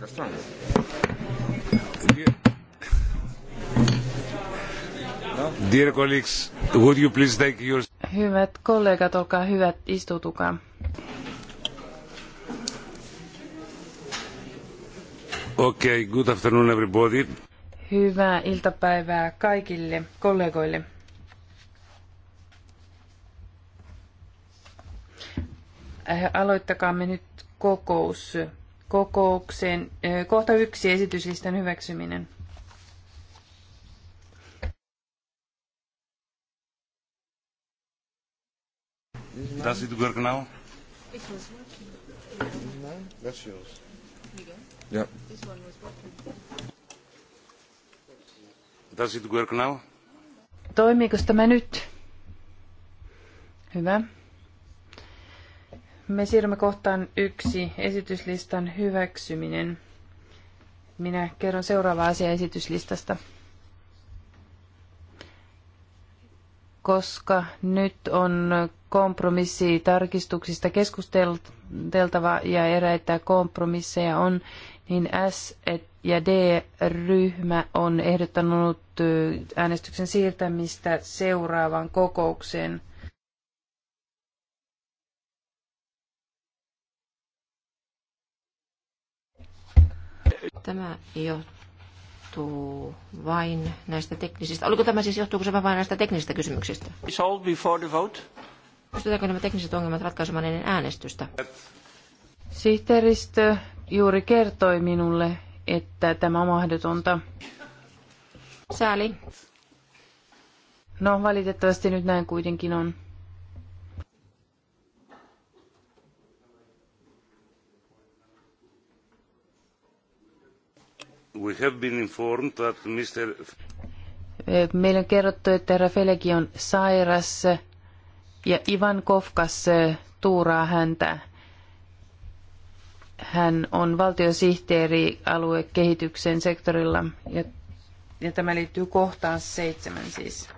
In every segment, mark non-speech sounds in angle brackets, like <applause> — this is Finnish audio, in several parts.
No. colleagues, would you please take your... Hyvät kollegat, olkaa hyvät, istutukaa. Okay, good afternoon everybody. Hyvää iltapäivää kaikille kollegoille. Äh, me nyt kokous kokoukseen. Kohta yksi esityslistan hyväksyminen. Does it work now? that's yours. Yeah. Does it work now? Toimiiko tämä nyt? Hyvä. Me siirrymme kohtaan yksi, esityslistan hyväksyminen. Minä kerron seuraava asia esityslistasta. Koska nyt on kompromissi tarkistuksista keskusteltava ja eräitä kompromisseja on, niin S ja D-ryhmä on ehdottanut äänestyksen siirtämistä seuraavaan kokoukseen – tämä johtuu vain näistä teknisistä... Oliko tämä siis, johtuuko se vain näistä teknisistä kysymyksistä? Pystytäänkö nämä tekniset ongelmat ratkaisemaan ennen äänestystä? Sihteeristö juuri kertoi minulle, että tämä on mahdotonta. Sääli. No, valitettavasti nyt näin kuitenkin on. We have been informed that Mr. Meillä on kerrottu, että herra Felegi on sairas ja Ivan Kofkas tuuraa häntä. Hän on valtiosihteeri aluekehityksen sektorilla ja, ja tämä liittyy kohtaan seitsemän siis.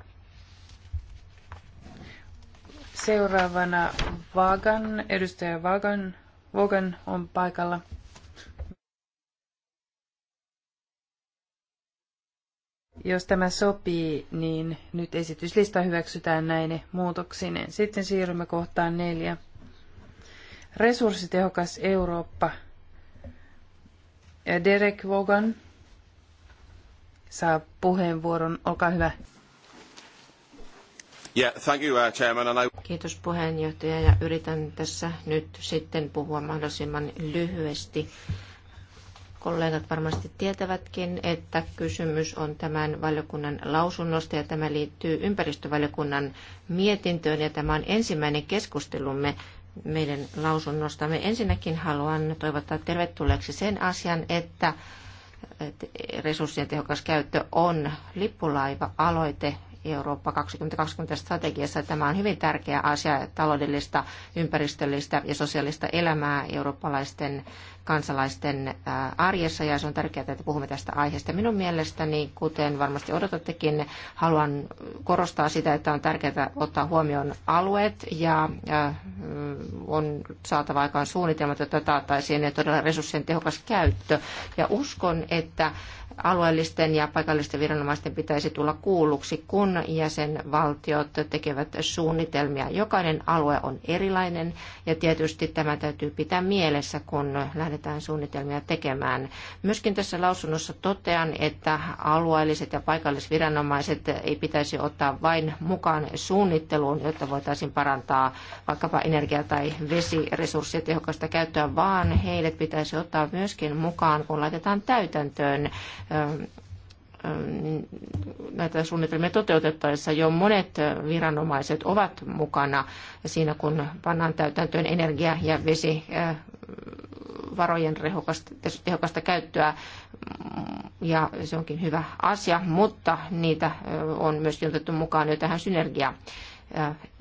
Seuraavana Vagan, edustaja Vagan, Vagan on paikalla. Jos tämä sopii, niin nyt esityslista hyväksytään näin muutoksineen. Sitten siirrymme kohtaan neljä. Resurssitehokas Eurooppa. Derek Vogan saa puheenvuoron. Olkaa hyvä. Yeah, thank you, uh, chairman, and I... Kiitos puheenjohtaja ja yritän tässä nyt sitten puhua mahdollisimman lyhyesti kollegat varmasti tietävätkin, että kysymys on tämän valiokunnan lausunnosta ja tämä liittyy ympäristövaliokunnan mietintöön ja tämä on ensimmäinen keskustelumme meidän lausunnostamme. Ensinnäkin haluan toivottaa tervetulleeksi sen asian, että resurssien tehokas käyttö on lippulaiva-aloite, Eurooppa 2020 strategiassa. Tämä on hyvin tärkeä asia taloudellista, ympäristöllistä ja sosiaalista elämää eurooppalaisten kansalaisten äh, arjessa ja se on tärkeää, että puhumme tästä aiheesta. Minun mielestäni, kuten varmasti odotattekin, haluan korostaa sitä, että on tärkeää ottaa huomioon alueet ja äh, on saatava aikaan suunnitelmat, jotta taattaisiin todella resurssien tehokas käyttö. Ja uskon, että alueellisten ja paikallisten viranomaisten pitäisi tulla kuulluksi, kun jäsenvaltiot tekevät suunnitelmia. Jokainen alue on erilainen ja tietysti tämä täytyy pitää mielessä, kun lähdetään suunnitelmia tekemään. Myöskin tässä lausunnossa totean, että alueelliset ja paikallisviranomaiset ei pitäisi ottaa vain mukaan suunnitteluun, jotta voitaisiin parantaa vaikkapa energia- tai vesiresurssien tehokasta käyttöä, vaan heidät pitäisi ottaa myöskin mukaan, kun laitetaan täytäntöön näitä suunnitelmia toteutettaessa jo monet viranomaiset ovat mukana siinä, kun pannaan täytäntöön energia- ja vesivarojen tehokasta käyttöä. Ja se onkin hyvä asia, mutta niitä on myös otettu mukaan jo tähän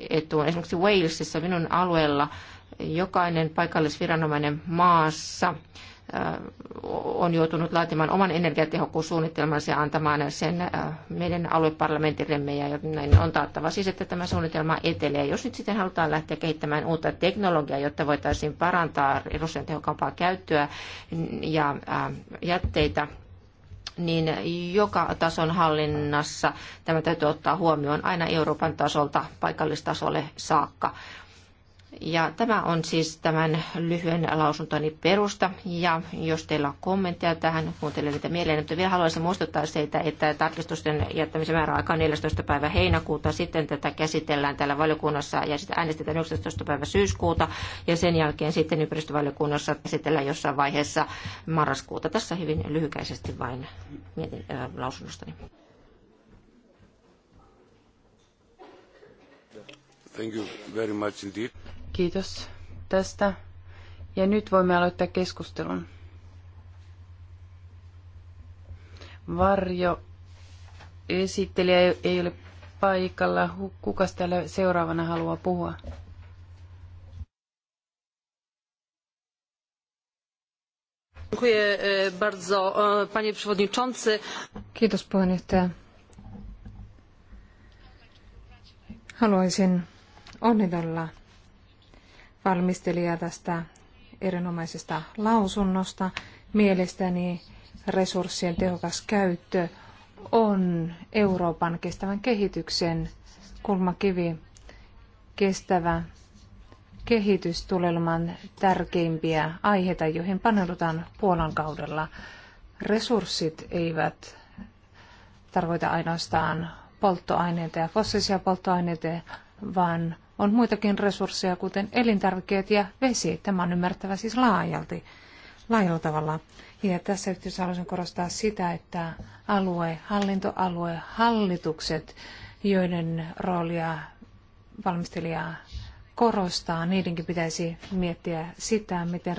etuun. Esimerkiksi Walesissa minun alueella jokainen paikallisviranomainen maassa on joutunut laatimaan oman energiatehokkuussuunnitelmansa ja antamaan sen meidän alueparlamentillemme ja näin on taattava siis, että tämä suunnitelma etelee. Jos nyt sitten halutaan lähteä kehittämään uutta teknologiaa, jotta voitaisiin parantaa resurssien tehokkaampaa käyttöä ja jätteitä, niin joka tason hallinnassa tämä täytyy ottaa huomioon aina Euroopan tasolta paikallistasolle saakka. Ja tämä on siis tämän lyhyen lausuntoni perusta. Ja jos teillä on kommentteja tähän, kuuntelen niitä mieleen. Mutta vielä haluaisin muistuttaa siitä, että tarkistusten jättämisen määräaika on 14. päivä heinäkuuta. Sitten tätä käsitellään täällä valiokunnassa ja sitä äänestetään 19. päivä syyskuuta. Ja sen jälkeen sitten ympäristövaliokunnassa käsitellään jossain vaiheessa marraskuuta. Tässä hyvin lyhykäisesti vain mietin äh, lausunnostani. Thank you very much indeed. Kiitos tästä. Ja nyt voimme aloittaa keskustelun. Varjo esittelijä ei ole paikalla. Kukas täällä seuraavana haluaa puhua? E, e, Kiitos puheenjohtaja. haluaisin onnitella valmistelija tästä erinomaisesta lausunnosta. Mielestäni resurssien tehokas käyttö on Euroopan kestävän kehityksen kulmakivi. Kestävä kehitys tulee olemaan tärkeimpiä aiheita, joihin paneudutaan Puolan kaudella. Resurssit eivät tarkoita ainoastaan polttoaineita ja fossiilisia polttoaineita, vaan on muitakin resursseja, kuten elintarvikkeet ja vesi. Tämä on ymmärrettävä siis laajalti, laajalla tavalla. Ja tässä yhteydessä haluaisin korostaa sitä, että alue, hallintoalue, hallitukset, joiden roolia valmistelija korostaa, niidenkin pitäisi miettiä sitä, miten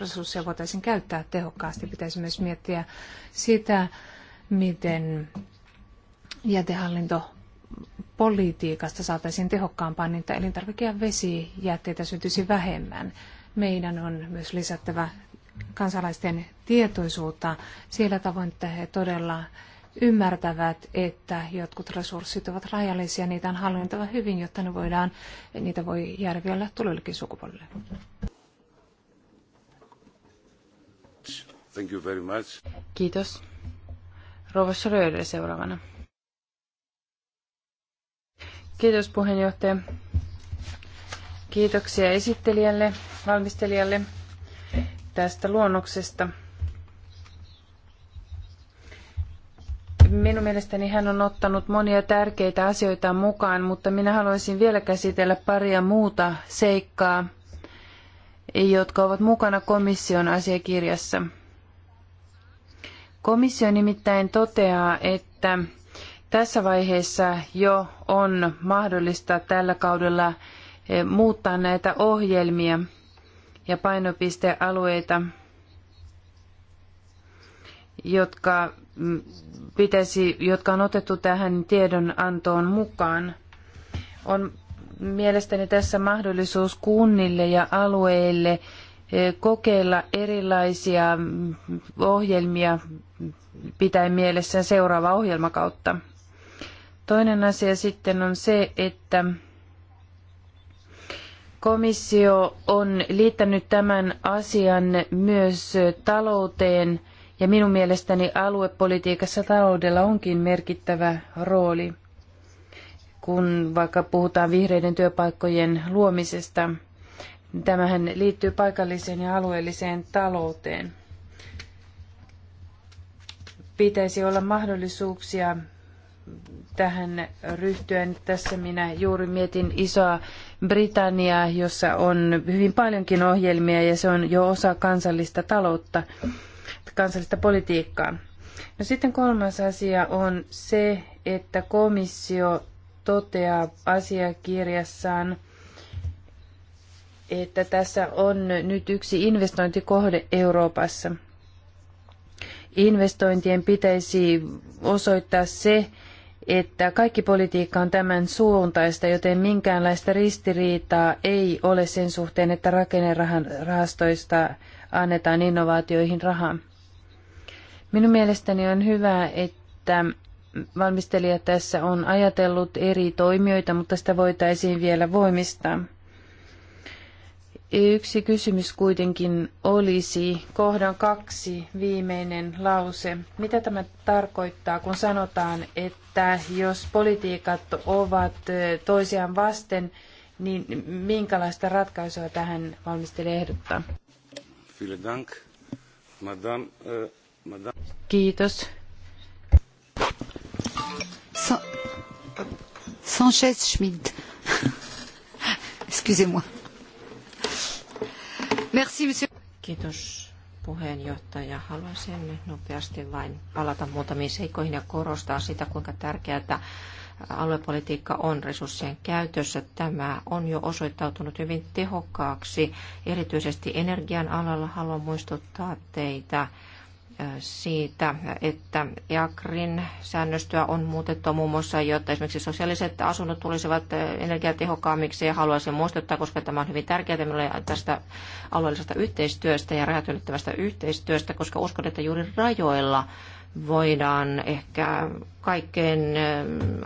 resursseja voitaisiin käyttää tehokkaasti. Pitäisi myös miettiä sitä, miten jätehallinto politiikasta saataisiin tehokkaampaa, niin että elintarvike- ja vesijätteitä syntyisi vähemmän. Meidän on myös lisättävä kansalaisten tietoisuutta sillä tavoin, että he todella ymmärtävät, että jotkut resurssit ovat rajallisia, niitä on hallinnoitava hyvin, jotta ne voidaan, niitä voi järviällä tulevillekin sukupolville. Thank you very much. Kiitos. Rova Schröder seuraavana. Kiitos puheenjohtaja. Kiitoksia esittelijälle, valmistelijalle tästä luonnoksesta. Minun mielestäni hän on ottanut monia tärkeitä asioita mukaan, mutta minä haluaisin vielä käsitellä paria muuta seikkaa, jotka ovat mukana komission asiakirjassa. Komissio nimittäin toteaa, että tässä vaiheessa jo on mahdollista tällä kaudella eh, muuttaa näitä ohjelmia ja painopistealueita, jotka, mm, pitäisi, jotka on otettu tähän tiedonantoon mukaan. On mielestäni tässä mahdollisuus kunnille ja alueille eh, kokeilla erilaisia mm, ohjelmia pitäen mielessään seuraava ohjelmakautta. kautta. Toinen asia sitten on se, että komissio on liittänyt tämän asian myös talouteen ja minun mielestäni aluepolitiikassa taloudella onkin merkittävä rooli, kun vaikka puhutaan vihreiden työpaikkojen luomisesta. Tämähän liittyy paikalliseen ja alueelliseen talouteen. Pitäisi olla mahdollisuuksia tähän ryhtyä. tässä minä juuri mietin isoa Britanniaa, jossa on hyvin paljonkin ohjelmia ja se on jo osa kansallista taloutta, kansallista politiikkaa. No sitten kolmas asia on se, että komissio toteaa asiakirjassaan, että tässä on nyt yksi investointikohde Euroopassa. Investointien pitäisi osoittaa se, että kaikki politiikka on tämän suuntaista, joten minkäänlaista ristiriitaa ei ole sen suhteen, että rakennerahastoista annetaan innovaatioihin rahaa. Minun mielestäni on hyvä, että valmistelija tässä on ajatellut eri toimijoita, mutta sitä voitaisiin vielä voimistaa. Yksi kysymys kuitenkin olisi kohdan kaksi viimeinen lause. Mitä tämä tarkoittaa, kun sanotaan, että jos politiikat ovat toisiaan vasten, niin minkälaista ratkaisua tähän valmistelija ehdottaa? Dank. Madame, äh, madame. Kiitos. Sanchez Schmidt. <laughs> Excusez-moi. Merci, monsieur. Kiitos puheenjohtaja. Haluaisin nyt nopeasti vain palata muutamiin seikkoihin ja korostaa sitä, kuinka tärkeää aluepolitiikka on resurssien käytössä. Tämä on jo osoittautunut hyvin tehokkaaksi, erityisesti energian alalla. Haluan muistuttaa teitä siitä, että EAKRin säännöstöä on muutettu muun muassa, jotta esimerkiksi sosiaaliset asunnot tulisivat energiatehokkaammiksi ja haluaisin muistuttaa, koska tämä on hyvin tärkeää minulle tästä alueellisesta yhteistyöstä ja rajat yhteistyöstä, koska uskon, että juuri rajoilla voidaan ehkä kaikkein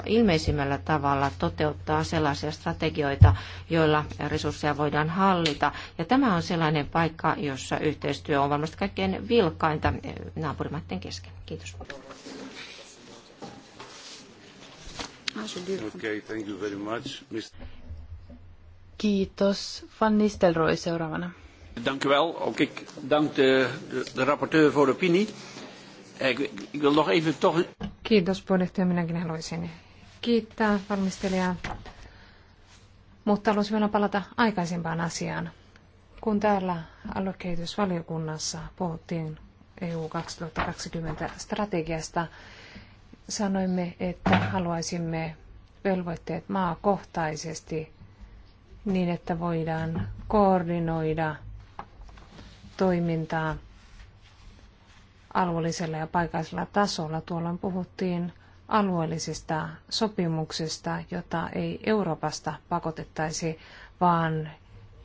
ilmeisimmällä tavalla toteuttaa sellaisia strategioita, joilla resursseja voidaan hallita. Ja tämä on sellainen paikka, jossa yhteistyö on varmasti kaikkein vilkainta naapurimaiden kesken. Kiitos. Ah, okay, thank you very much. Kiitos. Van Nistelrooy seuraavana. Dank u wel. Ook ik dank de, de, de rapporteur voor de opinie. Eh, Kiitos puheenjohtaja. Minäkin haluaisin kiittää valmistelijaa. Mutta haluaisin vielä palata aikaisempaan asiaan. Kun täällä aluekehitysvaliokunnassa puhuttiin EU 2020 strategiasta, sanoimme, että haluaisimme velvoitteet maakohtaisesti niin, että voidaan koordinoida toimintaa alueellisella ja paikallisella tasolla. Tuolloin puhuttiin alueellisista sopimuksista, jota ei Euroopasta pakotettaisi, vaan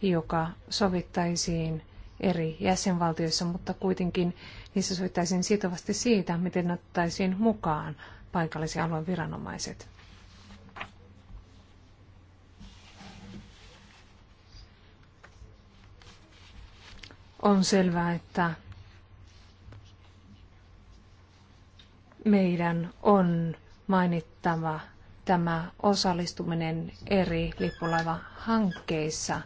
joka sovittaisiin eri jäsenvaltioissa, mutta kuitenkin niissä sovittaisiin sitovasti siitä, miten ottaisiin mukaan paikallisia alueen viranomaiset. On selvää, että meidän on mainittava tämä osallistuminen eri lippulaivahankkeissa,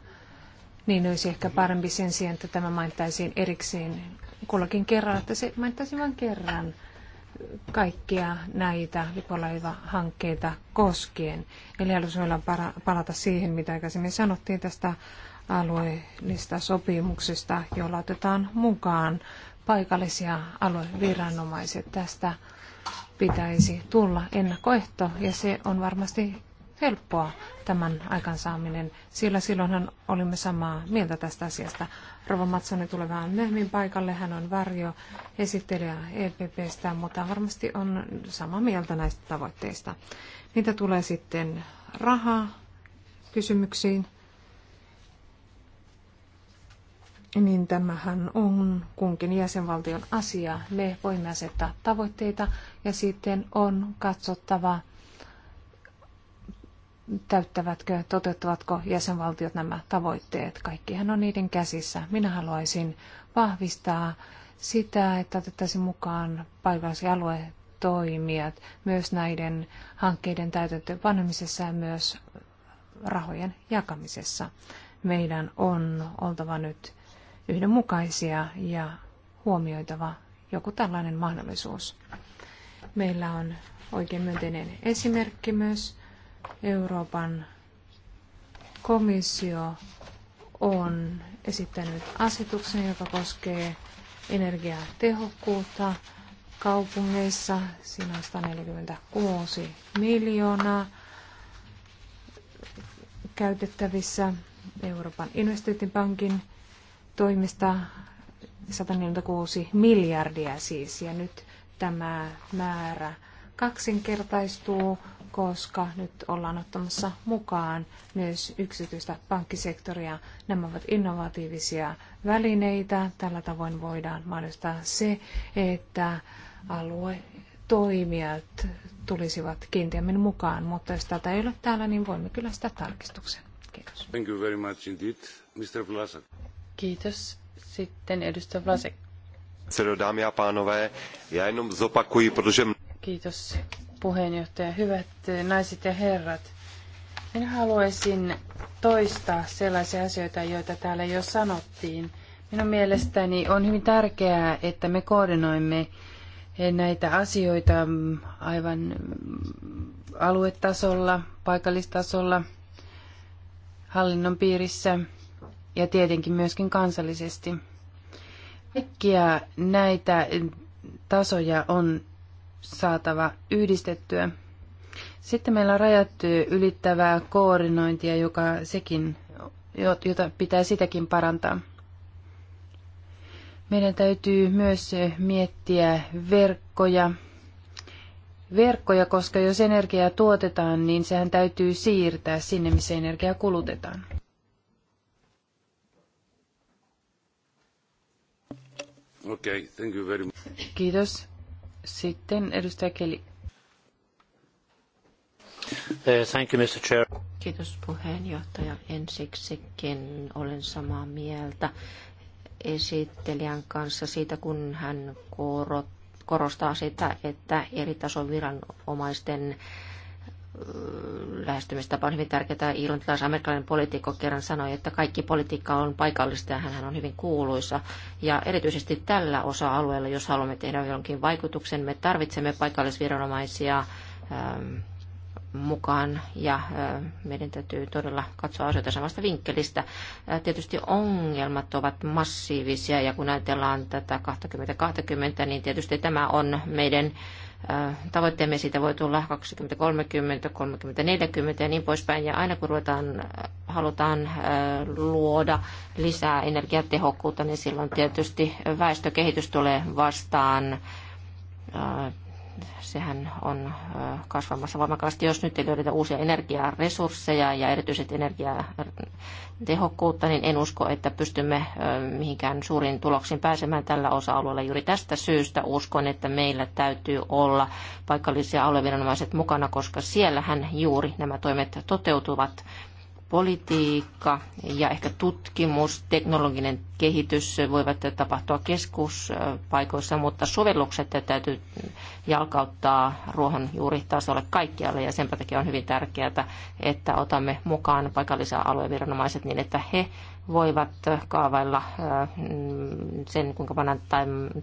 niin olisi ehkä parempi sen sijaan, että tämä mainittaisiin erikseen kullakin kerralla, että se mainittaisiin vain kerran kaikkia näitä lippulaivahankkeita koskien. Eli haluaisin vielä palata siihen, mitä aikaisemmin sanottiin tästä alueellista sopimuksesta, jolla otetaan mukaan paikallisia alueviranomaiset. Tästä pitäisi tulla ennakkoehto ja se on varmasti helppoa tämän aikansaaminen, sillä silloinhan olimme samaa mieltä tästä asiasta. Rova Matsoni tulee vähän myöhemmin paikalle, hän on varjo esittelijä EPPstä, mutta varmasti on samaa mieltä näistä tavoitteista. Mitä tulee sitten rahaa kysymyksiin, niin tämähän on kunkin jäsenvaltion asia. Me voimme asettaa tavoitteita ja sitten on katsottava, täyttävätkö, toteuttavatko jäsenvaltiot nämä tavoitteet. Kaikkihan on niiden käsissä. Minä haluaisin vahvistaa sitä, että otettaisiin mukaan paikallis- ja aluetoimijat myös näiden hankkeiden täytäntöön panemisessa ja myös rahojen jakamisessa. Meidän on oltava nyt yhdenmukaisia ja huomioitava joku tällainen mahdollisuus. Meillä on oikein myönteinen esimerkki myös. Euroopan komissio on esittänyt asetuksen, joka koskee energiatehokkuutta kaupungeissa. Siinä on 146 miljoonaa käytettävissä Euroopan investointipankin toimista 146 miljardia siis, ja nyt tämä määrä kaksinkertaistuu, koska nyt ollaan ottamassa mukaan myös yksityistä pankkisektoria. Nämä ovat innovatiivisia välineitä. Tällä tavoin voidaan mahdollistaa se, että toimijat tulisivat kiinteämmin mukaan, mutta jos tätä ei ole täällä, niin voimme kyllä sitä tarkistuksen. Kiitos. Thank you very much indeed, Mr. Vlasak. Kiitos. Sitten edustaja Vlasek. Dámy a pánové, já jenom zopakuji, protože... Kiitos puheenjohtaja. Hyvät naiset ja herrat. Minä haluaisin toistaa sellaisia asioita, joita täällä jo sanottiin. Minun mielestäni on hyvin tärkeää, että me koordinoimme näitä asioita aivan aluetasolla, paikallistasolla, hallinnon piirissä – ja tietenkin myöskin kansallisesti. Kaikkia näitä tasoja on saatava yhdistettyä. Sitten meillä on rajattu ylittävää koordinointia, joka sekin, jota pitää sitäkin parantaa. Meidän täytyy myös miettiä verkkoja, verkkoja, koska jos energiaa tuotetaan, niin sehän täytyy siirtää sinne, missä energiaa kulutetaan. Okay, thank you very much. Kiitos. Sitten edustaja Keli. Eh, thank you, Mr. Chair. Kiitos puheenjohtaja. Ensiksikin olen samaa mieltä esittelijän kanssa siitä, kun hän korostaa sitä, että eri tason viranomaisten lähestymistapa on hyvin tärkeää. Irlantilais-amerikkalainen poliitikko kerran sanoi, että kaikki politiikka on paikallista ja hän on hyvin kuuluisa. Ja erityisesti tällä osa-alueella, jos haluamme tehdä jonkin vaikutuksen, me tarvitsemme paikallisviranomaisia ähm, mukaan ja äh, meidän täytyy todella katsoa asioita samasta vinkkelistä. Äh, tietysti ongelmat ovat massiivisia ja kun ajatellaan tätä 2020, niin tietysti tämä on meidän tavoitteemme siitä voi tulla 20, 30, 30, 40 ja niin poispäin. Ja aina kun ruvetaan, halutaan luoda lisää energiatehokkuutta, niin silloin tietysti väestökehitys tulee vastaan sehän on kasvamassa voimakkaasti, jos nyt ei löydetä uusia energiaresursseja ja erityisesti energiatehokkuutta, niin en usko, että pystymme mihinkään suuriin tuloksiin pääsemään tällä osa-alueella. Juuri tästä syystä uskon, että meillä täytyy olla paikallisia alueviranomaiset mukana, koska siellähän juuri nämä toimet toteutuvat politiikka ja ehkä tutkimus, teknologinen kehitys voivat tapahtua keskuspaikoissa, mutta sovellukset täytyy jalkauttaa ruohonjuuritasolle kaikkialle ja sen takia on hyvin tärkeää, että otamme mukaan paikallisia alueviranomaiset niin, että he voivat kaavailla sen, kuinka pannaan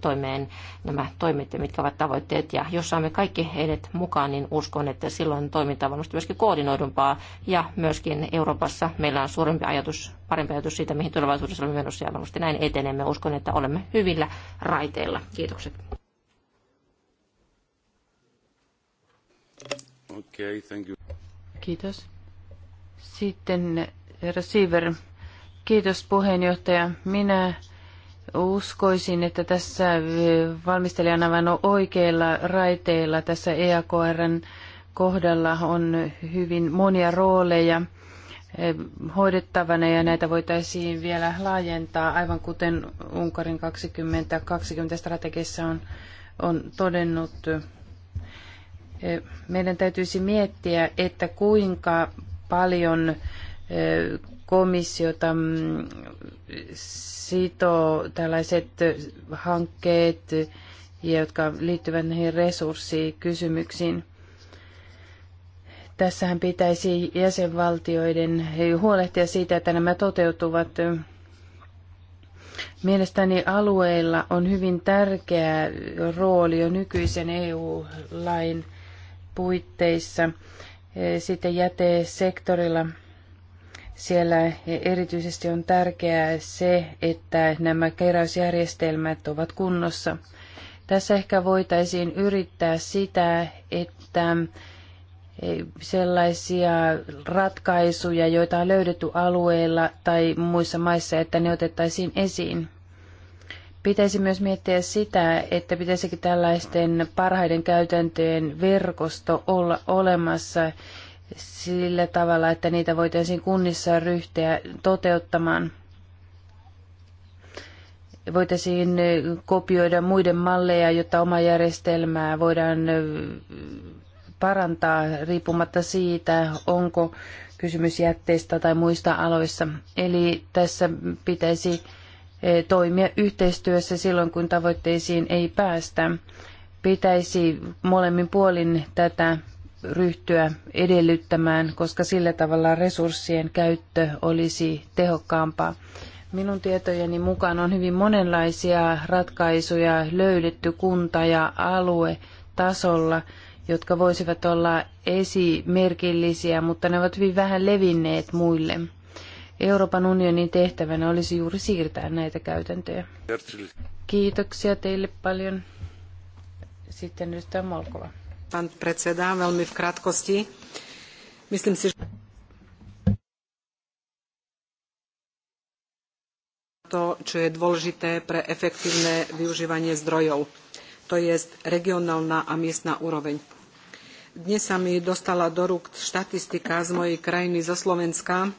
toimeen nämä toimet mitkä ovat tavoitteet. Ja jos saamme kaikki heidät mukaan, niin uskon, että silloin toiminta on varmasti myöskin koordinoidumpaa. Ja myöskin Euroopassa meillä on suurempi ajatus, parempi ajatus siitä, mihin tulevaisuudessa olemme menossa. Ja varmasti näin etenemme. Uskon, että olemme hyvillä raiteilla. Kiitokset. Okay, thank you. Kiitos. Sitten receiver. Kiitos puheenjohtaja. Minä uskoisin, että tässä eh, valmistelija on aivan oikeilla raiteilla. Tässä EAKRn kohdalla on hyvin monia rooleja eh, hoidettavana ja näitä voitaisiin vielä laajentaa, aivan kuten Unkarin 2020 strategiassa on, on todennut. Eh, meidän täytyisi miettiä, että kuinka paljon komissiota mm, sitoo tällaiset hankkeet, jotka liittyvät näihin resurssikysymyksiin. Tässähän pitäisi jäsenvaltioiden huolehtia siitä, että nämä toteutuvat. Mielestäni alueilla on hyvin tärkeä rooli jo nykyisen EU-lain puitteissa. Sitten jätesektorilla sektorilla siellä erityisesti on tärkeää se, että nämä keräysjärjestelmät ovat kunnossa. Tässä ehkä voitaisiin yrittää sitä, että sellaisia ratkaisuja, joita on löydetty alueilla tai muissa maissa, että ne otettaisiin esiin. Pitäisi myös miettiä sitä, että pitäisikö tällaisten parhaiden käytäntöjen verkosto olla olemassa, sillä tavalla, että niitä voitaisiin kunnissa ryhtyä toteuttamaan. Voitaisiin kopioida muiden malleja, jotta oma järjestelmää voidaan parantaa riippumatta siitä, onko kysymys jätteistä tai muista aloissa. Eli tässä pitäisi toimia yhteistyössä silloin, kun tavoitteisiin ei päästä. Pitäisi molemmin puolin tätä ryhtyä edellyttämään, koska sillä tavalla resurssien käyttö olisi tehokkaampaa. Minun tietojeni mukaan on hyvin monenlaisia ratkaisuja löydetty kunta- ja aluetasolla, jotka voisivat olla esimerkillisiä, mutta ne ovat hyvin vähän levinneet muille. Euroopan unionin tehtävänä olisi juuri siirtää näitä käytäntöjä. Kiitoksia teille paljon. Sitten nyt Molkova pán predseda, veľmi v krátkosti. Myslím si, že to, čo je dôležité pre efektívne využívanie zdrojov, to je regionálna a miestna úroveň. Dnes sa mi dostala do rúk štatistika z mojej krajiny zo Slovenska,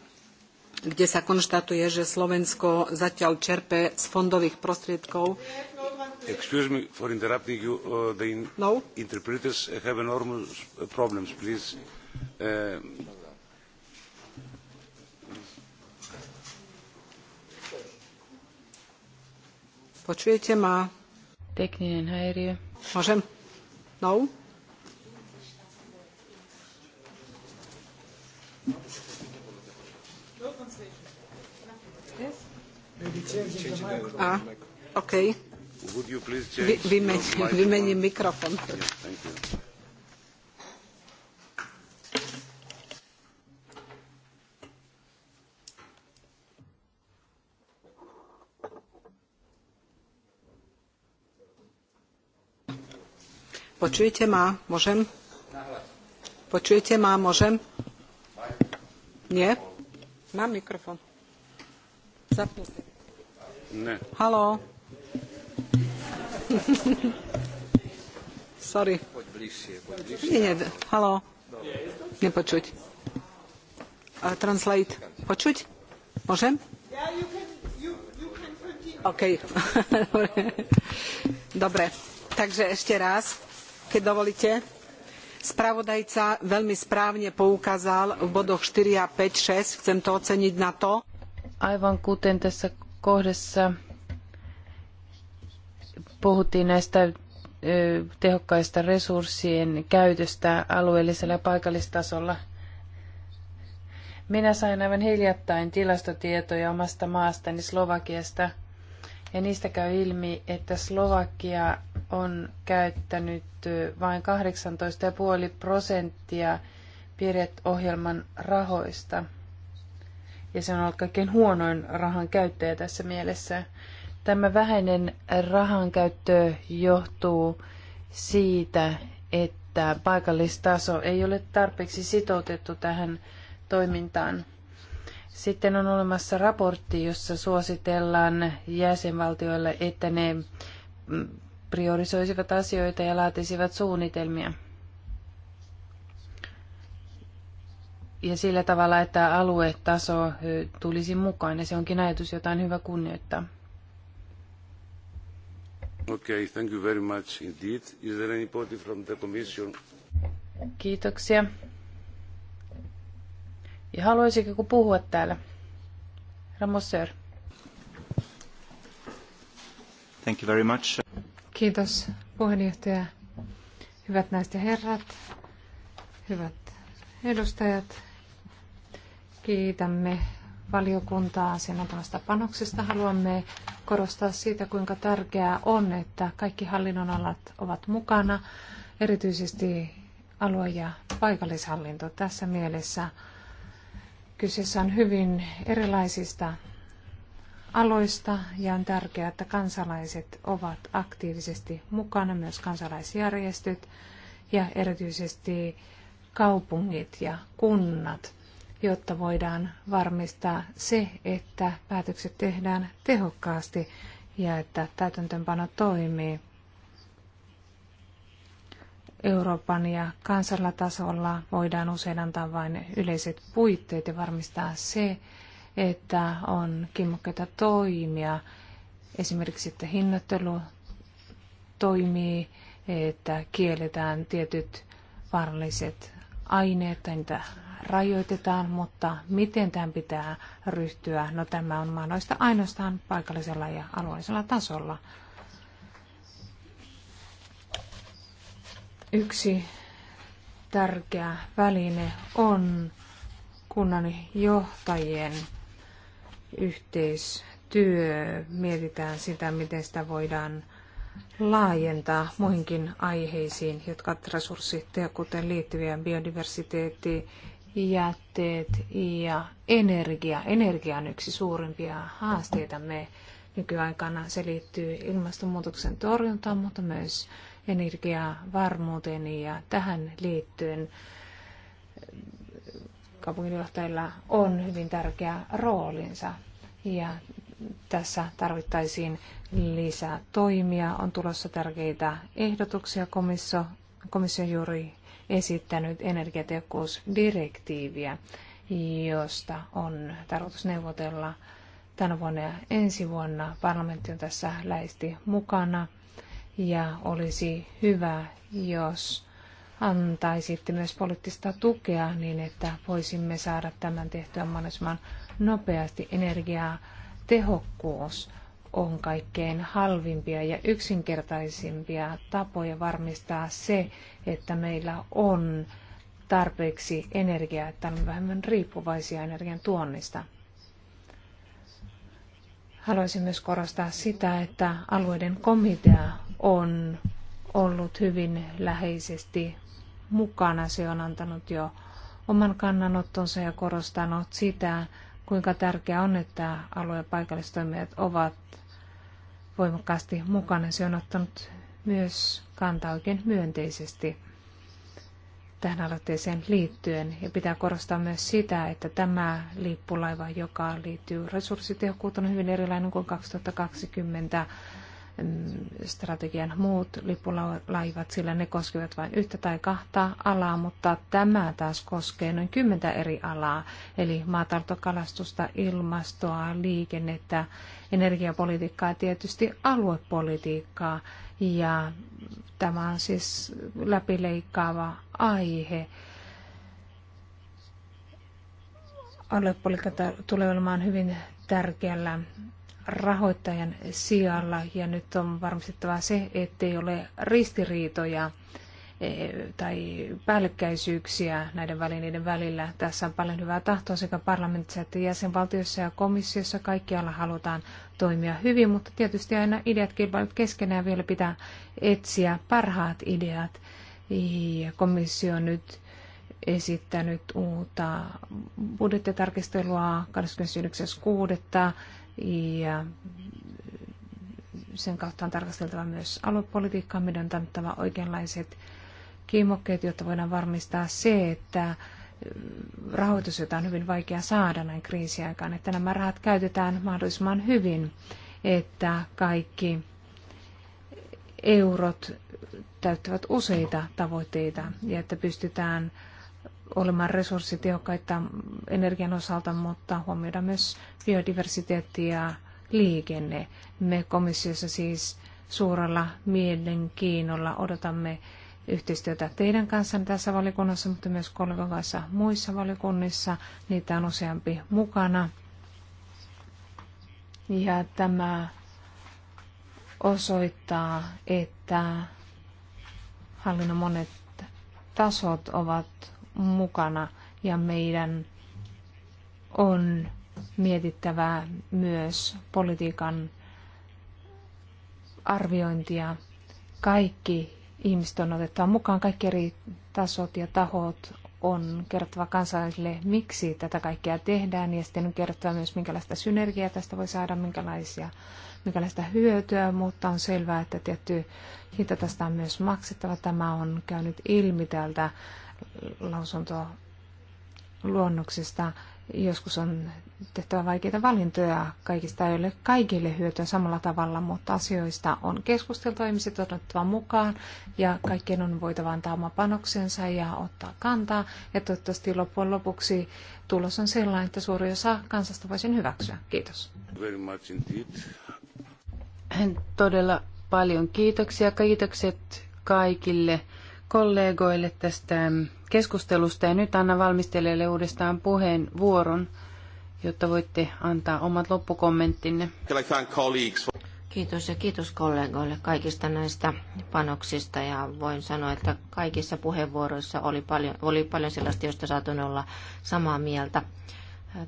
kde sa konštatuje, že Slovensko zatiaľ čerpe z fondových prostriedkov Excuse me for interrupting you. Uh, the in no? interpreters have enormous uh, problems. Please. Uh, Počujete ma? Tekninen häiriö. Môžem? No? Ah, okay. Vymením mikrofon. Yeah, Počujete ma? Môžem? Počujete ma? Môžem? Nie? Mám mikrofón. Zapnutý. Ne. Halo? Sorry. Nie, halo. Nie počuť. Uh, translate. Počuť? Môžem? OK. <laughs> Dobre. Takže ešte raz, keď dovolíte. Spravodajca veľmi správne poukázal v bodoch 4 a 5, 6. Chcem to oceniť na to. Aivan kuten tässä kohdassa puhuttiin näistä tehokkaista resurssien käytöstä alueellisella ja paikallistasolla. Minä sain aivan hiljattain tilastotietoja omasta maastani Slovakiasta, ja niistä käy ilmi, että Slovakia on käyttänyt vain 18,5 prosenttia Piret-ohjelman rahoista. Ja se on ollut kaikkein huonoin rahan käyttäjä tässä mielessä. Tämä vähäinen rahankäyttö johtuu siitä, että paikallistaso ei ole tarpeeksi sitoutettu tähän toimintaan. Sitten on olemassa raportti, jossa suositellaan jäsenvaltioille, että ne mm, priorisoisivat asioita ja laatisivat suunnitelmia. Ja sillä tavalla, että aluetaso tulisi mukaan, ja se onkin ajatus, jota on hyvä kunnioittaa. Okay, thank you very much indeed. Is Kiitoksia. Ja haluaisiko puhua täällä? Ramosseur. Thank you very much. Kiitos puheenjohtaja. Hyvät naiset ja herrat, hyvät edustajat, kiitämme valiokuntaa sen antamasta panoksesta. Haluamme korostaa siitä, kuinka tärkeää on, että kaikki hallinnonalat ovat mukana, erityisesti alue- ja paikallishallinto tässä mielessä. Kyseessä on hyvin erilaisista aloista ja on tärkeää, että kansalaiset ovat aktiivisesti mukana, myös kansalaisjärjestöt ja erityisesti kaupungit ja kunnat jotta voidaan varmistaa se, että päätökset tehdään tehokkaasti ja että täytäntöönpano toimii Euroopan ja kansalla tasolla voidaan usein antaa vain yleiset puitteet ja varmistaa se, että on kimmokkeita toimia. Esimerkiksi, että hinnoittelu toimii, että kielletään tietyt vaaralliset aineet tai niitä rajoitetaan, mutta miten tämän pitää ryhtyä? No tämä on mahdollista ainoastaan paikallisella ja alueellisella tasolla. Yksi tärkeä väline on kunnan johtajien yhteistyö. Mietitään sitä, miten sitä voidaan laajentaa muihinkin aiheisiin, jotka ovat resurssitehokkuuteen liittyviä, biodiversiteetti, jätteet ja energia. Energia on yksi suurimpia haasteita me nykyaikana. Se liittyy ilmastonmuutoksen torjuntaan, mutta myös energiavarmuuteen ja tähän liittyen kaupunginjohtajilla on hyvin tärkeä roolinsa. Ja tässä tarvittaisiin lisää toimia. On tulossa tärkeitä ehdotuksia komissio, komissio juuri esittänyt energiatehokkuusdirektiiviä, josta on tarkoitus neuvotella tänä vuonna ja ensi vuonna. Parlamentti on tässä läisti mukana ja olisi hyvä, jos antaisitte myös poliittista tukea niin, että voisimme saada tämän tehtyä mahdollisimman nopeasti energiaa tehokkuus on kaikkein halvimpia ja yksinkertaisimpia tapoja varmistaa se, että meillä on tarpeeksi energiaa, että on vähemmän riippuvaisia energian tuonnista. Haluaisin myös korostaa sitä, että alueiden komitea on ollut hyvin läheisesti mukana. Se on antanut jo oman kannanottonsa ja korostanut sitä, kuinka tärkeää on, että alue- ja paikallistoimijat ovat voimakkaasti mukana. Se on ottanut myös kantaa oikein myönteisesti tähän aloitteeseen liittyen. Ja pitää korostaa myös sitä, että tämä lippulaiva, joka liittyy resurssitehokkuuteen, on hyvin erilainen kuin 2020 strategian muut lippulaivat, sillä ne koskevat vain yhtä tai kahta alaa, mutta tämä taas koskee noin kymmentä eri alaa, eli maatartokalastusta, ilmastoa, liikennettä, energiapolitiikkaa ja tietysti aluepolitiikkaa. Ja tämä on siis läpileikkaava aihe. Aluepolitiikka tulee olemaan hyvin tärkeällä rahoittajan sijalla ja nyt on varmistettava se, ettei ole ristiriitoja e, tai päällekkäisyyksiä näiden välineiden välillä. Tässä on paljon hyvää tahtoa sekä parlamentissa että jäsenvaltioissa ja komissiossa. Kaikkialla halutaan toimia hyvin, mutta tietysti aina ideat kilpailut keskenään vielä pitää etsiä parhaat ideat. Ja komissio on nyt esittänyt uutta budjettitarkistelua 29.6 ja sen kautta on tarkasteltava myös aluepolitiikkaa, meidän on tarvittava oikeanlaiset kiimokkeet, jotta voidaan varmistaa se, että rahoitus, jota on hyvin vaikea saada näin kriisiaikaan, että nämä rahat käytetään mahdollisimman hyvin, että kaikki eurot täyttävät useita tavoitteita ja että pystytään olemaan resurssitehokkaita energian osalta, mutta huomioida myös biodiversiteetti ja liikenne. Me komissiossa siis suurella mielenkiinnolla odotamme yhteistyötä teidän kanssanne tässä valikunnassa, mutta myös kollegan kanssa muissa valikunnissa. Niitä on useampi mukana. Ja tämä osoittaa, että hallinnon monet tasot ovat mukana ja meidän on mietittävää myös politiikan arviointia. Kaikki ihmiset on otettava mukaan, kaikki eri tasot ja tahot on kertova kansalaisille, miksi tätä kaikkea tehdään ja sitten on kertoa myös, minkälaista synergiaa tästä voi saada, minkälaisia, minkälaista hyötyä, mutta on selvää, että tietty hinta tästä on myös maksettava. Tämä on käynyt ilmi täältä lausuntoa luonnoksesta. Joskus on tehtävä vaikeita valintoja. Kaikista ei ole kaikille hyötyä samalla tavalla, mutta asioista on keskusteltu, ihmiset otettava mukaan ja kaikkien on voitava antaa oma panoksensa ja ottaa kantaa. Ja toivottavasti loppujen lopuksi tulos on sellainen, että suuri osa kansasta voisin hyväksyä. Kiitos. Todella paljon kiitoksia. Kiitokset kaikille kollegoille tästä keskustelusta ja nyt annan valmistelijalle uudestaan puheenvuoron, jotta voitte antaa omat loppukommenttinne. Kiitos ja kiitos kollegoille kaikista näistä panoksista ja voin sanoa, että kaikissa puheenvuoroissa oli paljon, oli paljon sellaista, josta saatoin olla samaa mieltä.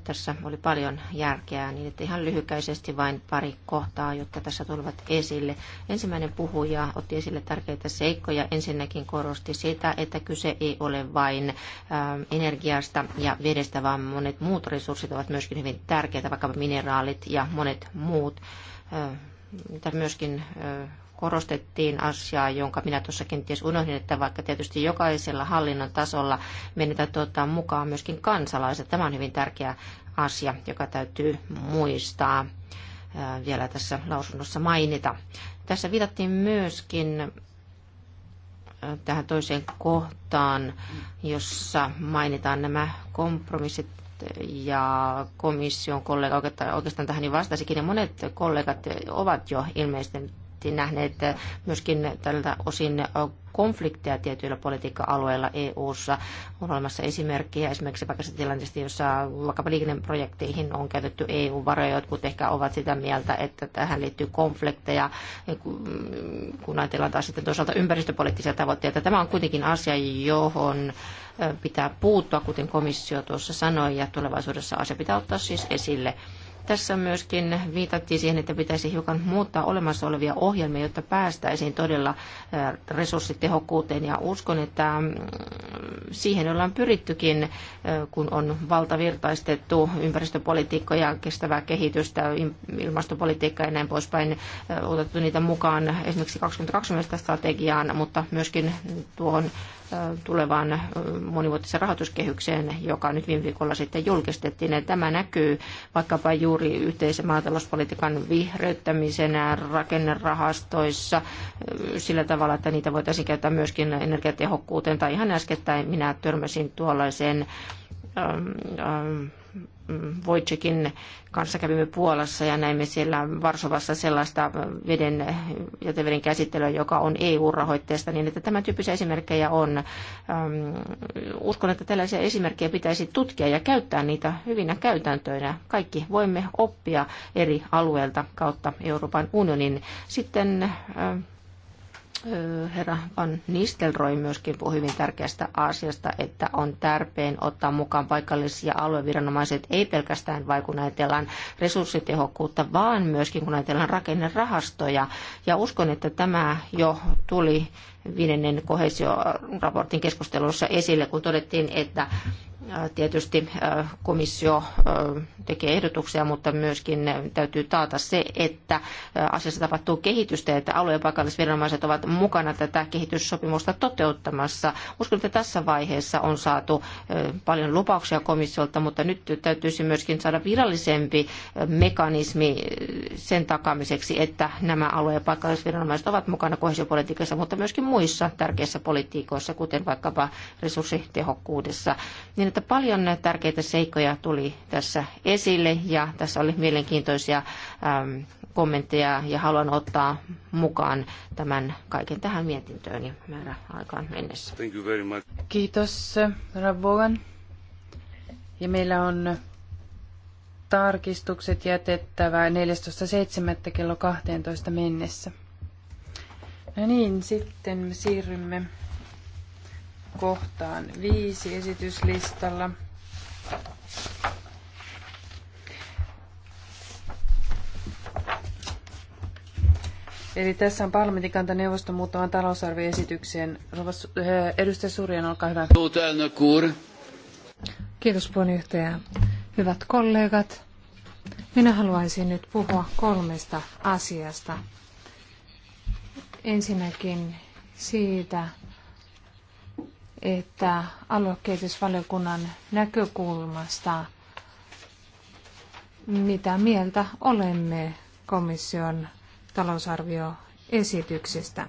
Tässä oli paljon järkeä, niin että ihan lyhykäisesti vain pari kohtaa, jotka tässä tulivat esille. Ensimmäinen puhuja otti esille tärkeitä seikkoja. Ensinnäkin korosti sitä, että kyse ei ole vain ähm, energiasta ja vedestä, vaan monet muut resurssit ovat myöskin hyvin tärkeitä, vaikka mineraalit ja monet muut äh, mitä myöskin äh, korostettiin asiaa, jonka minä tuossa kenties unohdin, että vaikka tietysti jokaisella hallinnon tasolla menetään tuottaa mukaan myöskin kansalaiset. Tämä on hyvin tärkeä asia, joka täytyy muistaa äh, vielä tässä lausunnossa mainita. Tässä viitattiin myöskin äh, tähän toiseen kohtaan, jossa mainitaan nämä kompromissit ja komission kollega oikeastaan tähän niin vastasikin, ja monet kollegat ovat jo ilmeisesti selvästi nähneet myöskin tältä osin konflikteja tietyillä politiikka-alueilla EU-ssa. On olemassa esimerkkejä esimerkiksi vaikka tilanteesta, jossa vaikka liikenneprojekteihin on käytetty EU-varoja. Jotkut ehkä ovat sitä mieltä, että tähän liittyy konflikteja, kun ajatellaan taas sitten toisaalta ympäristöpoliittisia tavoitteita. Tämä on kuitenkin asia, johon pitää puuttua, kuten komissio tuossa sanoi, ja tulevaisuudessa asia pitää ottaa siis esille. Tässä myöskin viitattiin siihen, että pitäisi hiukan muuttaa olemassa olevia ohjelmia, jotta päästäisiin todella äh, resurssitehokkuuteen. Ja uskon, että mm, siihen ollaan pyrittykin, äh, kun on valtavirtaistettu ympäristöpolitiikkoja, kestävää kehitystä, ilmastopolitiikkaa ja näin poispäin, äh, otettu niitä mukaan esimerkiksi 2020 strategiaan, mutta myöskin tuohon tulevaan monivuotiseen rahoituskehykseen, joka nyt viime viikolla sitten julkistettiin. Ja tämä näkyy vaikkapa juuri juuri yhteisen maatalouspolitiikan vihreyttämisenä rakennerahastoissa sillä tavalla, että niitä voitaisiin käyttää myöskin energiatehokkuuteen. Tai ihan äskettäin minä törmäsin tuollaiseen ähm, ähm, Wojciekin kanssa kävimme Puolassa ja näimme siellä Varsovassa sellaista veden, jäteveden käsittelyä, joka on EU-rahoitteesta, niin että tämän tyyppisiä esimerkkejä on. Ähm, uskon, että tällaisia esimerkkejä pitäisi tutkia ja käyttää niitä hyvinä käytäntöinä. Kaikki voimme oppia eri alueilta kautta Euroopan unionin. Sitten äh, herra Van Nistelrooy myöskin puhui hyvin tärkeästä asiasta, että on tarpeen ottaa mukaan paikallisia alueviranomaiset, ei pelkästään vain kun ajatellaan resurssitehokkuutta, vaan myöskin kun ajatellaan rakennerahastoja. Ja uskon, että tämä jo tuli viidennen kohesioraportin keskustelussa esille, kun todettiin, että Tietysti äh, komissio äh, tekee ehdotuksia, mutta myöskin äh, täytyy taata se, että asiassa tapahtuu kehitystä, että alue- ja paikallisviranomaiset ovat mukana tätä kehityssopimusta toteuttamassa. Uskon, että tässä vaiheessa on saatu paljon lupauksia komissiolta, mutta nyt täytyisi myöskin saada virallisempi mekanismi sen takaamiseksi, että nämä alue- ja paikallisviranomaiset ovat mukana kohesiopolitiikassa, mutta myöskin muissa tärkeissä politiikoissa, kuten vaikkapa resurssitehokkuudessa, niin että paljon tärkeitä seikkoja tuli tässä esille ja tässä oli mielenkiintoisia ähm, kommentteja ja haluan ottaa mukaan tämän kaiken tähän mietintöön ja määrä aikaan mennessä. Thank you very much. Kiitos, Ravogan. Ja meillä on tarkistukset jätettävä 14.7. kello 12 mennessä. No niin, sitten siirrymme kohtaan viisi esityslistalla. Eli tässä on parlamentin kanta neuvoston muuttamaan talousarvioesitykseen. Eh, edustaja Surjan, olkaa hyvä. Kiitos puheenjohtaja. Hyvät kollegat, minä haluaisin nyt puhua kolmesta asiasta. Ensinnäkin siitä, että aluekehitysvaliokunnan näkökulmasta, mitä mieltä olemme komission talousarvioesityksestä.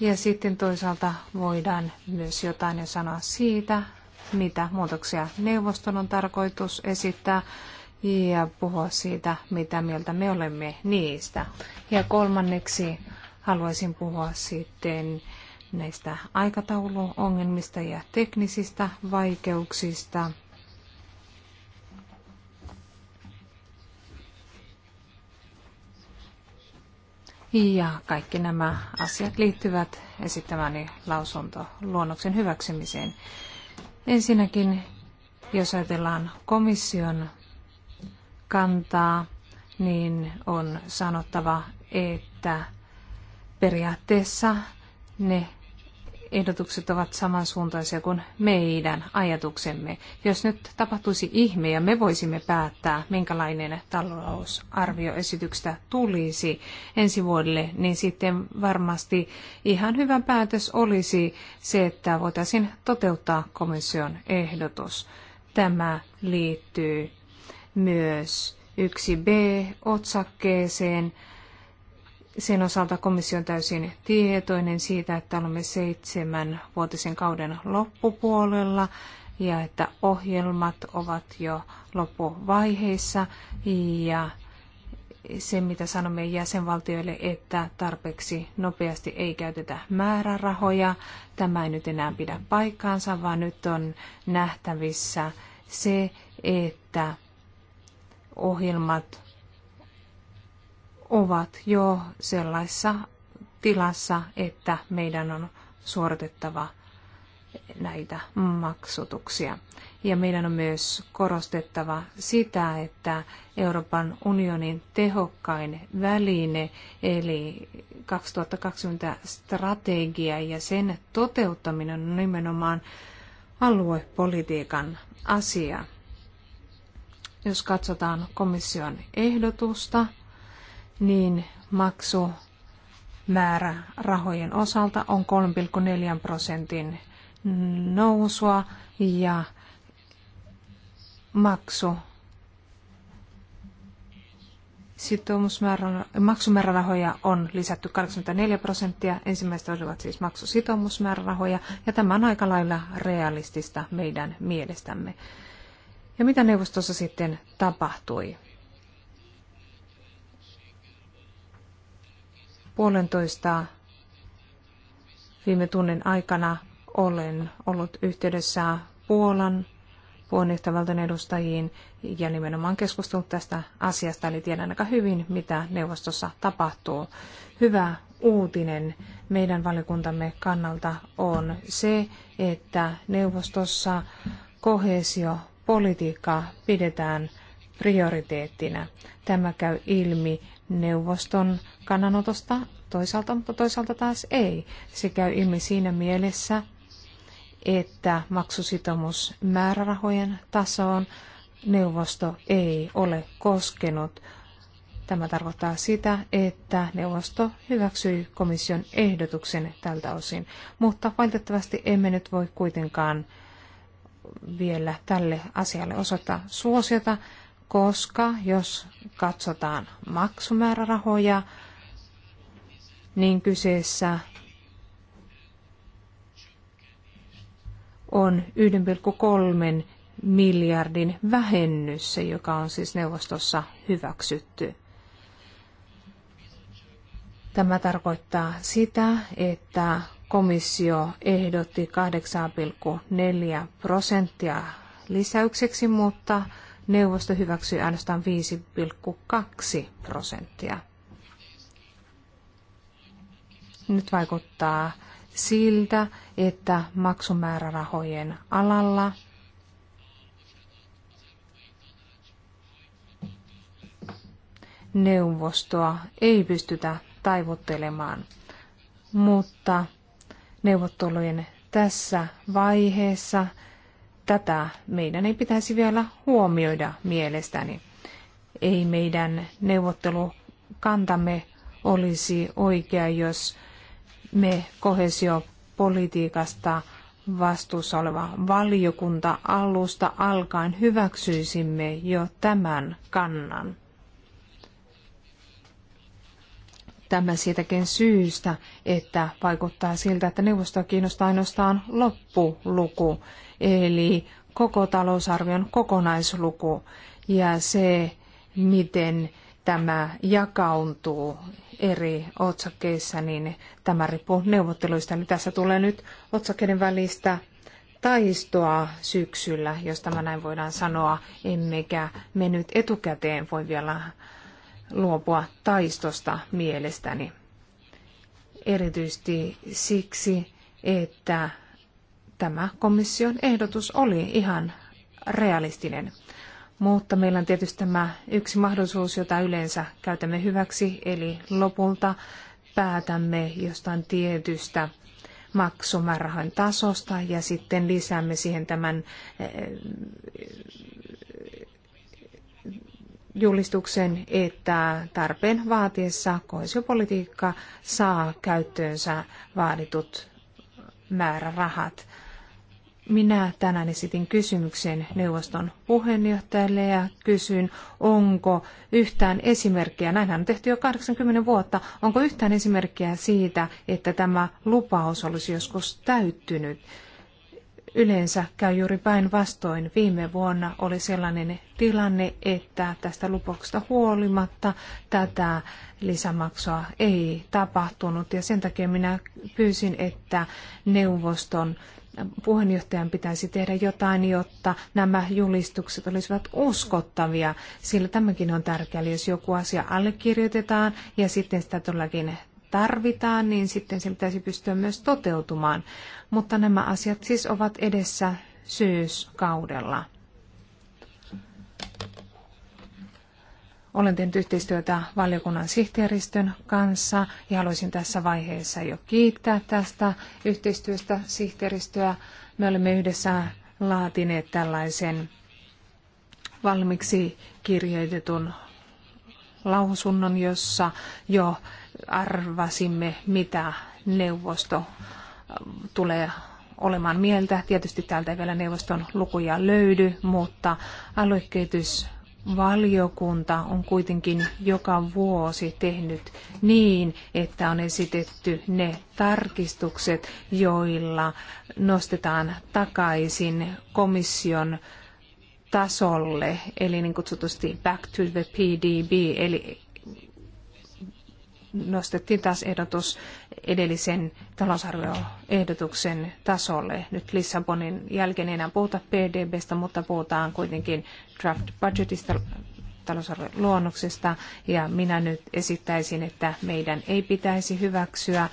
Ja sitten toisaalta voidaan myös jotain jo sanoa siitä, mitä muutoksia neuvoston on tarkoitus esittää ja puhua siitä, mitä mieltä me olemme niistä. Ja kolmanneksi haluaisin puhua sitten näistä aikatauluongelmista ja teknisistä vaikeuksista. Ja kaikki nämä asiat liittyvät esittämäni lausuntoluonnoksen hyväksymiseen. Ensinnäkin, jos ajatellaan komission kantaa, niin on sanottava, että periaatteessa ne ehdotukset ovat samansuuntaisia kuin meidän ajatuksemme. Jos nyt tapahtuisi ihme ja me voisimme päättää, minkälainen talousarvioesityksestä tulisi ensi vuodelle, niin sitten varmasti ihan hyvä päätös olisi se, että voitaisiin toteuttaa komission ehdotus. Tämä liittyy myös 1b-otsakkeeseen sen osalta komissio on täysin tietoinen siitä, että olemme seitsemän vuotisen kauden loppupuolella ja että ohjelmat ovat jo loppuvaiheissa ja se, mitä sanomme jäsenvaltioille, että tarpeeksi nopeasti ei käytetä määrärahoja. Tämä ei nyt enää pidä paikkaansa, vaan nyt on nähtävissä se, että ohjelmat ovat jo sellaisessa tilassa, että meidän on suoritettava näitä maksutuksia. Ja meidän on myös korostettava sitä, että Euroopan unionin tehokkain väline, eli 2020 strategia ja sen toteuttaminen on nimenomaan aluepolitiikan asia. Jos katsotaan komission ehdotusta, niin maksu määrä rahojen osalta on 3,4 prosentin nousua ja maksu maksumäärärahoja on lisätty 84 prosenttia. Ensimmäiset olivat siis maksusitoumusmäärärahoja ja tämä on aika lailla realistista meidän mielestämme. Ja mitä neuvostossa sitten tapahtui? puolentoista viime tunnin aikana olen ollut yhteydessä Puolan puheenjohtajavaltion edustajiin ja nimenomaan keskustellut tästä asiasta, eli tiedän aika hyvin, mitä neuvostossa tapahtuu. Hyvä uutinen meidän valiokuntamme kannalta on se, että neuvostossa kohesiopolitiikka pidetään prioriteettina. Tämä käy ilmi neuvoston kannanotosta toisaalta, mutta toisaalta taas ei. Se käy ilmi siinä mielessä, että maksusitomus määrärahojen tasoon neuvosto ei ole koskenut. Tämä tarkoittaa sitä, että neuvosto hyväksyi komission ehdotuksen tältä osin, mutta valitettavasti emme nyt voi kuitenkaan vielä tälle asialle osoittaa suosiota, koska jos katsotaan maksumäärärahoja, niin kyseessä on 1,3 miljardin vähennys, joka on siis neuvostossa hyväksytty. Tämä tarkoittaa sitä, että komissio ehdotti 8,4 prosenttia lisäykseksi, mutta neuvosto hyväksyi ainoastaan 5,2 prosenttia. Nyt vaikuttaa siltä, että maksumäärärahojen alalla neuvostoa ei pystytä taivuttelemaan, mutta neuvottelujen tässä vaiheessa tätä meidän ei pitäisi vielä huomioida mielestäni. Ei meidän neuvottelukantamme olisi oikea, jos me kohesiopolitiikasta vastuussa oleva valiokunta alusta alkaen hyväksyisimme jo tämän kannan. Tämä siitäkin syystä, että vaikuttaa siltä, että neuvostoa kiinnostaa ainoastaan loppuluku, eli koko talousarvion kokonaisluku ja se, miten tämä jakautuu eri otsakkeissa, niin tämä riippuu neuvotteluista. Eli tässä tulee nyt otsakkeiden välistä taistoa syksyllä, jos tämä näin voidaan sanoa, emmekä me nyt etukäteen voi vielä luopua taistosta mielestäni. Erityisesti siksi, että tämä komission ehdotus oli ihan realistinen. Mutta meillä on tietysti tämä yksi mahdollisuus, jota yleensä käytämme hyväksi, eli lopulta päätämme jostain tietystä maksumäärärahan tasosta ja sitten lisäämme siihen tämän eh, julistuksen, että tarpeen vaatiessa koesiopolitiikka saa käyttöönsä vaaditut määrärahat. Minä tänään esitin kysymyksen neuvoston puheenjohtajalle ja kysyn, onko yhtään esimerkkiä, näinhän on tehty jo 80 vuotta, onko yhtään esimerkkiä siitä, että tämä lupaus olisi joskus täyttynyt Yleensä käy juuri päinvastoin. Viime vuonna oli sellainen tilanne, että tästä lupoksesta huolimatta tätä lisämaksua ei tapahtunut. Ja sen takia minä pyysin, että neuvoston puheenjohtajan pitäisi tehdä jotain, jotta nämä julistukset olisivat uskottavia, sillä tämäkin on tärkeää, jos joku asia allekirjoitetaan ja sitten sitä todellakin tarvitaan, niin sitten se pitäisi pystyä myös toteutumaan. Mutta nämä asiat siis ovat edessä syyskaudella. Olen tehnyt yhteistyötä valiokunnan sihteeristön kanssa ja haluaisin tässä vaiheessa jo kiittää tästä yhteistyöstä sihteeristöä. Me olemme yhdessä laatineet tällaisen valmiiksi kirjoitetun lausunnon, jossa jo arvasimme, mitä neuvosto tulee olemaan mieltä. Tietysti täältä ei vielä neuvoston lukuja löydy, mutta aluekehitysvaliokunta on kuitenkin joka vuosi tehnyt niin, että on esitetty ne tarkistukset, joilla nostetaan takaisin komission tasolle, eli niin kutsutusti back to the PDB, eli nostettiin taas ehdotus edellisen talousarvioehdotuksen tasolle. Nyt Lissabonin jälkeen ei enää puhuta PDBstä, mutta puhutaan kuitenkin draft budgetista talousarvioluonnoksesta ja minä nyt esittäisin, että meidän ei pitäisi hyväksyä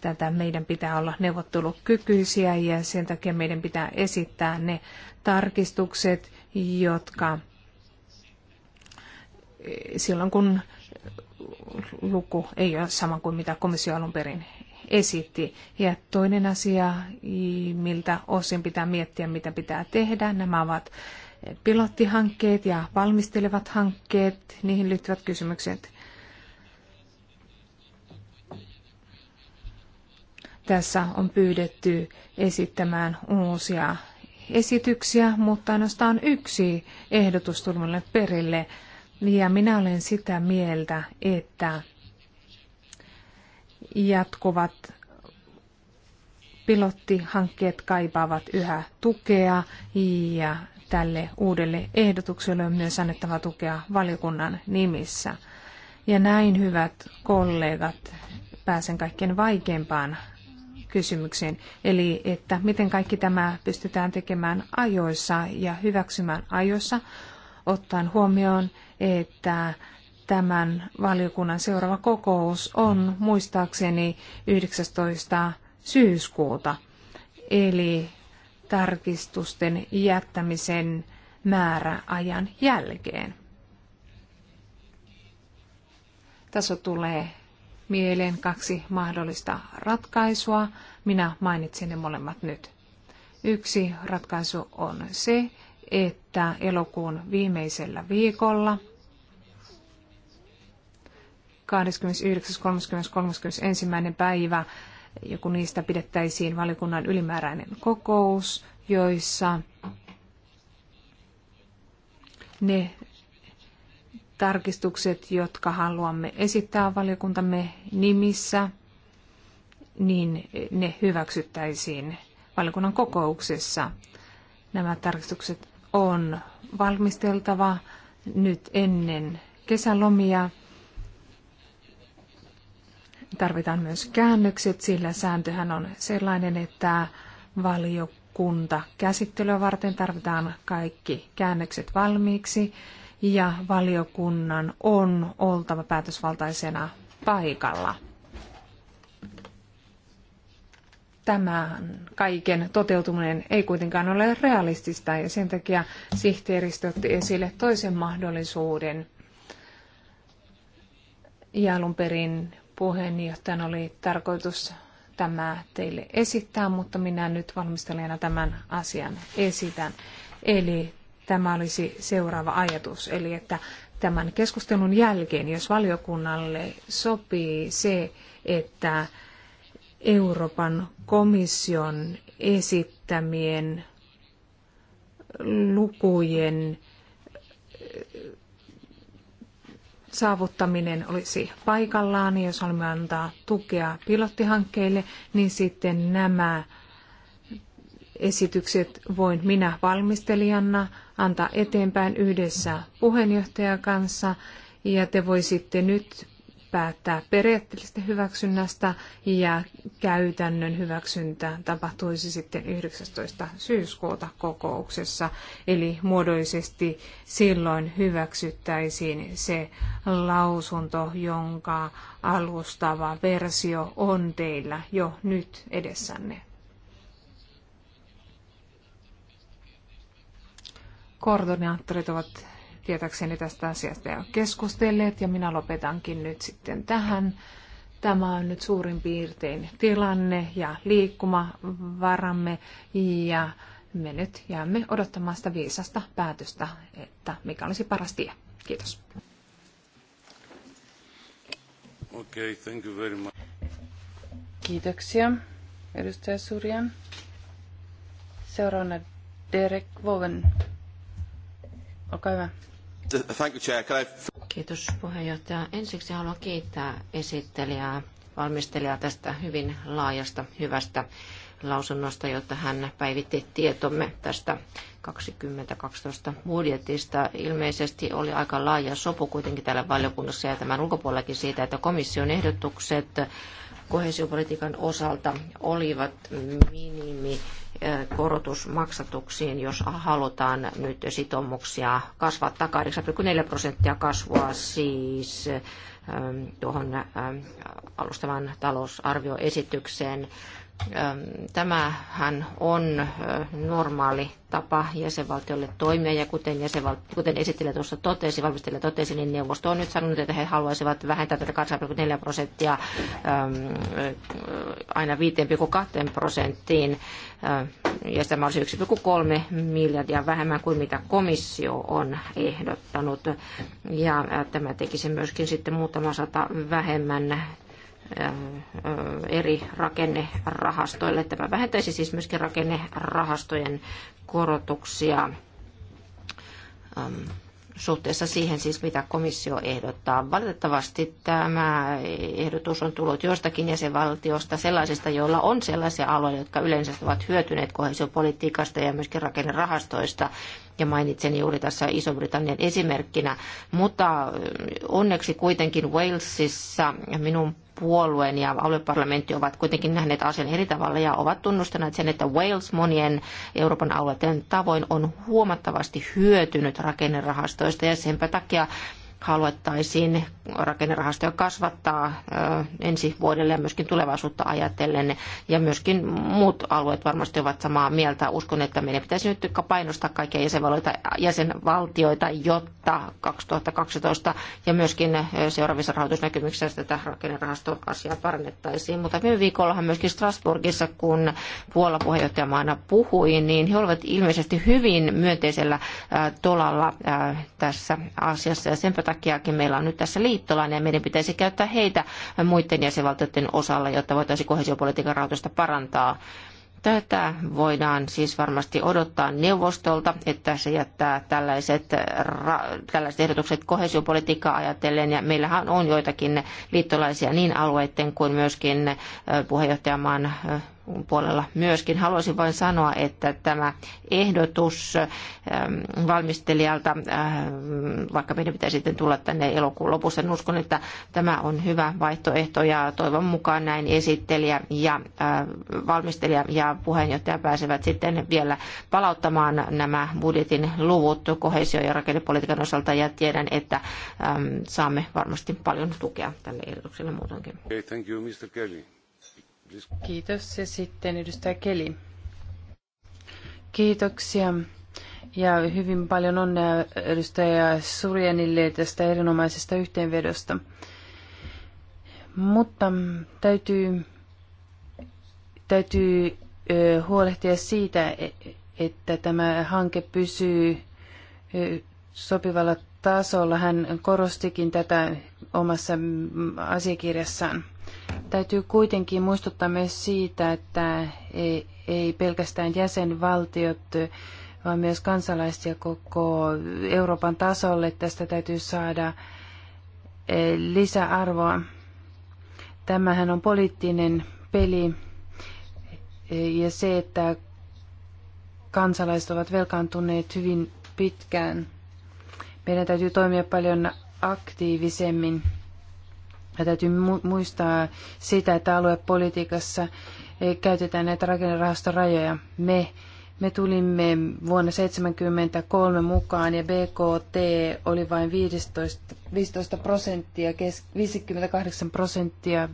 tätä. Meidän pitää olla neuvottelukykyisiä ja sen takia meidän pitää esittää ne tarkistukset, jotka silloin kun luku ei ole sama kuin mitä komissio alun perin esitti. Ja toinen asia, miltä osin pitää miettiä, mitä pitää tehdä, nämä ovat pilottihankkeet ja valmistelevat hankkeet, niihin liittyvät kysymykset. Tässä on pyydetty esittämään uusia esityksiä, mutta ainoastaan yksi ehdotus perille ja minä olen sitä mieltä, että jatkuvat pilottihankkeet kaipaavat yhä tukea ja tälle uudelle ehdotukselle on myös annettava tukea valiokunnan nimissä. Ja näin, hyvät kollegat, pääsen kaikkein vaikeimpaan kysymykseen, eli että miten kaikki tämä pystytään tekemään ajoissa ja hyväksymään ajoissa, ottaen huomioon että tämän valiokunnan seuraava kokous on muistaakseni 19. syyskuuta, eli tarkistusten jättämisen määräajan jälkeen. Tässä tulee mieleen kaksi mahdollista ratkaisua. Minä mainitsin ne molemmat nyt. Yksi ratkaisu on se, että elokuun viimeisellä viikolla 29. 30. 31. päivä joku niistä pidettäisiin valikunnan ylimääräinen kokous, joissa ne tarkistukset, jotka haluamme esittää valiokuntamme nimissä, niin ne hyväksyttäisiin valiokunnan kokouksessa. Nämä tarkistukset on valmisteltava nyt ennen kesälomia. Tarvitaan myös käännökset, sillä sääntöhän on sellainen, että valiokunta käsittelyä varten tarvitaan kaikki käännökset valmiiksi ja valiokunnan on oltava päätösvaltaisena paikalla. tämän kaiken toteutuminen ei kuitenkaan ole realistista ja sen takia sihteeristö otti esille toisen mahdollisuuden. Ja alun perin puheenjohtajan oli tarkoitus tämä teille esittää, mutta minä nyt valmistelijana tämän asian esitän. Eli tämä olisi seuraava ajatus, eli että tämän keskustelun jälkeen, jos valiokunnalle sopii se, että Euroopan komission esittämien lukujen eh, saavuttaminen olisi paikallaan, jos haluamme antaa tukea pilottihankkeille, niin sitten nämä esitykset voin minä valmistelijana antaa eteenpäin yhdessä puheenjohtajan kanssa. Ja te voisitte nyt päättää periaatteellisesta hyväksynnästä ja käytännön hyväksyntä tapahtuisi sitten 19. syyskuuta kokouksessa. Eli muodollisesti silloin hyväksyttäisiin se lausunto, jonka alustava versio on teillä jo nyt edessänne. Koordinaattorit ovat tietääkseni tästä asiasta jo keskustelleet ja minä lopetankin nyt sitten tähän. Tämä on nyt suurin piirtein tilanne ja liikkumavaramme ja me nyt jäämme odottamaan sitä viisasta päätöstä, että mikä olisi paras tie. Kiitos. Okay, thank you very much. Kiitoksia, edustaja Surjan. Seuraavana Derek Vaughan. Olkaa hyvä. Kiitos puheenjohtaja. Ensiksi haluan kiittää esittelijää, valmistelijaa tästä hyvin laajasta, hyvästä lausunnosta, jotta hän päivitti tietomme tästä 2012 budjetista. Ilmeisesti oli aika laaja sopu kuitenkin täällä valiokunnassa ja tämän ulkopuolellakin siitä, että komission ehdotukset kohesiopolitiikan osalta olivat minimi korotus maksatuksiin, jos halutaan nyt sitoumuksia kasvattaa 8,4 prosenttia kasvua siis ähm, tuohon ähm, alustavan talousarvioesitykseen. Tämähän on normaali tapa jäsenvaltiolle toimia ja kuten, jäsenval- kuten esittelijä tuossa totesi, valmistelija totesi, niin neuvosto on nyt sanonut, että he haluaisivat vähentää tätä 2,4 prosenttia aina 5,2 prosenttiin ja tämä olisi 1,3 miljardia vähemmän kuin mitä komissio on ehdottanut ja tämä tekisi myöskin sitten muutama sata vähemmän Äh, eri rakennerahastoille. Tämä vähentäisi siis myöskin rakennerahastojen korotuksia ähm, suhteessa siihen siis, mitä komissio ehdottaa. Valitettavasti tämä ehdotus on tullut jostakin jäsenvaltiosta sellaisista, joilla on sellaisia alueita, jotka yleensä ovat hyötyneet kohesiopolitiikasta ja myöskin rakennerahastoista. Ja mainitsen juuri tässä Iso-Britannian esimerkkinä. Mutta äh, onneksi kuitenkin Walesissa minun puolueen ja alueparlamentti ovat kuitenkin nähneet asian eri tavalla ja ovat tunnustaneet sen, että Wales monien Euroopan alueiden tavoin on huomattavasti hyötynyt rakennerahastoista ja senpä takia haluattaisiin rakennerahastoja kasvattaa ensi vuodelle ja myöskin tulevaisuutta ajatellen. Ja myöskin muut alueet varmasti ovat samaa mieltä. Uskon, että meidän pitäisi nyt painostaa kaikkia jäsenvaltioita, jäsenvaltioita jotta 2012 ja myöskin seuraavissa rahoitusnäkymissä tätä rakennerahastoasiaa parannettaisiin. Mutta viime viikollahan myöskin Strasbourgissa, kun Puola puheenjohtajamaana puhui, niin he olivat ilmeisesti hyvin myönteisellä tolalla tässä asiassa. Ja senpä Irakiakin meillä on nyt tässä liittolainen ja meidän pitäisi käyttää heitä muiden jäsenvaltioiden osalla, jotta voitaisiin kohesiopolitiikan rahoitusta parantaa. Tätä voidaan siis varmasti odottaa neuvostolta, että se jättää tällaiset, tällaiset ehdotukset kohesiopolitiikkaa ajatellen. Ja meillähän on joitakin liittolaisia niin alueiden kuin myöskin puheenjohtajamaan puolella myöskin. Haluaisin vain sanoa, että tämä ehdotus ähm, valmistelijalta, äh, vaikka meidän pitäisi sitten tulla tänne elokuun lopussa, niin uskon, että tämä on hyvä vaihtoehto ja toivon mukaan näin esittelijä ja äh, valmistelija ja puheenjohtaja pääsevät sitten vielä palauttamaan nämä budjetin luvut kohesio- ja rakennepolitiikan osalta ja tiedän, että ähm, saamme varmasti paljon tukea tälle ehdotukselle muutenkin. Okay, thank you, Mr. Kelly. Kiitos ja sitten edustaja Keli. Kiitoksia ja hyvin paljon onnea edustaja Surjanille tästä erinomaisesta yhteenvedosta. Mutta täytyy, täytyy huolehtia siitä, e, että tämä hanke pysyy sopivalla tasolla. Hän korostikin tätä omassa mm, asiakirjassaan. Täytyy kuitenkin muistuttaa myös siitä, että ei, ei pelkästään jäsenvaltiot, vaan myös kansalaiset ja koko Euroopan tasolle tästä täytyy saada e, lisäarvoa. Tämähän on poliittinen peli e, ja se, että kansalaiset ovat velkaantuneet hyvin pitkään. Meidän täytyy toimia paljon aktiivisemmin. Ja täytyy muistaa sitä, että aluepolitiikassa eh, käytetään näitä rakennerahastorajoja. Me, me tulimme vuonna 1973 mukaan ja BKT oli vain 15, 15 prosenttia, 58 prosenttia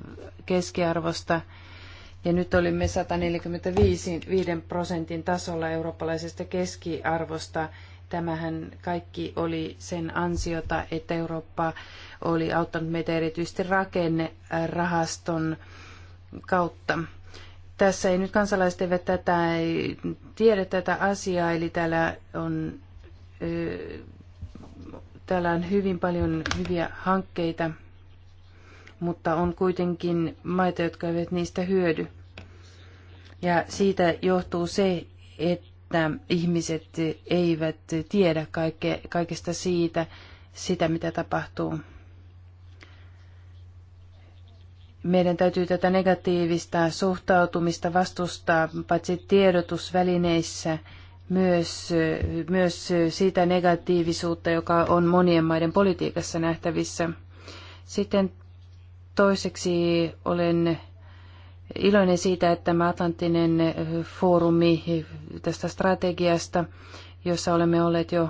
keskiarvosta. Ja nyt olimme 145 prosentin tasolla eurooppalaisesta keskiarvosta Tämähän kaikki oli sen ansiota, että Eurooppa oli auttanut meitä erityisesti rakennerahaston kautta. Tässä ei nyt kansalaiset eivät tätä, ei tiedä tätä asiaa, eli täällä on, täällä on hyvin paljon hyviä hankkeita, mutta on kuitenkin maita, jotka eivät niistä hyödy. Ja siitä johtuu se, että että ihmiset eivät tiedä kaikke, kaikesta siitä, sitä mitä tapahtuu. Meidän täytyy tätä negatiivista suhtautumista vastustaa paitsi tiedotusvälineissä, myös, myös siitä negatiivisuutta, joka on monien maiden politiikassa nähtävissä. Sitten toiseksi olen iloinen siitä, että tämä Atlanttinen eh, foorumi tästä strategiasta, jossa olemme olleet jo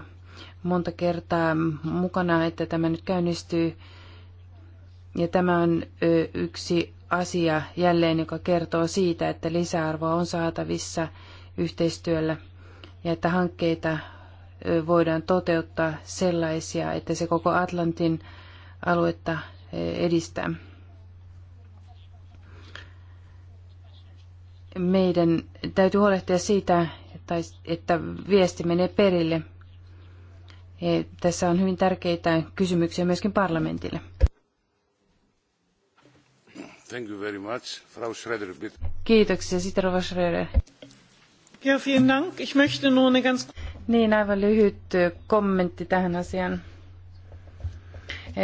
monta kertaa mukana, että tämä nyt käynnistyy. Ja tämä on eh, yksi asia jälleen, joka kertoo siitä, että lisäarvoa on saatavissa yhteistyöllä ja että hankkeita eh, voidaan toteuttaa sellaisia, että se koko Atlantin aluetta edistää. meidän täytyy huolehtia siitä, että viesti menee perille. E, tässä on hyvin tärkeitä kysymyksiä myöskin parlamentille. Thank you very much. Frau Schröder, Kiitoksia. Sitten Rova Schröder. Ja, vielen Dank. Ich möchte nur eine ganz... Niin, aivan lyhyt kommentti tähän asiaan. E,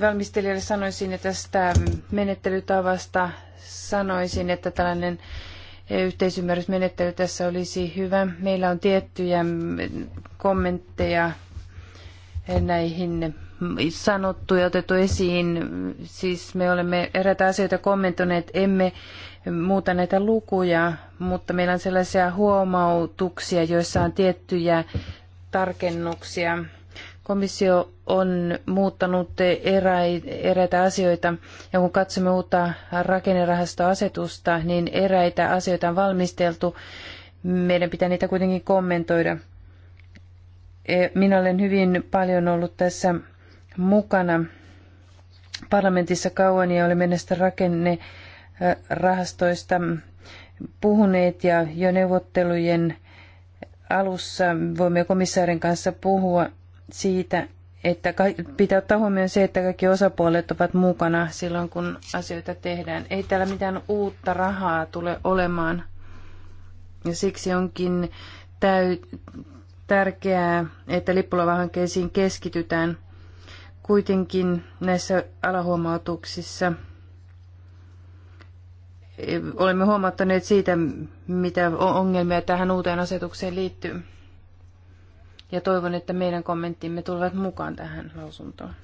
valmistelijalle sanoisin, että tästä menettelytavasta sanoisin, että tällainen yhteisymmärrysmenettely tässä olisi hyvä. Meillä on tiettyjä kommentteja näihin sanottu ja otettu esiin. Siis me olemme eräitä asioita kommentoineet, emme muuta näitä lukuja, mutta meillä on sellaisia huomautuksia, joissa on tiettyjä tarkennuksia komissio on muuttanut eräitä asioita ja kun katsomme uutta rakennerahastoasetusta, niin eräitä asioita on valmisteltu. Meidän pitää niitä kuitenkin kommentoida. E, minä olen hyvin paljon ollut tässä mukana parlamentissa kauan ja olemme näistä rakennerahastoista puhuneet ja jo neuvottelujen alussa voimme komissaarin kanssa puhua siitä, että pitää ottaa huomioon se, että kaikki osapuolet ovat mukana silloin, kun asioita tehdään. Ei täällä mitään uutta rahaa tule olemaan. Ja siksi onkin täy- tärkeää, että lippulavahankkeisiin keskitytään. Kuitenkin näissä alahuomautuksissa eh, olemme huomauttaneet siitä, mitä ongelmia tähän uuteen asetukseen liittyy ja toivon, että meidän kommenttimme tulevat mukaan tähän lausuntoon.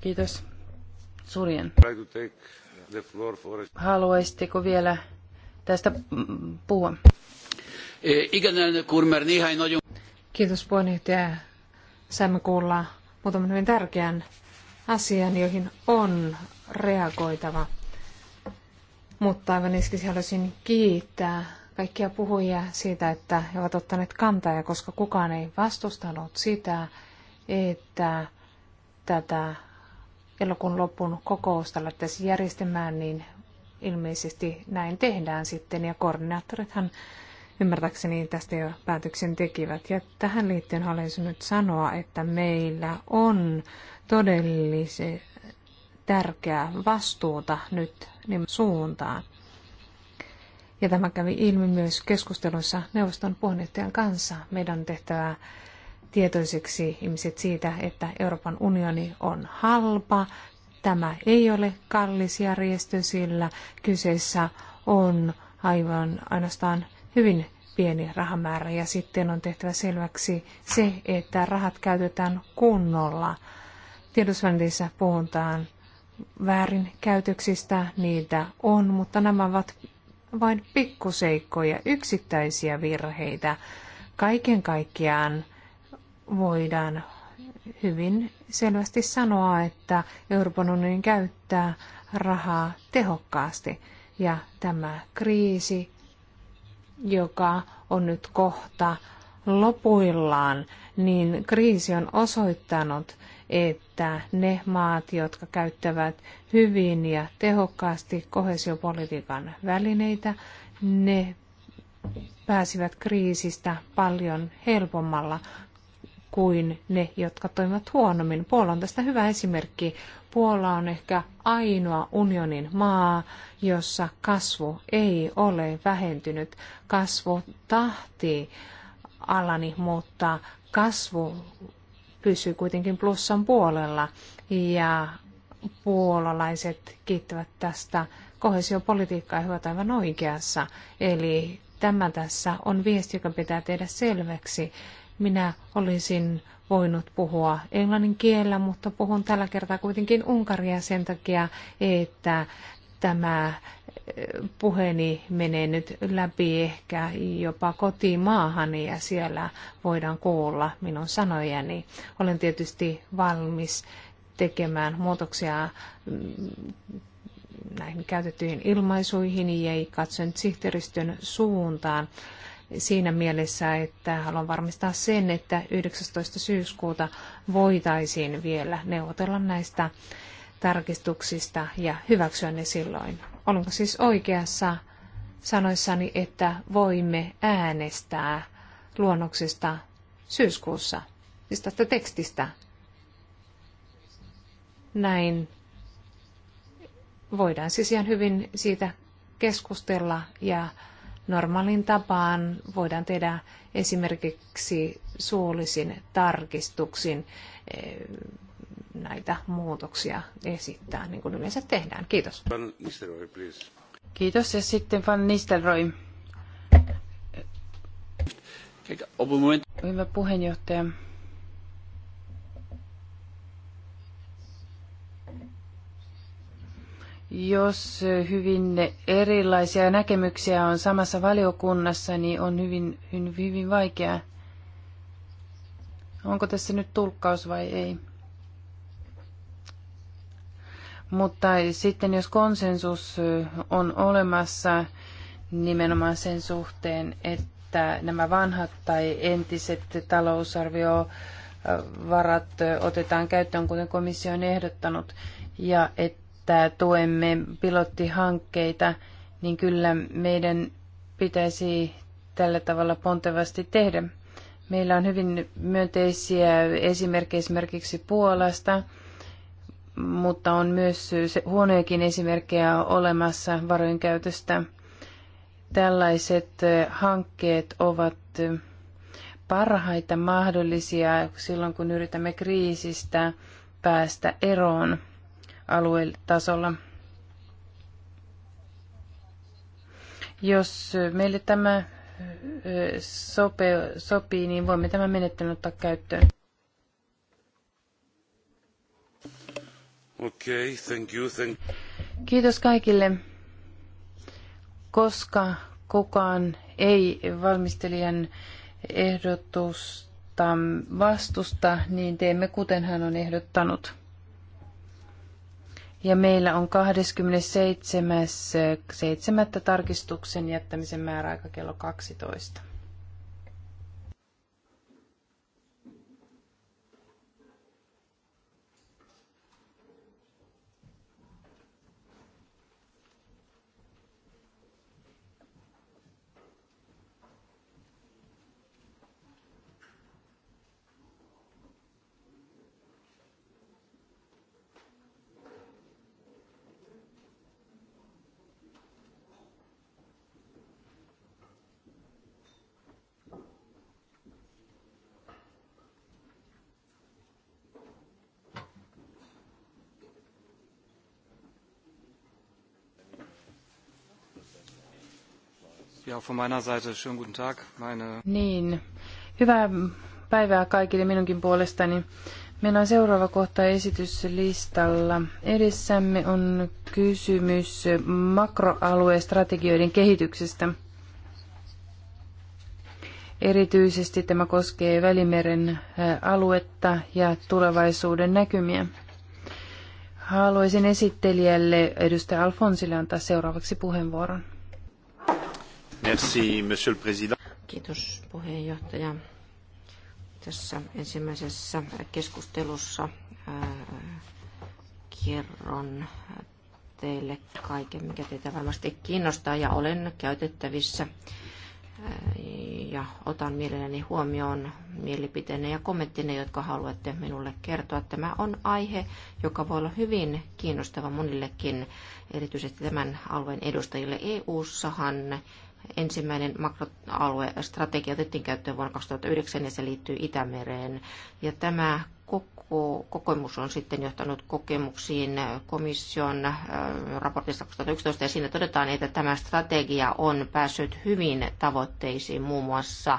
Kiitos. Surjen. Haluaisitteko vielä tästä puhua? Kiitos puheenjohtaja. Saimme kuulla muutaman hyvin tärkeän asian, joihin on reagoitava. Mutta aivan ensiksi haluaisin kiittää kaikkia puhujia siitä, että he ovat ottaneet kantaa, ja koska kukaan ei vastustanut sitä, että tätä elokuun lopun kokousta lähdettäisiin järjestämään, niin ilmeisesti näin tehdään sitten, ja koordinaattorithan ymmärtääkseni tästä jo päätöksen tekivät. Ja tähän liittyen haluaisin nyt sanoa, että meillä on todellisen tärkeää vastuuta nyt niin suuntaan. Ja tämä kävi ilmi myös keskusteluissa neuvoston puheenjohtajan kanssa. Meidän tehtävää tietoiseksi tietoisiksi ihmiset siitä, että Euroopan unioni on halpa. Tämä ei ole kallis järjestö, sillä kyseessä on aivan ainoastaan hyvin pieni rahamäärä ja sitten on tehtävä selväksi se, että rahat käytetään kunnolla. Tiedosvälineissä puhutaan väärinkäytöksistä, niitä on, mutta nämä ovat vain pikkuseikkoja, yksittäisiä virheitä. Kaiken kaikkiaan voidaan hyvin selvästi sanoa, että Euroopan unioni käyttää rahaa tehokkaasti. Ja tämä kriisi, joka on nyt kohta lopuillaan, niin kriisi on osoittanut, että ne maat, jotka käyttävät hyvin ja tehokkaasti kohesiopolitiikan välineitä, ne pääsivät kriisistä paljon helpommalla kuin ne, jotka toimivat huonommin. Puola on tästä hyvä esimerkki. Puola on ehkä ainoa unionin maa, jossa kasvu ei ole vähentynyt. Kasvu tahti alani, mutta kasvu pysyy kuitenkin plussan puolella ja puolalaiset kiittävät tästä kohesiopolitiikkaa he ovat aivan oikeassa. Eli tämä tässä on viesti, joka pitää tehdä selväksi. Minä olisin voinut puhua englannin kielellä, mutta puhun tällä kertaa kuitenkin unkaria sen takia, että tämä puheeni menee nyt läpi ehkä jopa kotimaahani ja siellä voidaan kuulla minun sanojani. Olen tietysti valmis tekemään muutoksia mm, näihin käytettyihin ilmaisuihin ja katson sihteeristön suuntaan siinä mielessä, että haluan varmistaa sen, että 19. syyskuuta voitaisiin vielä neuvotella näistä tarkistuksista ja hyväksyä ne silloin. Olenko siis oikeassa sanoissani, että voimme äänestää luonnoksesta syyskuussa, siis tästä tekstistä. Näin voidaan siis ihan hyvin siitä keskustella ja normaalin tapaan voidaan tehdä esimerkiksi suullisin tarkistuksin eh, näitä muutoksia esittää, niin kuin yleensä tehdään. Kiitos. Kiitos ja sitten Van Nistelrooy. Hyvä puheenjohtaja. Jos hyvin erilaisia näkemyksiä on samassa valiokunnassa, niin on hyvin, hyvin, hyvin vaikeaa. Onko tässä nyt tulkkaus vai ei? Mutta sitten jos konsensus on olemassa nimenomaan sen suhteen, että nämä vanhat tai entiset talousarviovarat otetaan käyttöön, kuten komissio on ehdottanut, ja että tuemme pilottihankkeita, niin kyllä meidän pitäisi tällä tavalla pontevasti tehdä. Meillä on hyvin myönteisiä esimerkkejä esimerkiksi Puolasta, mutta on myös huonojakin esimerkkejä olemassa varojen käytöstä. Tällaiset hankkeet ovat parhaita mahdollisia silloin, kun yritämme kriisistä päästä eroon alueetasolla. Jos meille tämä sopii, niin voimme tämän menettelyn ottaa käyttöön. Okay, thank you, thank... Kiitos kaikille. Koska kukaan ei valmistelijan ehdotusta vastusta, niin teemme kuten hän on ehdottanut. Ja meillä on 27.7. tarkistuksen jättämisen määräaika kello 12. auch von meiner Seite schönen guten Tag. Meine niin, hyvää päivää kaikille minunkin puolestani. Meillä on seuraava kohta esityslistalla. Edessämme on kysymys makroaluestrategioiden kehityksestä. Erityisesti tämä koskee Välimeren aluetta ja tulevaisuuden näkymiä. Haluaisin esittelijälle edustaja Alfonsille antaa seuraavaksi puheenvuoron. Merci, monsieur le président. Kiitos puheenjohtaja. Tässä ensimmäisessä keskustelussa äh, kerron teille kaiken, mikä teitä varmasti kiinnostaa ja olen käytettävissä äh, ja otan mielelläni huomioon mielipiteenne ja kommenttinne, jotka haluatte minulle kertoa. Tämä on aihe, joka voi olla hyvin kiinnostava monillekin, erityisesti tämän alueen edustajille. EU-sahan ensimmäinen makroaluestrategia otettiin käyttöön vuonna 2009 ja se liittyy Itämereen. Ja tämä koko, kokemus on sitten johtanut kokemuksiin komission äh, raportista 2011 ja siinä todetaan, että tämä strategia on päässyt hyvin tavoitteisiin muun muassa äh,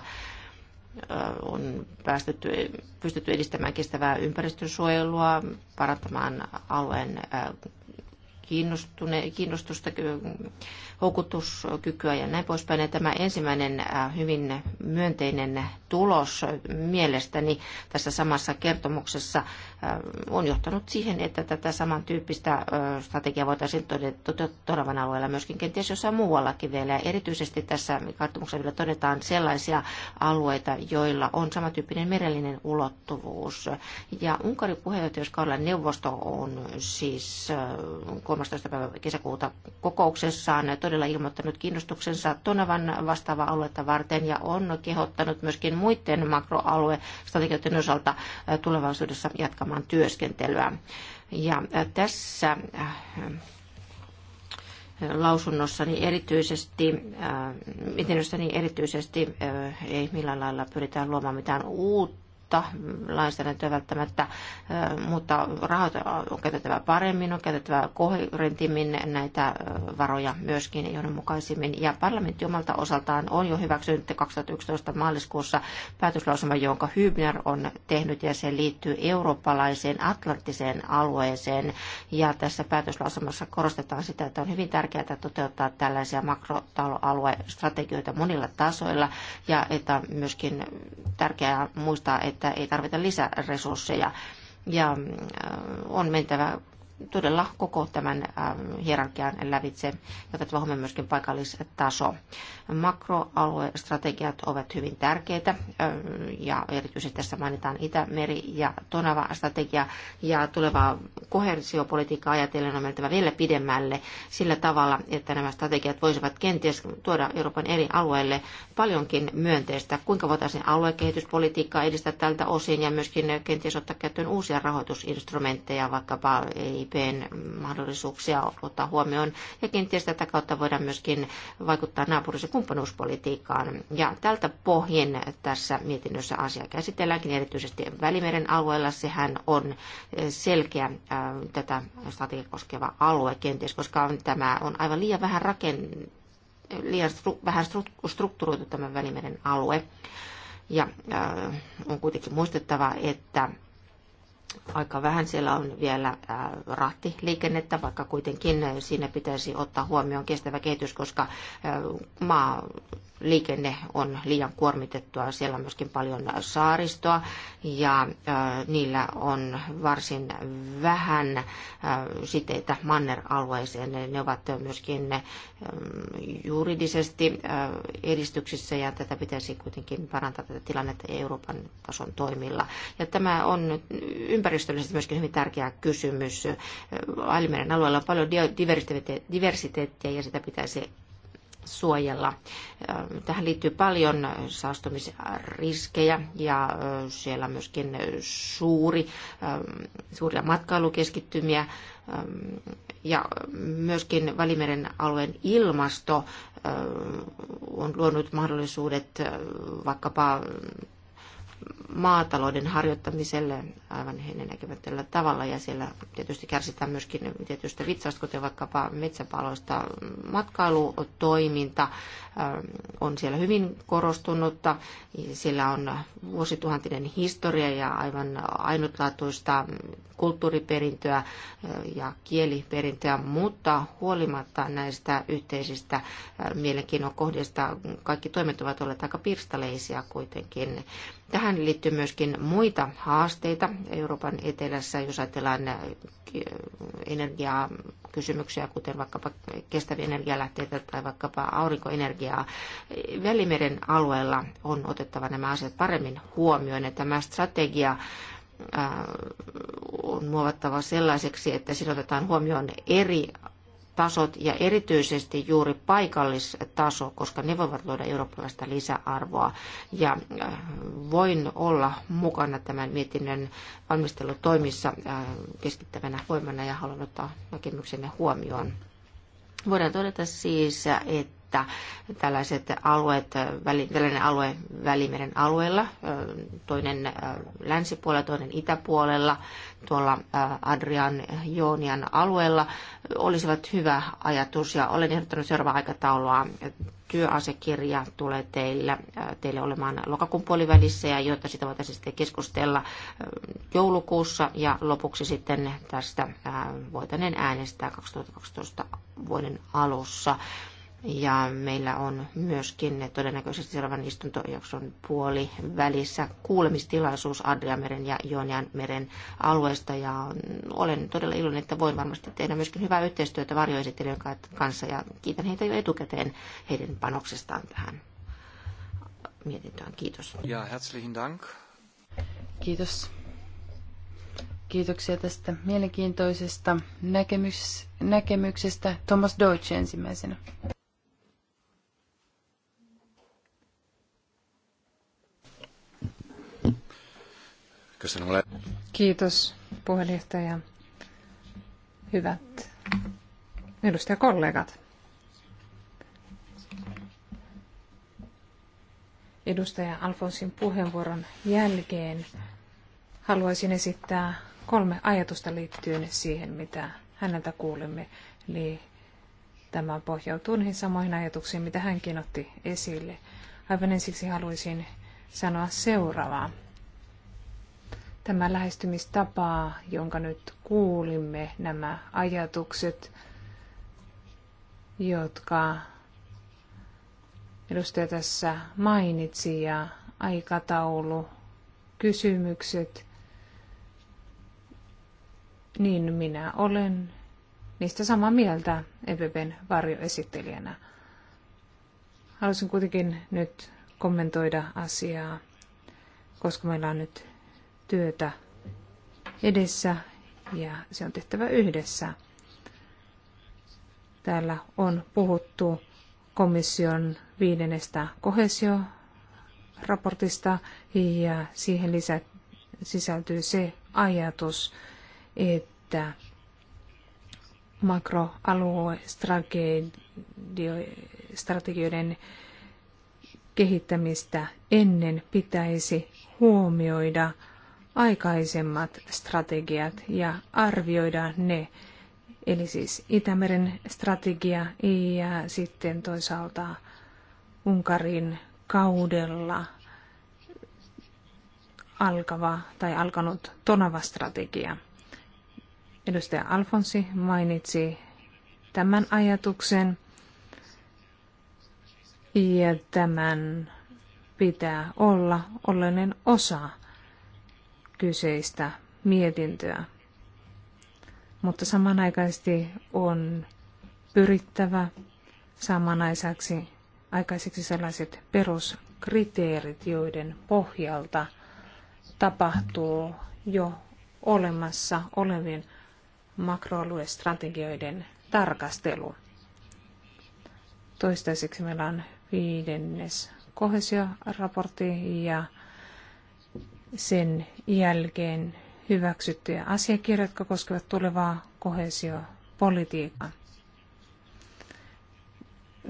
on päästetty, pystytty edistämään kestävää ympäristönsuojelua, parantamaan alueen äh, kiinnostusta houkutuskykyä ja näin poispäin. Ja tämä ensimmäinen äh, hyvin myönteinen tulos mielestäni tässä samassa kertomuksessa äh, on johtanut siihen, että tätä samantyyppistä äh, strategiaa voitaisiin todettavan alueella myöskin kenties jossain muuallakin vielä. Ja erityisesti tässä kertomuksessa vielä todetaan sellaisia alueita, joilla on samantyyppinen merellinen ulottuvuus. Ja Unkarin puheenjohtajuuskaudella neuvosto on siis 13. päivä kesäkuuta kokouksessaan todella ilmoittanut kiinnostuksensa Tonavan vastaavaa aluetta varten ja on kehottanut myöskin muiden makroaluestrategioiden osalta äh, tulevaisuudessa jatkamaan työskentelyä. Ja äh, tässä äh, lausunnossani erityisesti, mietinnössäni erityisesti ei millään lailla pyritään luomaan mitään uutta uutta lainsäädäntöä välttämättä, mutta rahat on käytettävä paremmin, on käytettävä kohdentimmin näitä varoja myöskin johdonmukaisimmin. Ja parlamentti omalta osaltaan on jo hyväksynyt 2011 maaliskuussa päätöslausuma, jonka Hybner on tehnyt ja se liittyy eurooppalaiseen atlanttiseen alueeseen. Ja tässä päätöslausumassa korostetaan sitä, että on hyvin tärkeää toteuttaa tällaisia makrotaloaluestrategioita monilla tasoilla ja että myöskin tärkeää muistaa, että että ei tarvita lisäresursseja ja äh, on mentävä todella koko tämän hierarkian lävitse, jotta huomioon myöskin paikallistaso. Makroaluestrategiat ovat hyvin tärkeitä ja erityisesti tässä mainitaan Itämeri ja Tonava strategia ja tulevaa kohersiopolitiikkaa ajatellen on mentävä vielä pidemmälle sillä tavalla, että nämä strategiat voisivat kenties tuoda Euroopan eri alueille paljonkin myönteistä, kuinka voitaisiin aluekehityspolitiikkaa edistää tältä osin ja myöskin kenties ottaa käyttöön uusia rahoitusinstrumentteja, vaikkapa ei IPn mahdollisuuksia ottaa huomioon. Ja kenties tätä kautta voidaan myöskin vaikuttaa naapuris- ja kumppanuuspolitiikkaan. Ja tältä pohjin tässä mietinnössä asia käsitelläänkin erityisesti Välimeren alueella. Sehän on eh, selkeä eh, tätä strategiaa koskeva alue kenties, koska tämä on aivan liian vähän rakentunut liian stru, vähän strukturoitu tämä Välimeren alue. Ja äh, on kuitenkin muistettava, että aika vähän siellä on vielä äh, rahtiliikennettä, vaikka kuitenkin äh, siinä pitäisi ottaa huomioon kestävä kehitys, koska äh, maa liikenne on liian kuormitettua. Siellä on myöskin paljon saaristoa ja äh, niillä on varsin vähän äh, siteitä manner-alueeseen. Ne ovat myöskin ähm, juridisesti äh, edistyksissä ja tätä pitäisi kuitenkin parantaa tätä tilannetta Euroopan tason toimilla. Ja tämä on ympäristöllisesti myöskin hyvin tärkeä kysymys. Alimeren alueella on paljon diversiteettiä ja sitä pitäisi suojella. Tähän liittyy paljon saastumisriskejä ja siellä on myöskin suuri, suuria matkailukeskittymiä ja myöskin Välimeren alueen ilmasto on luonut mahdollisuudet vaikkapa maatalouden harjoittamiselle aivan heidän näkemättömällä tavalla. Ja siellä tietysti kärsitään myöskin tietystä vitsausta, kuten vaikkapa metsäpaloista. Matkailutoiminta ähm, on siellä hyvin korostunutta. Siellä on vuosituhantinen historia ja aivan ainutlaatuista kulttuuriperintöä äh, ja kieliperintöä, mutta huolimatta näistä yhteisistä äh, mielenkiinnon kohdista kaikki toimet ovat olleet aika pirstaleisia kuitenkin. Tähän liittyy myöskin muita haasteita Euroopan etelässä, jos ajatellaan äh, energiakysymyksiä, kysymyksiä, kuten vaikkapa kestäviä energialähteitä tai vaikkapa aurinkoenergiaa. Välimeren alueella on otettava nämä asiat paremmin huomioon, että tämä strategia äh, on muovattava sellaiseksi, että siinä otetaan huomioon eri tasot ja erityisesti juuri paikallistaso, koska ne voivat luoda eurooppalaista lisäarvoa. Ja äh, voin olla mukana tämän mietinnön valmistelutoimissa äh, keskittävänä voimana ja haluan ottaa näkemyksenne huomioon. Voidaan todeta siis, että tällaiset alueet, äh, tällainen alue Välimeren alueella, toinen länsipuolella, toinen itäpuolella, tuolla Adrian Joonian alueella olisivat hyvä ajatus ja olen ehdottanut seuraavaa aikataulua. Työasekirja tulee teillä, teille olemaan lokakuun puolivälissä ja jotta sitä voitaisiin sitten keskustella joulukuussa ja lopuksi sitten tästä voitaneen äänestää 2012 vuoden alussa. Ja meillä on myöskin todennäköisesti seuraavan istuntojakson puoli välissä kuulemistilaisuus Adriameren ja Joonian meren alueesta. Ja olen todella iloinen, että voin varmasti tehdä myöskin hyvää yhteistyötä varjoesittelijöiden kanssa. Ja kiitän heitä jo etukäteen heidän panoksestaan tähän mietintöön. Kiitos. Ja herzlichen Dank. Kiitos. Kiitoksia tästä mielenkiintoisesta näkemys, näkemyksestä. Thomas Deutsch ensimmäisenä. Kiitos puheenjohtaja. Hyvät edustajakollegat. Edustaja Alfonsin puheenvuoron jälkeen haluaisin esittää kolme ajatusta liittyen siihen, mitä häneltä kuulimme. Eli tämä pohjautuu niihin samoihin ajatuksiin, mitä hänkin otti esille. Aivan ensiksi haluaisin sanoa seuraavaa. Tämä lähestymistapa, jonka nyt kuulimme, nämä ajatukset, jotka edustaja tässä mainitsi ja aikataulu, kysymykset, niin minä olen niistä samaa mieltä EPPn varjoesittelijänä. Haluaisin kuitenkin nyt kommentoida asiaa, koska meillä on nyt työtä edessä ja se on tehtävä yhdessä. Täällä on puhuttu komission viidennestä kohesioraportista ja siihen lisä, sisältyy se ajatus, että makroaluestrategioiden kehittämistä ennen pitäisi huomioida – aikaisemmat strategiat ja arvioida ne. Eli siis Itämeren strategia ja sitten toisaalta Unkarin kaudella alkava tai alkanut Tonava-strategia. Edustaja Alfonsi mainitsi tämän ajatuksen ja tämän pitää olla ollenen osa kyseistä mietintöä. Mutta samanaikaisesti on pyrittävä saamaan aisaksi, aikaiseksi sellaiset peruskriteerit, joiden pohjalta tapahtuu jo olemassa olevien makroaluestrategioiden tarkastelu. Toistaiseksi meillä on viidennes kohesioraportti ja sen jälkeen hyväksyttyjä asiakirjoja, jotka koskevat tulevaa kohesiopolitiikkaa.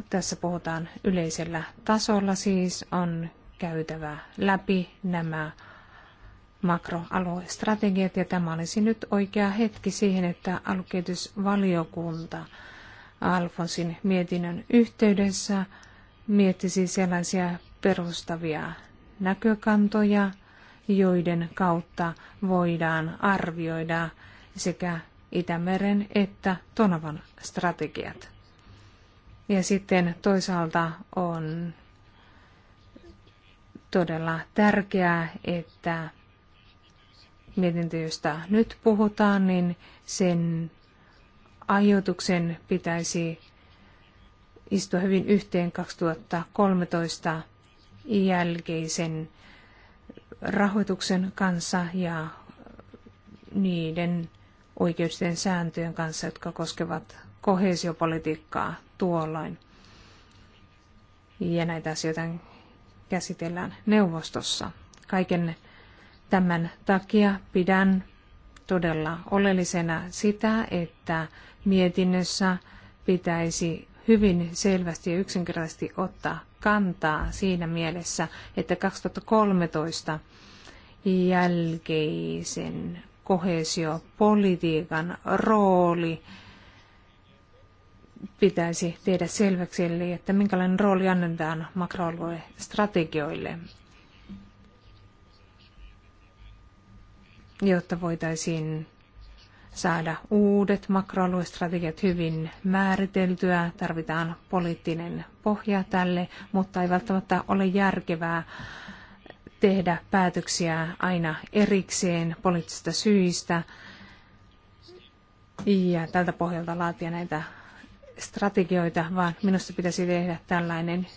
Tässä puhutaan yleisellä tasolla siis on käytävä läpi nämä makroaluestrategiat ja tämä olisi nyt oikea hetki siihen, että alukehitysvaliokunta Alfonsin mietinnön yhteydessä miettisi sellaisia perustavia näkökantoja, joiden kautta voidaan arvioida sekä Itämeren että Tonavan strategiat. Ja sitten toisaalta on todella tärkeää, että mietintö, josta nyt puhutaan, niin sen ajoituksen pitäisi istua hyvin yhteen 2013 jälkeisen rahoituksen kanssa ja niiden oikeusten sääntöjen kanssa, jotka koskevat kohesiopolitiikkaa tuolloin. Ja näitä asioita käsitellään neuvostossa. Kaiken tämän takia pidän todella oleellisena sitä, että mietinnössä pitäisi hyvin selvästi ja yksinkertaisesti ottaa kantaa siinä mielessä, että 2013 jälkeisen kohesiopolitiikan rooli pitäisi tehdä selväksi, eli että minkälainen rooli annetaan makroaluestrategioille, jotta voitaisiin saada uudet makroaluestrategiat hyvin määriteltyä, tarvitaan poliittinen pohja tälle, mutta ei välttämättä ole järkevää tehdä päätöksiä aina erikseen poliittisista syistä ja tältä pohjalta laatia näitä strategioita, vaan minusta pitäisi tehdä tällainen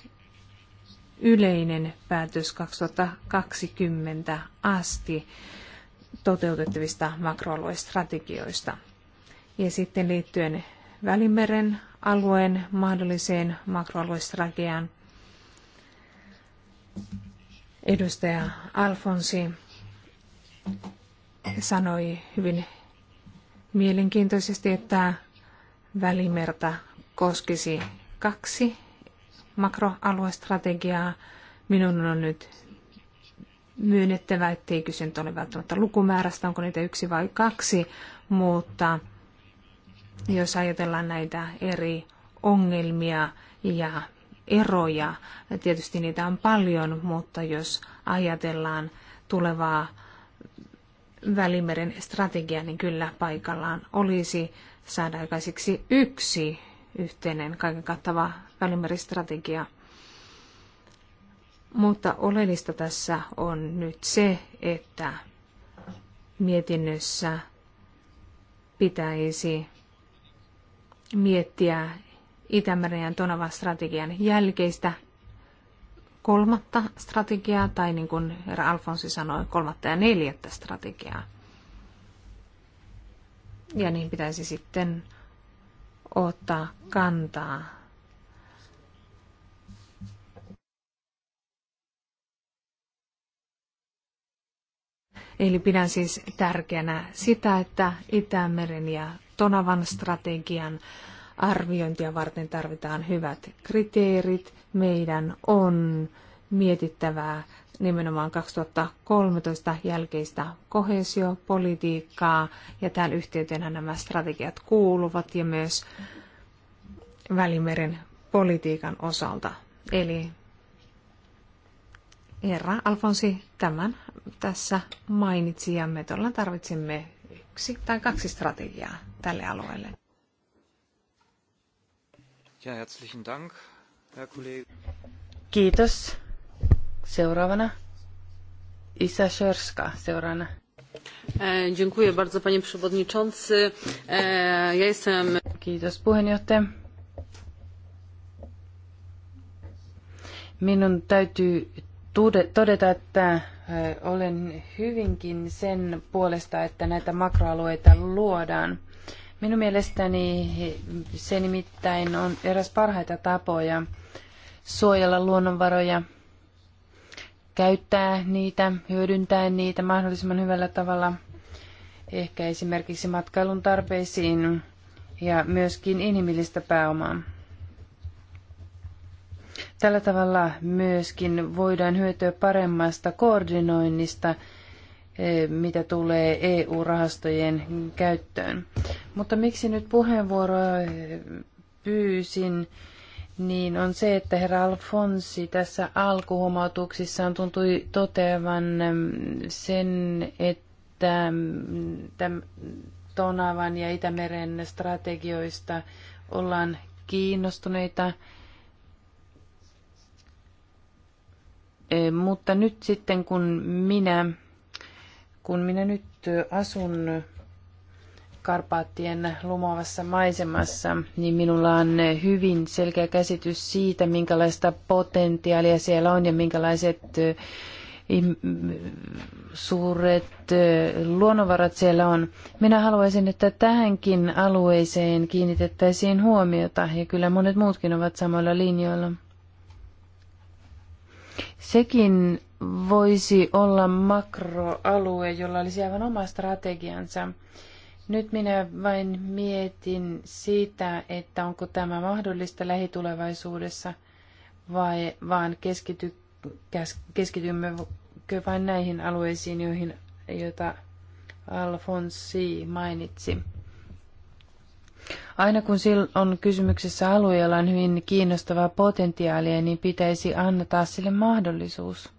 yleinen päätös 2020 asti toteutettavista makroaluestrategioista. Ja sitten liittyen Välimeren alueen mahdolliseen makroaluestrategiaan, edustaja Alfonsi sanoi hyvin mielenkiintoisesti, että Välimerta koskisi kaksi makroaluestrategiaa. Minun on nyt myönnettävä, ettei kyse nyt ole välttämättä lukumäärästä, onko niitä yksi vai kaksi, mutta jos ajatellaan näitä eri ongelmia ja eroja, tietysti niitä on paljon, mutta jos ajatellaan tulevaa Välimeren strategiaa, niin kyllä paikallaan olisi saada aikaiseksi yksi yhteinen kaiken kattava Välimeristrategia – mutta oleellista tässä on nyt se, että mietinnössä pitäisi miettiä Itämeren ja Tonavan strategian jälkeistä kolmatta strategiaa, tai niin kuin herra Alfonsi sanoi, kolmatta ja neljättä strategiaa. Ja niin pitäisi sitten ottaa kantaa Eli pidän siis tärkeänä sitä, että Itämeren ja Tonavan strategian arviointia varten tarvitaan hyvät kriteerit. Meidän on mietittävää nimenomaan 2013 jälkeistä kohesiopolitiikkaa, ja tämän yhteytenä nämä strategiat kuuluvat, ja myös Välimeren politiikan osalta. Eli Herra Alfonsi tämän tässä mainitsi ja me todella tarvitsemme yksi tai kaksi strategiaa tälle alueelle. Ja, herzlichen Dank, Herr Kollege. Kiitos. Seuraavana Isa Szörska, seuraavana. E, dziękuję bardzo, panie przewodniczący. E, ja jestem... Kiitos, puheenjohtaja. Minun täytyy todeta, että olen hyvinkin sen puolesta, että näitä makroalueita luodaan. Minun mielestäni se nimittäin on eräs parhaita tapoja suojella luonnonvaroja, käyttää niitä, hyödyntää niitä mahdollisimman hyvällä tavalla, ehkä esimerkiksi matkailun tarpeisiin ja myöskin inhimillistä pääomaa. Tällä tavalla myöskin voidaan hyötyä paremmasta koordinoinnista, eh, mitä tulee EU-rahastojen käyttöön. Mutta miksi nyt puheenvuoroa eh, pyysin, niin on se, että herra Alfonsi tässä alkuhuomautuksissaan tuntui toteavan mm, sen, että mm, Tonavan ja Itämeren strategioista ollaan kiinnostuneita – Eh, mutta nyt sitten kun minä, kun minä nyt asun Karpaattien lumoavassa maisemassa, niin minulla on hyvin selkeä käsitys siitä, minkälaista potentiaalia siellä on ja minkälaiset eh, suuret eh, luonnonvarat siellä on. Minä haluaisin, että tähänkin alueeseen kiinnitettäisiin huomiota ja kyllä monet muutkin ovat samoilla linjoilla. Sekin voisi olla makroalue, jolla olisi aivan oma strategiansa. Nyt minä vain mietin sitä, että onko tämä mahdollista lähitulevaisuudessa vai vaan keskity, keskitymmekö vain näihin alueisiin, joihin, joita Alfonsi mainitsi. Aina kun on kysymyksessä alueella on hyvin kiinnostavaa potentiaalia, niin pitäisi antaa sille mahdollisuus.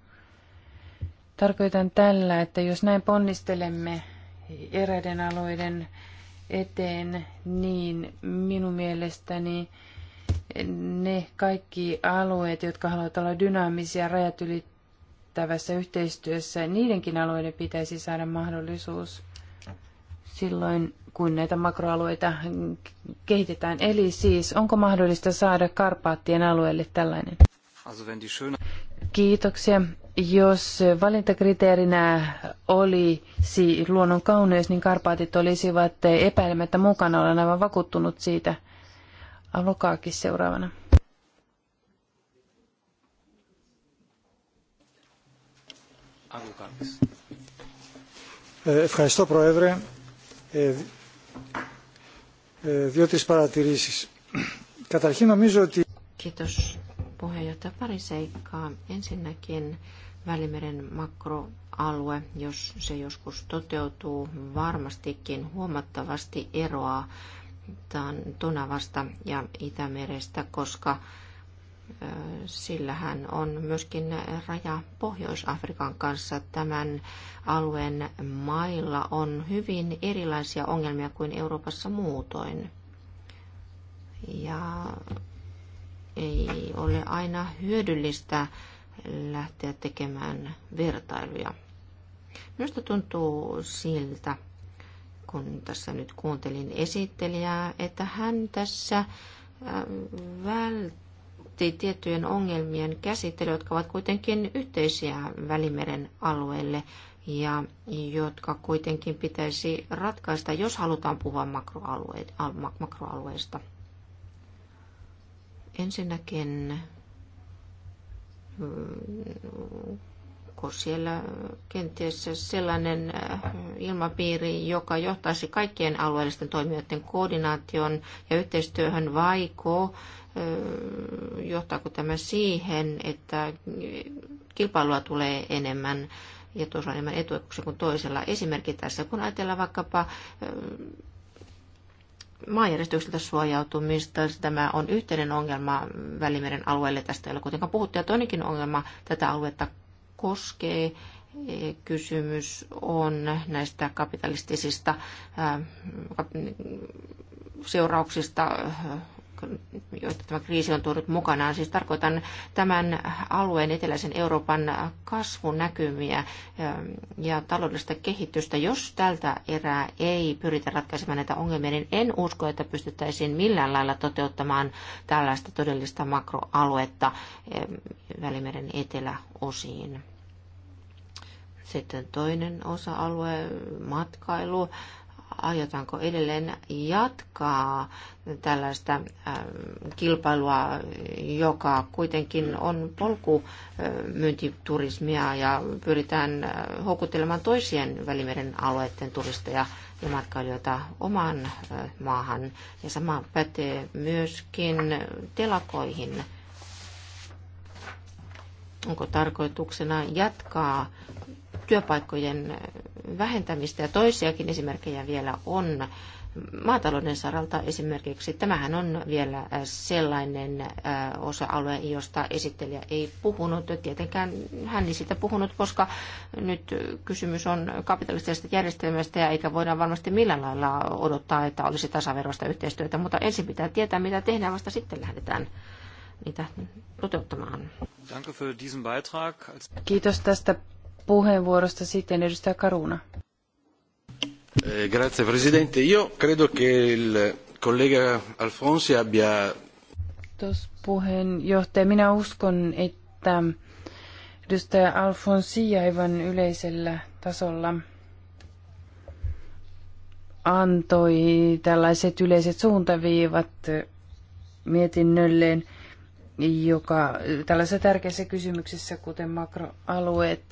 Tarkoitan tällä, että jos näin ponnistelemme eräiden alueiden eteen, niin minun mielestäni ne kaikki alueet, jotka haluavat olla dynaamisia rajat ylittävässä yhteistyössä, niidenkin alueiden pitäisi saada mahdollisuus. Silloin kun näitä makroalueita kehitetään. Eli siis, onko mahdollista saada Karpaattien alueelle tällainen? Kiitoksia. Jos valintakriteerinä olisi luonnon kauneus, niin karpaatit olisivat epäilemättä mukana. Olen aivan vakuuttunut siitä. Alokaakin seuraavana. Eh, ευχαριστώ Πρόεδρε δύο-τρεις παρατηρήσεις. Καταρχήν νομίζω ότι... Kiitos puheenjohtaja. Pari seikkaa. Ensinnäkin Välimeren makroalue, jos se joskus toteutuu, varmastikin huomattavasti eroaa Tonavasta ja Itämerestä, koska sillä hän on myöskin raja Pohjois-Afrikan kanssa. Tämän alueen mailla on hyvin erilaisia ongelmia kuin Euroopassa muutoin. Ja ei ole aina hyödyllistä lähteä tekemään vertailuja. Minusta tuntuu siltä, kun tässä nyt kuuntelin esittelijää, että hän tässä välttää otti tiettyjen ongelmien käsittely, jotka ovat kuitenkin yhteisiä Välimeren alueelle ja jotka kuitenkin pitäisi ratkaista, jos halutaan puhua makroalueista. Ensinnäkin mm, onko siellä kenties sellainen äh, ilmapiiri, joka johtaisi kaikkien alueellisten toimijoiden koordinaation ja yhteistyöhön, vaiko äh, johtaako tämä siihen, että kilpailua tulee enemmän ja tuossa on enemmän etuoikeuksia kuin toisella. Esimerkki tässä, kun ajatellaan vaikkapa äh, maanjärjestykseltä suojautumista. Tämä on yhteinen ongelma Välimeren alueelle. Tästä ei ole kuitenkaan puhuttu. Ja toinenkin ongelma tätä aluetta koskee. E, kysymys on näistä kapitalistisista seurauksista joita tämä kriisi on tuonut mukanaan. Siis tarkoitan tämän alueen eteläisen Euroopan kasvunäkymiä ähm, ja taloudellista kehitystä. Jos tältä erää ei pyritä ratkaisemaan näitä ongelmia, niin en usko, että pystyttäisiin millään lailla toteuttamaan tällaista todellista makroaluetta ähm, Välimeren eteläosiin. Sitten toinen osa-alue, matkailu aiotaanko edelleen jatkaa tällaista ähm, kilpailua, joka kuitenkin on polku äh, myyntiturismia ja pyritään äh, houkuttelemaan toisien Välimeren alueiden turisteja ja matkailijoita omaan äh, maahan. Ja sama pätee myöskin telakoihin. Onko tarkoituksena jatkaa työpaikkojen vähentämistä ja toisiakin esimerkkejä vielä on. Maatalouden saralta esimerkiksi tämähän on vielä sellainen äh, osa-alue, josta esittelijä ei puhunut. Tietenkään hän ei sitä puhunut, koska nyt kysymys on kapitalistisesta järjestelmästä ja eikä voida varmasti millään lailla odottaa, että olisi tasaverosta yhteistyötä. Mutta ensin pitää tietää, mitä tehdään, vasta sitten lähdetään niitä toteuttamaan. Kiitos tästä puheenvuorosta sitten edustaja Karuna. Eh, grazie Presidente. Io credo che il collega Alfonsi abbia... Kiitos puheenjohtaja. Minä uskon, että edustaja Alfonsi aivan yleisellä tasolla antoi tällaiset yleiset suuntaviivat mietinnölleen, joka tällaisessa tärkeässä kysymyksessä, kuten makroalueet,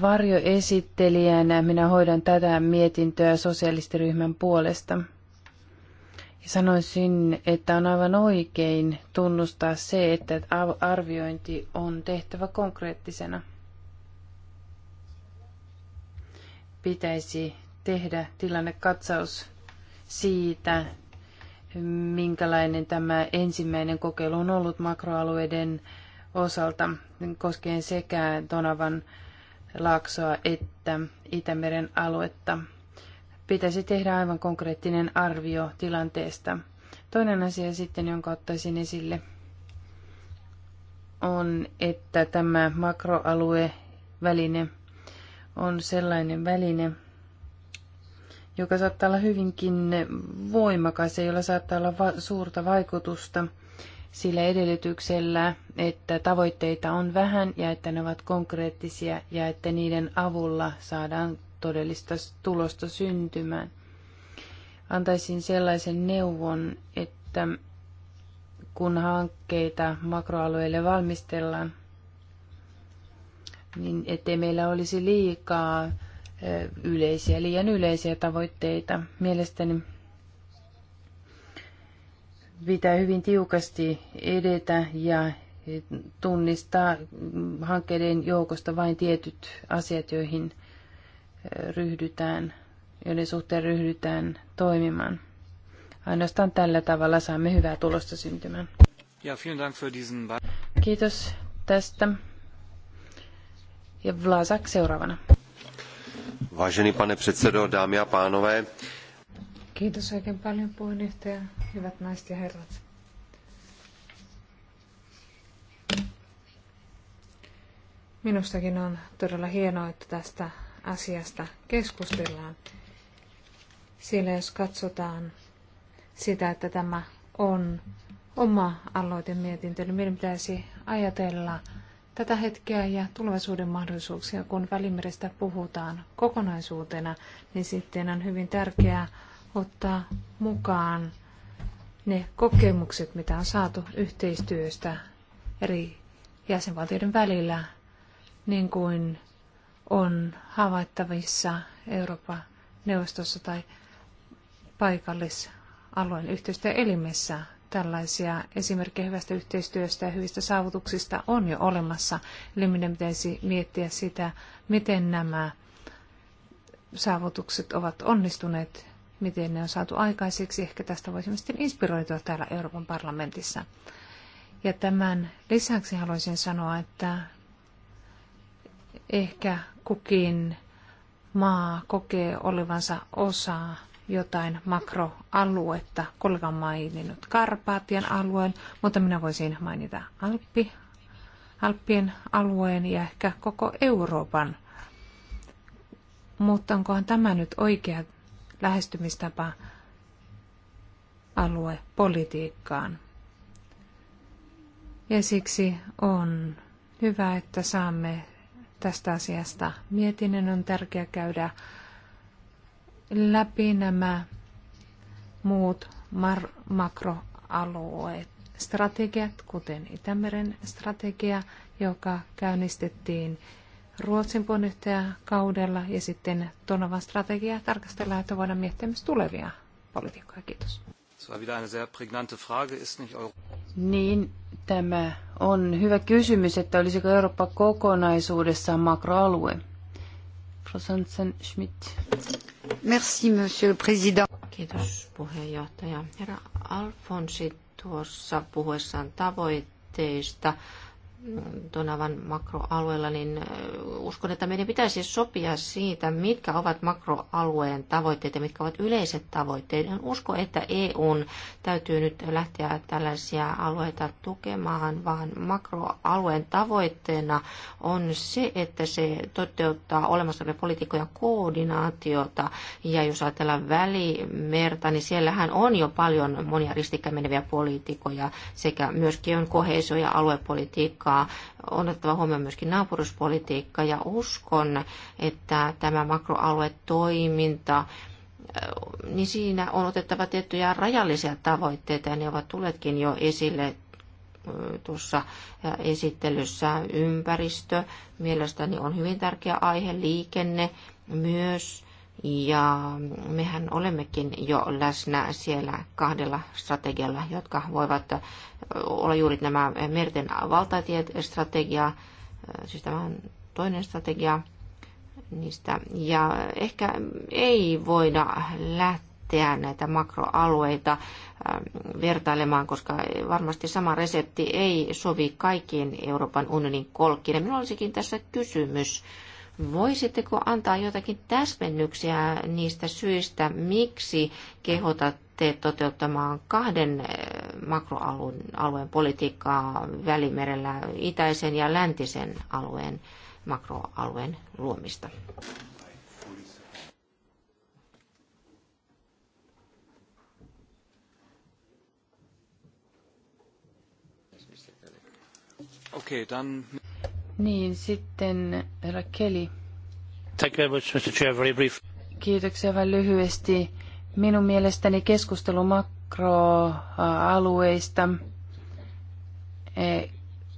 varjoesittelijänä minä hoidan tätä mietintöä sosialistiryhmän puolesta. Ja sanoisin, että on aivan oikein tunnustaa se, että arviointi on tehtävä konkreettisena. Pitäisi tehdä tilannekatsaus siitä, minkälainen tämä ensimmäinen kokeilu on ollut makroalueiden osalta koskien sekä Donavan laaksoa että Itämeren aluetta. Pitäisi tehdä aivan konkreettinen arvio tilanteesta. Toinen asia sitten, jonka ottaisin esille, on, että tämä makroalueväline on sellainen väline, joka saattaa olla hyvinkin voimakas ja jolla saattaa olla va- suurta vaikutusta – sillä edellytyksellä, että tavoitteita on vähän ja että ne ovat konkreettisia ja että niiden avulla saadaan todellista tulosta syntymään. Antaisin sellaisen neuvon, että kun hankkeita makroalueille valmistellaan, niin ettei meillä olisi liikaa yleisiä, liian yleisiä tavoitteita. Mielestäni pitää hyvin tiukasti edetä ja tunnistaa hankkeiden joukosta vain tietyt asiat, joihin ryhdytään, joiden suhteen ryhdytään toimimaan. Ainoastaan tällä tavalla saamme hyvää tulosta syntymään. Ja, Dank für diesen... Kiitos tästä. Ja Vlasak seuraavana. Vážený pane předsedo, dámy a pánové, Kiitos oikein paljon puheenjohtaja, hyvät naiset ja herrat. Minustakin on todella hienoa, että tästä asiasta keskustellaan. Sillä jos katsotaan sitä, että tämä on oma aloitemietintö, niin meidän pitäisi ajatella tätä hetkeä ja tulevaisuuden mahdollisuuksia. Kun välimerestä puhutaan kokonaisuutena, niin sitten on hyvin tärkeää ottaa mukaan ne kokemukset, mitä on saatu yhteistyöstä eri jäsenvaltioiden välillä, niin kuin on havaittavissa Euroopan neuvostossa tai paikallisalueen yhteistyöelimessä. Tällaisia esimerkkejä hyvästä yhteistyöstä ja hyvistä saavutuksista on jo olemassa. Eli meidän pitäisi miettiä sitä, miten nämä saavutukset ovat onnistuneet miten ne on saatu aikaiseksi. Ehkä tästä voisimme sitten inspiroitua täällä Euroopan parlamentissa. Ja tämän lisäksi haluaisin sanoa, että ehkä kukin maa kokee olevansa osa jotain makroaluetta. Kollega on maininnut Karpaatien alueen, mutta minä voisin mainita Alppi, Alppien alueen ja ehkä koko Euroopan. Mutta onkohan tämä nyt oikea lähestymistapa aluepolitiikkaan. Ja siksi on hyvä, että saamme tästä asiasta mietinnön. On tärkeää käydä läpi nämä muut makroalueet strategiat, kuten Itämeren strategia, joka käynnistettiin Ruotsin kaudella ja sitten Donovan strategiaa tarkastellaan, että voidaan miettiä myös tulevia politiikkoja. Kiitos. Niin, tämä on hyvä kysymys, että olisiko Eurooppa kokonaisuudessaan makroalue. Rosansen Schmidt. Merci, monsieur le président. Kiitos puheenjohtaja. Herra Alfonsi tuossa puhuessaan tavoitteista Donavan makroalueella, niin uskon, että meidän pitäisi sopia siitä, mitkä ovat makroalueen tavoitteet ja mitkä ovat yleiset tavoitteet. En usko, että EUn täytyy nyt lähteä tällaisia alueita tukemaan, vaan makroalueen tavoitteena on se, että se toteuttaa olemassa olevia politiikkojen koordinaatiota. Ja jos ajatellaan välimerta, niin siellähän on jo paljon monia ristikkäin meneviä poliitikoja sekä myöskin on kohesio- ja aluepolitiikkaa aikaa. On otettava huomioon myöskin naapuruspolitiikka ja uskon, että tämä makroaluetoiminta niin siinä on otettava tiettyjä rajallisia tavoitteita ja ne ovat tulleetkin jo esille tuossa esittelyssä ympäristö. Mielestäni on hyvin tärkeä aihe liikenne myös ja mehän olemmekin jo läsnä siellä kahdella strategialla, jotka voivat olla juuri nämä merten valtatiet strategia, siis tämä on toinen strategia niistä. Ja ehkä ei voida lähteä näitä makroalueita vertailemaan, koska varmasti sama resepti ei sovi kaikkiin Euroopan unionin kolkkiin. minulla olisikin tässä kysymys Voisitteko antaa jotakin täsmennyksiä niistä syistä, miksi kehotatte toteuttamaan kahden eh, makroalueen politiikkaa välimerellä itäisen ja läntisen alueen makroalueen luomista? Okay, dann... Niin, sitten herra Kelly. Thank you very much, Mr. Chair, very brief. Kiitoksia vain lyhyesti. Minun mielestäni keskustelu makroalueista eh,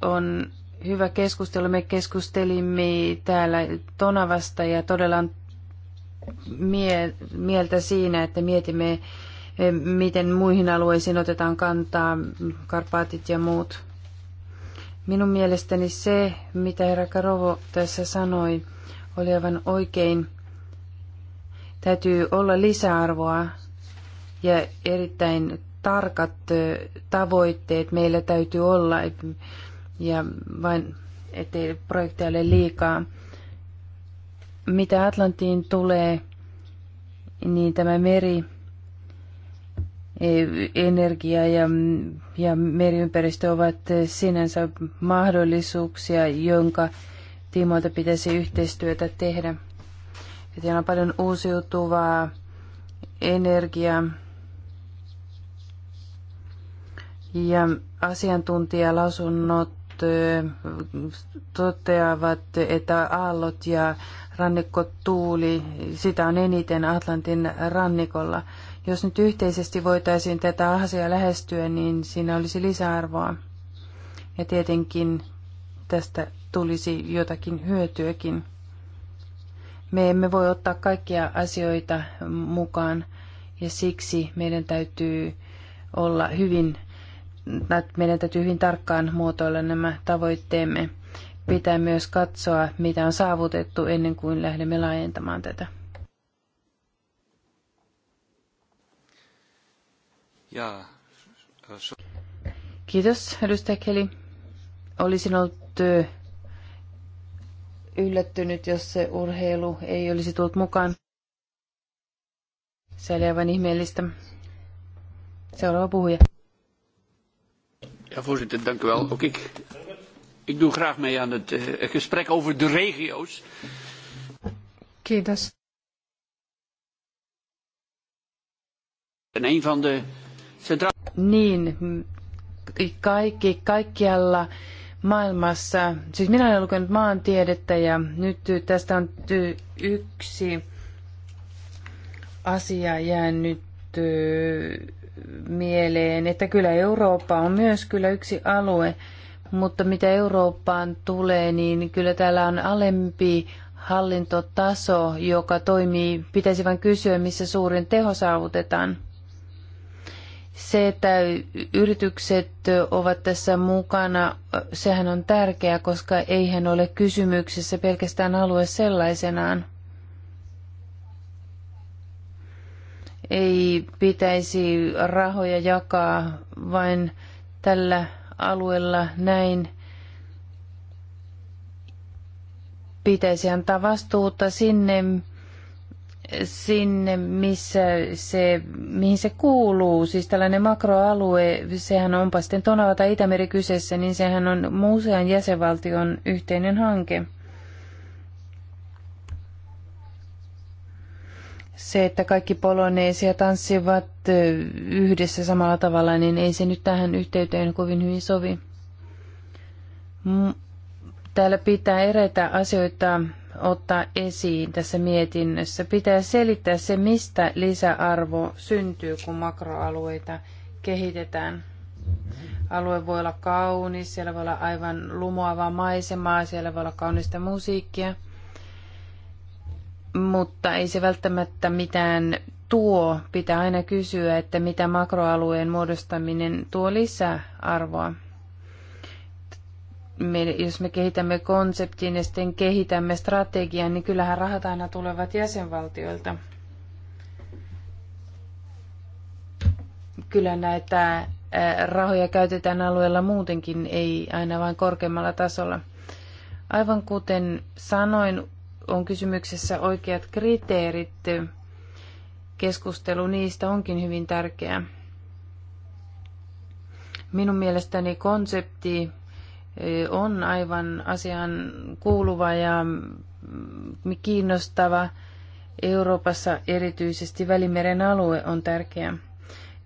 on hyvä keskustelu. Me keskustelimme täällä Tonavasta ja todella on mieltä siinä, että mietimme, eh, miten muihin alueisiin otetaan kantaa, Karpaatit ja muut. Minun mielestäni se, mitä herra Karovo tässä sanoi, oli aivan oikein. Täytyy olla lisäarvoa ja erittäin tarkat tavoitteet meillä täytyy olla, ja vain ettei projekteja ole liikaa. Mitä Atlantiin tulee, niin tämä meri energia ja, ja meriympäristö ovat sinänsä mahdollisuuksia, jonka tiimoilta pitäisi yhteistyötä tehdä. siellä on paljon uusiutuvaa energiaa. Ja asiantuntijalausunnot toteavat, että aallot ja rannikkotuuli, sitä on eniten Atlantin rannikolla. Jos nyt yhteisesti voitaisiin tätä asiaa lähestyä, niin siinä olisi lisäarvoa. Ja tietenkin tästä tulisi jotakin hyötyäkin. Me emme voi ottaa kaikkia asioita mukaan ja siksi meidän täytyy olla hyvin, meidän täytyy hyvin tarkkaan muotoilla nämä tavoitteemme. Pitää myös katsoa, mitä on saavutettu ennen kuin lähdemme laajentamaan tätä. Ja. Äh, Kiitos, edustaja Keli. Olisin ollut yllättynyt, jos se urheilu ei olisi tullut mukaan. Se oli aivan ihmeellistä. Seuraava puhuja. Ja, voorzitter, dank u wel. Ook ik, ik doe graag mee aan het uh, gesprek over de regio's. Kiitos. En een van de niin, kaikki, kaikkialla maailmassa, siis minä olen lukenut maantiedettä ja nyt tästä on yksi asia jäänyt mieleen, että kyllä Eurooppa on myös kyllä yksi alue, mutta mitä Eurooppaan tulee, niin kyllä täällä on alempi hallintotaso, joka toimii, pitäisi vain kysyä, missä suurin teho saavutetaan. Se, että yritykset ovat tässä mukana, sehän on tärkeää, koska eihän ole kysymyksessä pelkästään alue sellaisenaan. Ei pitäisi rahoja jakaa vain tällä alueella näin. Pitäisi antaa vastuuta sinne, sinne, missä se, mihin se kuuluu. Siis tällainen makroalue, sehän onpa sitten Tonava tai Itämeri kyseessä, niin sehän on musean jäsenvaltion yhteinen hanke. Se, että kaikki poloneesia tanssivat yhdessä samalla tavalla, niin ei se nyt tähän yhteyteen kovin hyvin sovi. Täällä pitää erätä asioita ottaa esiin tässä mietinnössä. Pitää selittää se, mistä lisäarvo syntyy, kun makroalueita kehitetään. Alue voi olla kaunis, siellä voi olla aivan lumoavaa maisemaa, siellä voi olla kaunista musiikkia, mutta ei se välttämättä mitään tuo. Pitää aina kysyä, että mitä makroalueen muodostaminen tuo lisäarvoa me, jos me kehitämme konseptin ja sitten kehitämme strategian, niin kyllähän rahat aina tulevat jäsenvaltioilta. Kyllä näitä rahoja käytetään alueella muutenkin, ei aina vain korkeammalla tasolla. Aivan kuten sanoin, on kysymyksessä oikeat kriteerit. Keskustelu niistä onkin hyvin tärkeää. Minun mielestäni konsepti on aivan asian kuuluva ja mm, kiinnostava. Euroopassa erityisesti Välimeren alue on tärkeä.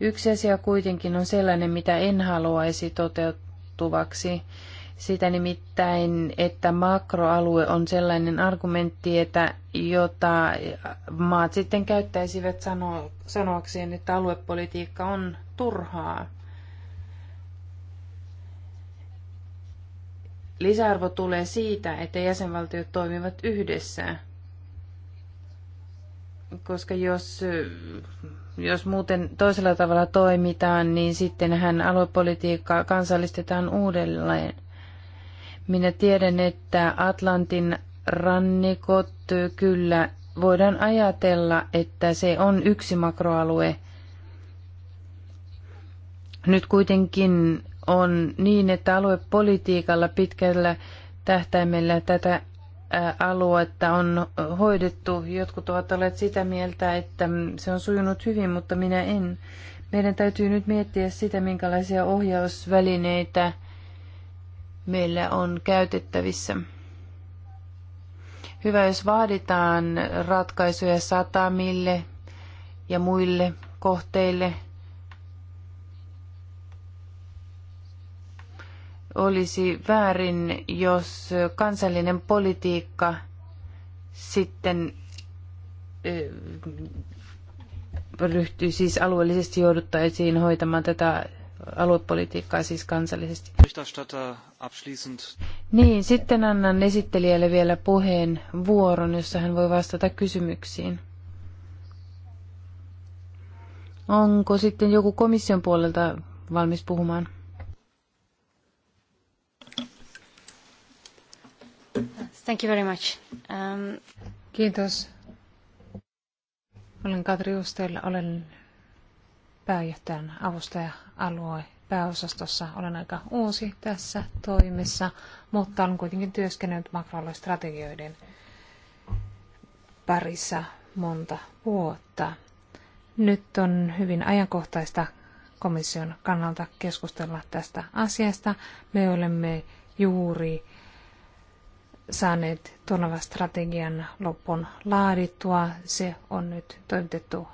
Yksi asia kuitenkin on sellainen, mitä en haluaisi toteutuvaksi. Sitä nimittäin, että makroalue on sellainen argumentti, että jota maat sitten käyttäisivät sanoakseen, että aluepolitiikka on turhaa. Lisäarvo tulee siitä, että jäsenvaltiot toimivat yhdessä. Koska jos, jos muuten toisella tavalla toimitaan, niin sitten hän aluepolitiikka kansallistetaan uudelleen. Minä tiedän, että Atlantin rannikot kyllä voidaan ajatella, että se on yksi makroalue. Nyt kuitenkin on niin, että aluepolitiikalla pitkällä tähtäimellä tätä aluetta on hoidettu. Jotkut ovat olleet sitä mieltä, että mm, se on sujunut hyvin, mutta minä en. Meidän täytyy nyt miettiä sitä, minkälaisia ohjausvälineitä meillä on käytettävissä. Hyvä, jos vaaditaan ratkaisuja satamille ja muille kohteille – Olisi väärin, jos kansallinen politiikka sitten ryhtyy siis alueellisesti jouduttaisiin hoitamaan tätä aluepolitiikkaa siis kansallisesti. Niin, sitten annan esittelijälle vielä puheen vuoron, jossa hän voi vastata kysymyksiin. Onko sitten joku komission puolelta valmis puhumaan? Thank you very much. Um... Kiitos. Olen Katri Ustel, olen pääjohtajan avustaja alue pääosastossa. Olen aika uusi tässä toimessa, mutta olen kuitenkin työskennellyt makroaluestrategioiden parissa monta vuotta. Nyt on hyvin ajankohtaista komission kannalta keskustella tästä asiasta. Me olemme juuri saaneet tuonavan strategian loppuun laadittua. Se on nyt toimitettu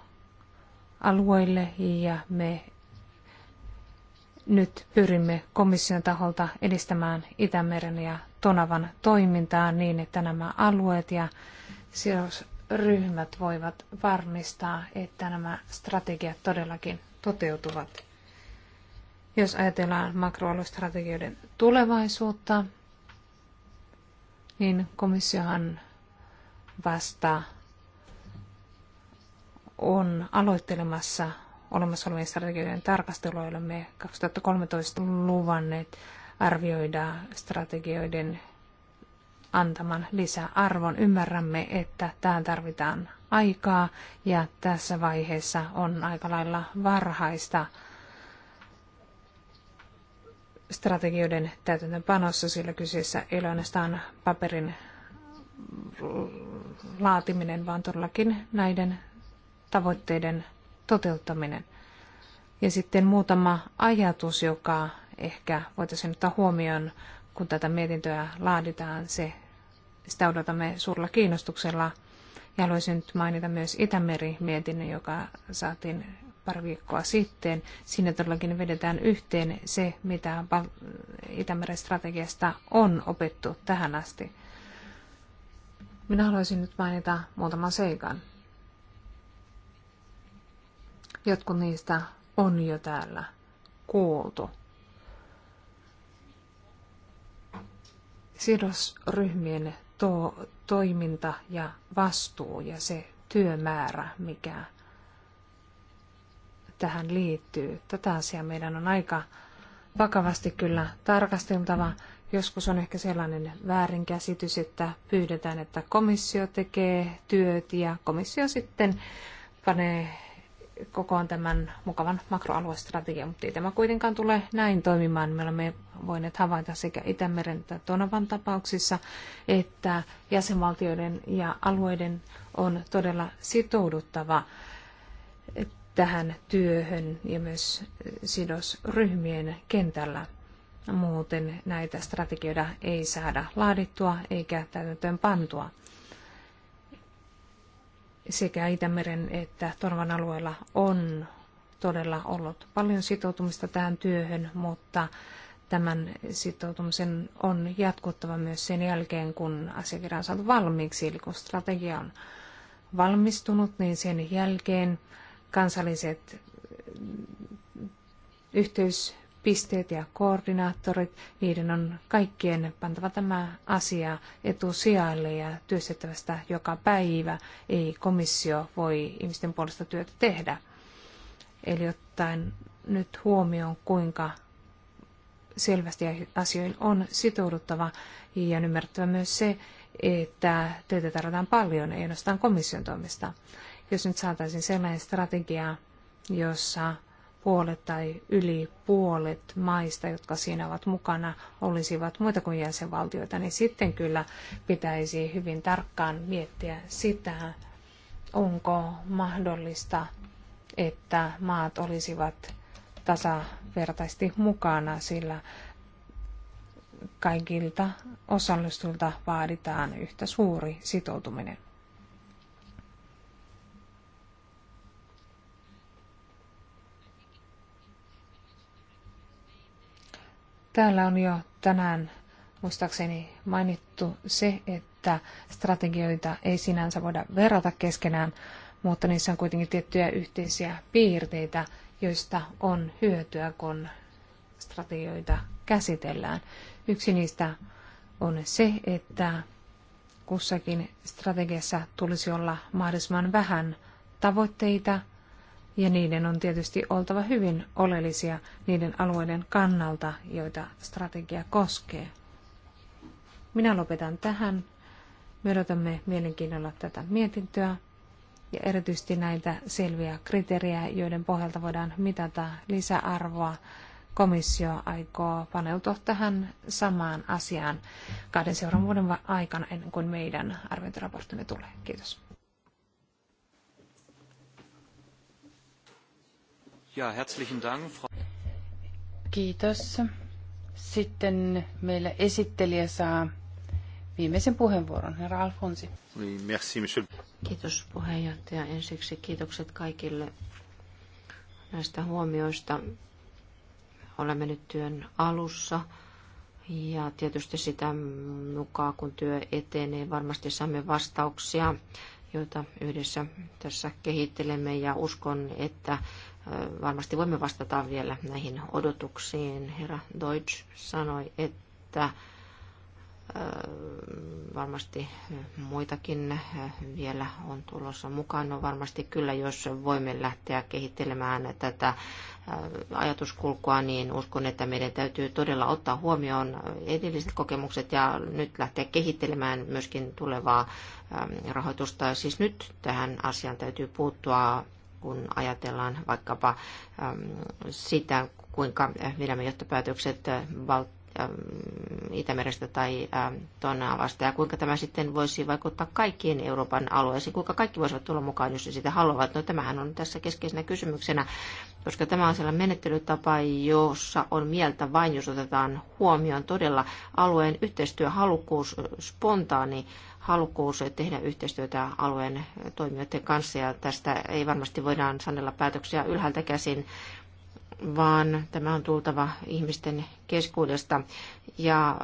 alueille ja me nyt pyrimme komission taholta edistämään Itämeren ja Tonavan toimintaa niin, että nämä alueet ja sidosryhmät voivat varmistaa, että nämä strategiat todellakin toteutuvat. Jos ajatellaan makroalustrategioiden tulevaisuutta, niin komissiohan vasta on aloittelemassa olemassa olevien strategioiden tarkastelua, jolla me 2013 luvanneet arvioida strategioiden antaman lisäarvon. Ymmärrämme, että tähän tarvitaan aikaa ja tässä vaiheessa on aika lailla varhaista strategioiden täytäntöönpanossa, sillä kyseessä ei ole ainoastaan paperin laatiminen, vaan todellakin näiden tavoitteiden toteuttaminen. Ja sitten muutama ajatus, joka ehkä voitaisiin ottaa huomioon, kun tätä mietintöä laaditaan. Se, sitä odotamme suurella kiinnostuksella. Ja haluaisin nyt mainita myös Itämeri-mietinnön, joka saatiin pari viikkoa sitten. Siinä todellakin vedetään yhteen se, mitä Itämeren strategiasta on opettu tähän asti. Minä haluaisin nyt mainita muutaman seikan. Jotkut niistä on jo täällä kuultu. Sidosryhmien to- toiminta ja vastuu ja se työmäärä, mikä tähän liittyy. Tätä asiaa meidän on aika vakavasti kyllä tarkasteltava. Joskus on ehkä sellainen väärinkäsitys, että pyydetään, että komissio tekee työt ja komissio sitten panee kokoon tämän mukavan makroaluestrategian, mutta ei tämä kuitenkaan tule näin toimimaan. Me olemme voineet havaita sekä Itämeren että Tonavan tapauksissa, että jäsenvaltioiden ja alueiden on todella sitouduttava tähän työhön ja myös sidosryhmien kentällä. Muuten näitä strategioita ei saada laadittua eikä täytäntöön pantua. Sekä Itämeren että Torvan alueella on todella ollut paljon sitoutumista tähän työhön, mutta tämän sitoutumisen on jatkuttava myös sen jälkeen, kun asiakirja on saatu valmiiksi, eli kun strategia on valmistunut, niin sen jälkeen kansalliset mm, yhteyspisteet ja koordinaattorit, niiden on kaikkien pantava tämä asia etusijalle ja työstettävästä joka päivä. Ei komissio voi ihmisten puolesta työtä tehdä. Eli ottaen nyt huomioon, kuinka selvästi asioihin on sitouduttava ja on ymmärrettävä myös se, että töitä tarvitaan paljon, ei ainoastaan komission toimesta jos nyt saataisiin sellainen strategia, jossa puolet tai yli puolet maista, jotka siinä ovat mukana, olisivat muita kuin jäsenvaltioita, niin sitten kyllä pitäisi hyvin tarkkaan miettiä sitä, onko mahdollista, että maat olisivat tasavertaisesti mukana, sillä kaikilta osallistujilta vaaditaan yhtä suuri sitoutuminen. Täällä on jo tänään muistaakseni mainittu se, että strategioita ei sinänsä voida verrata keskenään, mutta niissä on kuitenkin tiettyjä yhteisiä piirteitä, joista on hyötyä, kun strategioita käsitellään. Yksi niistä on se, että kussakin strategiassa tulisi olla mahdollisimman vähän tavoitteita ja niiden on tietysti oltava hyvin oleellisia niiden alueiden kannalta, joita strategia koskee. Minä lopetan tähän. Me odotamme mielenkiinnolla tätä mietintöä ja erityisesti näitä selviä kriteerejä, joiden pohjalta voidaan mitata lisäarvoa. Komissio aikoo paneutua tähän samaan asiaan kahden seuraavan vuoden aikana ennen kuin meidän arviointiraporttimme tulee. Kiitos. Ja, herzlichen Dank. Kiitos. Sitten meillä esittelijä saa viimeisen puheenvuoron, herra Alfonsi. Merci, monsieur. Kiitos puheenjohtaja. Ensiksi kiitokset kaikille näistä huomioista. Olemme nyt työn alussa ja tietysti sitä mukaan, kun työ etenee, varmasti saamme vastauksia, joita yhdessä tässä kehittelemme ja uskon, että varmasti voimme vastata vielä näihin odotuksiin. Herra Deutsch sanoi, että äh, varmasti muitakin äh, vielä on tulossa mukaan. No varmasti kyllä, jos voimme lähteä kehittelemään tätä äh, ajatuskulkua, niin uskon, että meidän täytyy todella ottaa huomioon edelliset kokemukset ja nyt lähteä kehittelemään myöskin tulevaa ähm, rahoitusta. Siis nyt tähän asiaan täytyy puuttua kun ajatellaan vaikkapa ähm, sitä, kuinka vedämme johtopäätökset äh, valtioon ähm, Itämerestä tai ähm, Tonaavasta ja kuinka tämä sitten voisi vaikuttaa kaikkiin Euroopan alueisiin, kuinka kaikki voisivat tulla mukaan, jos sitä haluavat. No tämähän on tässä keskeisenä kysymyksenä, koska tämä on sellainen menettelytapa, jossa on mieltä vain, jos otetaan huomioon todella alueen yhteistyöhalukkuus, äh, spontaani halukkuus tehdä yhteistyötä alueen toimijoiden kanssa ja tästä ei varmasti voidaan sanella päätöksiä ylhäältä käsin, vaan tämä on tultava ihmisten keskuudesta. Ja äh,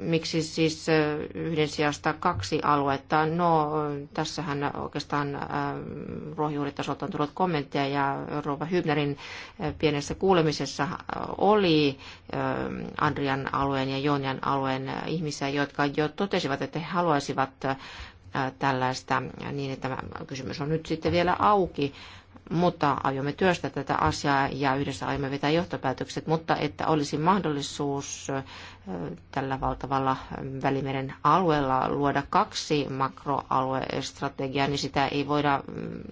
miksi siis äh, yhden sijasta kaksi aluetta? No, tässähän oikeastaan äh, ruohonjuuritasolta on tullut kommentteja ja Rova Hybnerin pienessä kuulemisessa oli Andrian alueen ja Jonjan alueen ihmisiä, jotka jo totesivat, että he haluaisivat tällaista, niin että tämä kysymys on nyt sitten vielä auki mutta aiomme työstää tätä asiaa ja yhdessä aiomme vetää johtopäätökset, mutta että olisi mahdollisuus tällä valtavalla Välimeren alueella luoda kaksi makroaluestrategiaa, niin sitä ei voida mm,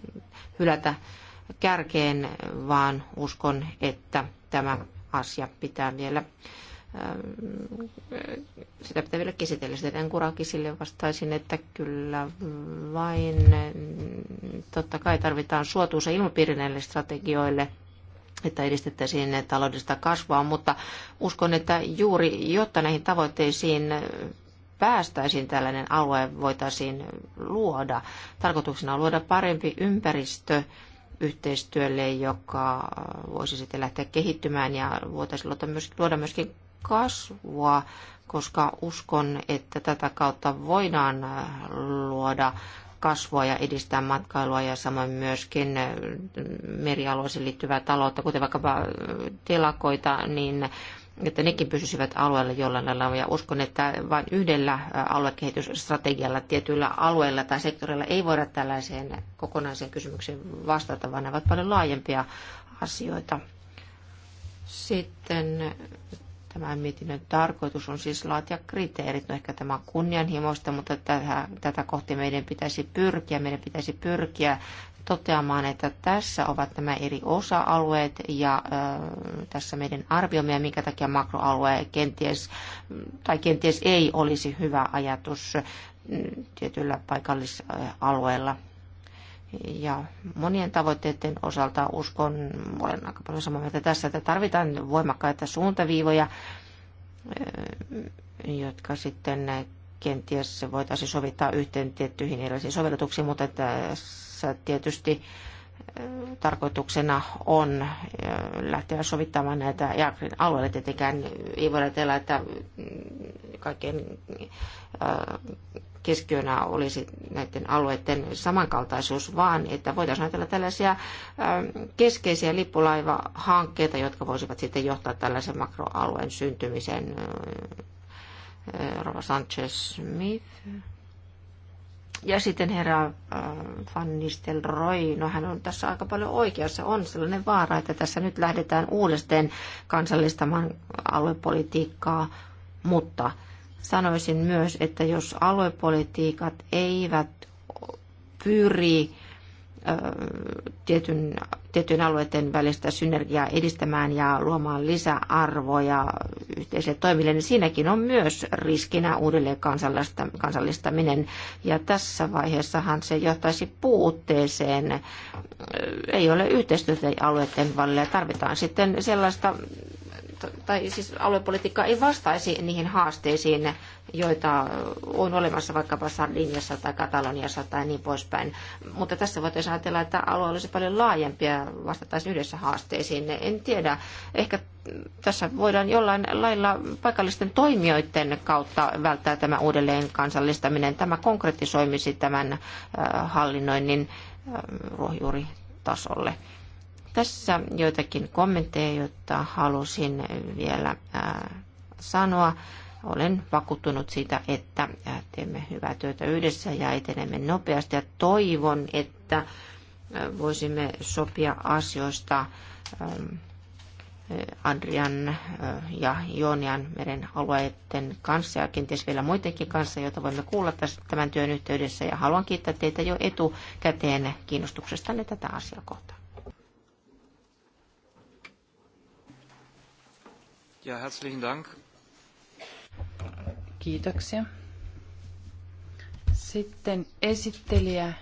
hylätä kärkeen, vaan uskon, että tämä asia pitää vielä sitä pitää vielä käsitellä. en Kurakisille vastaisin, että kyllä vain totta kai tarvitaan suotuisa ilmapiiri näille strategioille, että edistettäisiin taloudellista kasvua, mutta uskon, että juuri jotta näihin tavoitteisiin päästäisiin tällainen alue voitaisiin luoda. Tarkoituksena on luoda parempi ympäristö yhteistyölle, joka voisi sitten lähteä kehittymään ja voitaisiin luoda, luoda myöskin kasvua, koska uskon, että tätä kautta voidaan luoda kasvua ja edistää matkailua ja samoin myöskin merialueeseen liittyvää taloutta, kuten vaikkapa telakoita, niin että nekin pysyisivät alueella jollain lailla. Ja uskon, että vain yhdellä aluekehitysstrategialla tietyillä alueilla tai sektorilla ei voida tällaiseen kokonaiseen kysymykseen vastata, vaan ne ovat paljon laajempia asioita. Sitten Tämän mietinnön tarkoitus on siis laatia kriteerit. No ehkä tämä on kunnianhimoista, mutta tätä, tätä kohti meidän pitäisi pyrkiä. Meidän pitäisi pyrkiä toteamaan, että tässä ovat nämä eri osa-alueet ja ö, tässä meidän arviomme ja minkä takia makroalue kenties tai kenties ei olisi hyvä ajatus mm, tietyllä paikallisalueella ja monien tavoitteiden osalta uskon, olen aika paljon samaa mieltä tässä, että tarvitaan voimakkaita suuntaviivoja, eh, jotka sitten kenties voitaisiin sovittaa yhteen tiettyihin erilaisiin sovellutuksiin, mutta tässä tietysti eh, tarkoituksena on eh, lähteä sovittamaan näitä EAGRin alueelle. Tietenkään ei voida ajatella, että kaikkien keskiönä olisi näiden alueiden samankaltaisuus, vaan että voitaisiin ajatella tällaisia ähm, keskeisiä lippulaivahankkeita, jotka voisivat sitten johtaa tällaisen makroalueen syntymiseen. Äh, äh, Rova Sanchez-Smith. Ja sitten herra äh, Van Nistelrooy, no hän on tässä aika paljon oikeassa, on sellainen vaara, että tässä nyt lähdetään uudestaan kansallistamaan aluepolitiikkaa, mutta Sanoisin myös, että jos aluepolitiikat eivät pyri tietyn, tietyn alueiden välistä synergiaa edistämään ja luomaan lisäarvoja yhteisille toimille, niin siinäkin on myös riskinä uudelleen kansallista, kansallistaminen. Ja tässä vaiheessahan se johtaisi puutteeseen. Ei ole yhteistyötä alueiden välillä. Tarvitaan sitten sellaista tai siis aluepolitiikka ei vastaisi niihin haasteisiin, joita on olemassa vaikkapa Sardiniassa tai Kataloniassa tai niin poispäin. Mutta tässä voitaisiin ajatella, että alue olisi paljon laajempia ja vastattaisiin yhdessä haasteisiin. En tiedä, ehkä tässä voidaan jollain lailla paikallisten toimijoiden kautta välttää tämä uudelleen kansallistaminen. Tämä konkretisoimisi tämän äh, hallinnoinnin äh, ruohjuuritasolle. tasolle tässä joitakin kommentteja, joita halusin vielä sanoa. Olen vakuuttunut siitä, että teemme hyvää työtä yhdessä ja etenemme nopeasti ja toivon, että voisimme sopia asioista Adrian ja Joonian meren alueiden kanssa ja kenties vielä muidenkin kanssa, joita voimme kuulla tämän työn yhteydessä. Ja haluan kiittää teitä jo etukäteen kiinnostuksestanne tätä asiakohtaa. Ja, herzlichen Dank. Kiitoksia. Sitten esittelijä.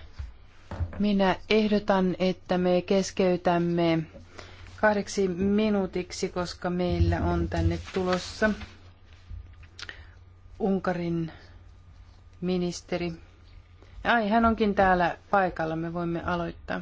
Minä ehdotan, että me keskeytämme kahdeksi minuutiksi, koska meillä on tänne tulossa Unkarin ministeri. Ai, hän onkin täällä paikalla. Me voimme aloittaa.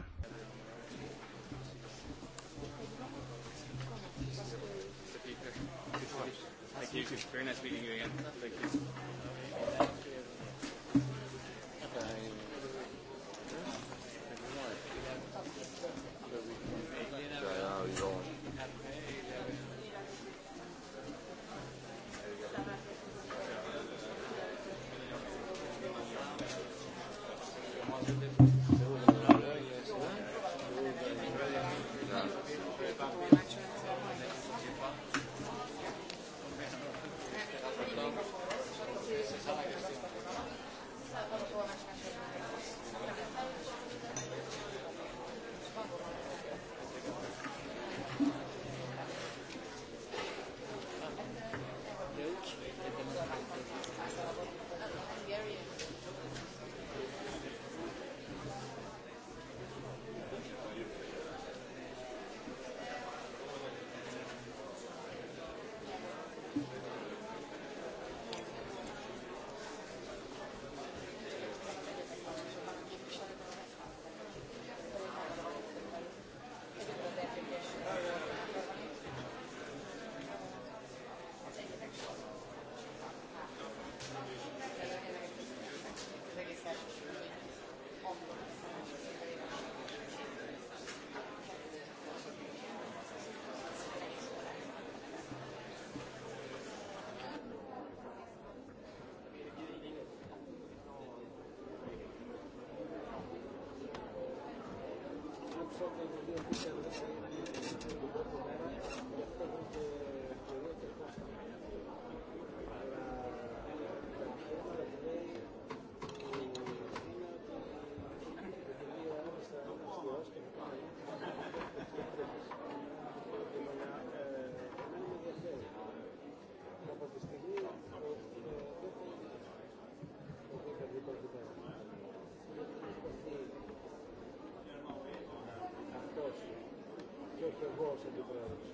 και εγώ ως αντιπρόεδρος.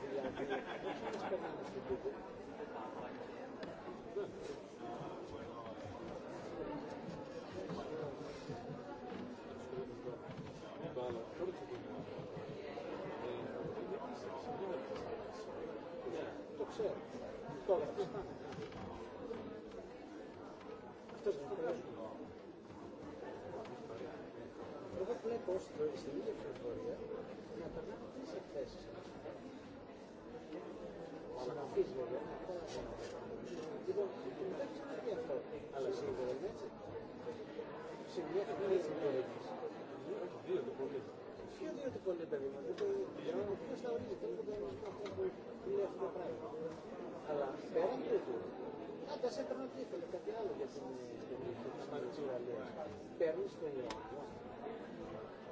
δηλαδή, πώς περνάμε στην Google. Το ξέρω. Τώρα, πώς στην ίδια πληροφορία να περνάμε τρεις εκθέσεις. αλλά σίγουρα είναι έτσι. Σε μια σε έπαιρνα τι ήθελε, κάτι άλλο για την παρουσία, λέει. Παίρνεις το ιό.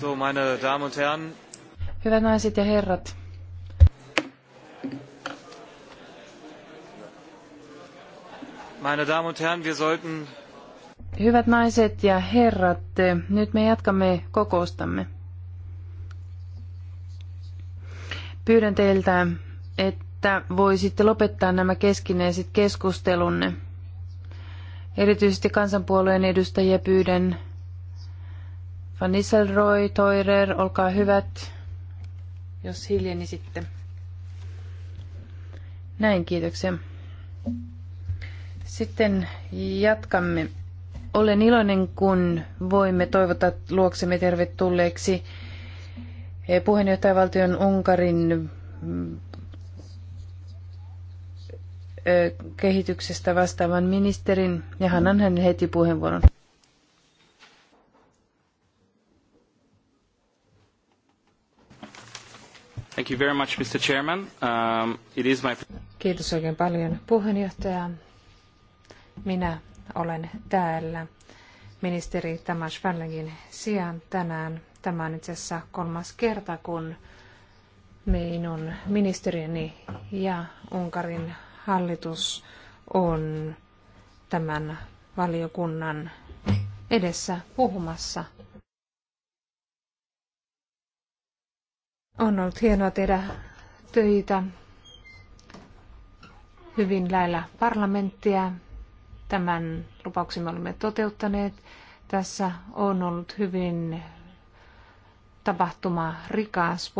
So, meine Damen und Herren. Hyvät naiset ja herrat. Meine Damen und Herren, wir sollten... Hyvät naiset ja herrat, nyt me jatkamme kokoustamme. Pyydän teiltä, että voisitte lopettaa nämä keskinäiset keskustelunne. Erityisesti kansanpuolueen edustajia pyydän. Van Nisselroy, Toirer, olkaa hyvät, jos hiljeni sitten. Näin, kiitoksia. Sitten jatkamme. Olen iloinen, kun voimme toivottaa luoksemme tervetulleeksi puheenjohtajavaltion Unkarin kehityksestä vastaavan ministerin ja annan hänelle heti puheenvuoron. Thank you very much, Mr. Chairman. Um, it is my... Kiitos oikein paljon puheenjohtaja. Minä olen täällä ministeri Tamas Fallengin sijaan tänään. Tämä on itse asiassa kolmas kerta, kun minun ministeriöni ja Unkarin hallitus on tämän valiokunnan edessä puhumassa. On ollut hienoa tehdä töitä hyvin lähellä parlamenttia. Tämän lupauksen me olemme toteuttaneet. Tässä on ollut hyvin tapahtuma rikas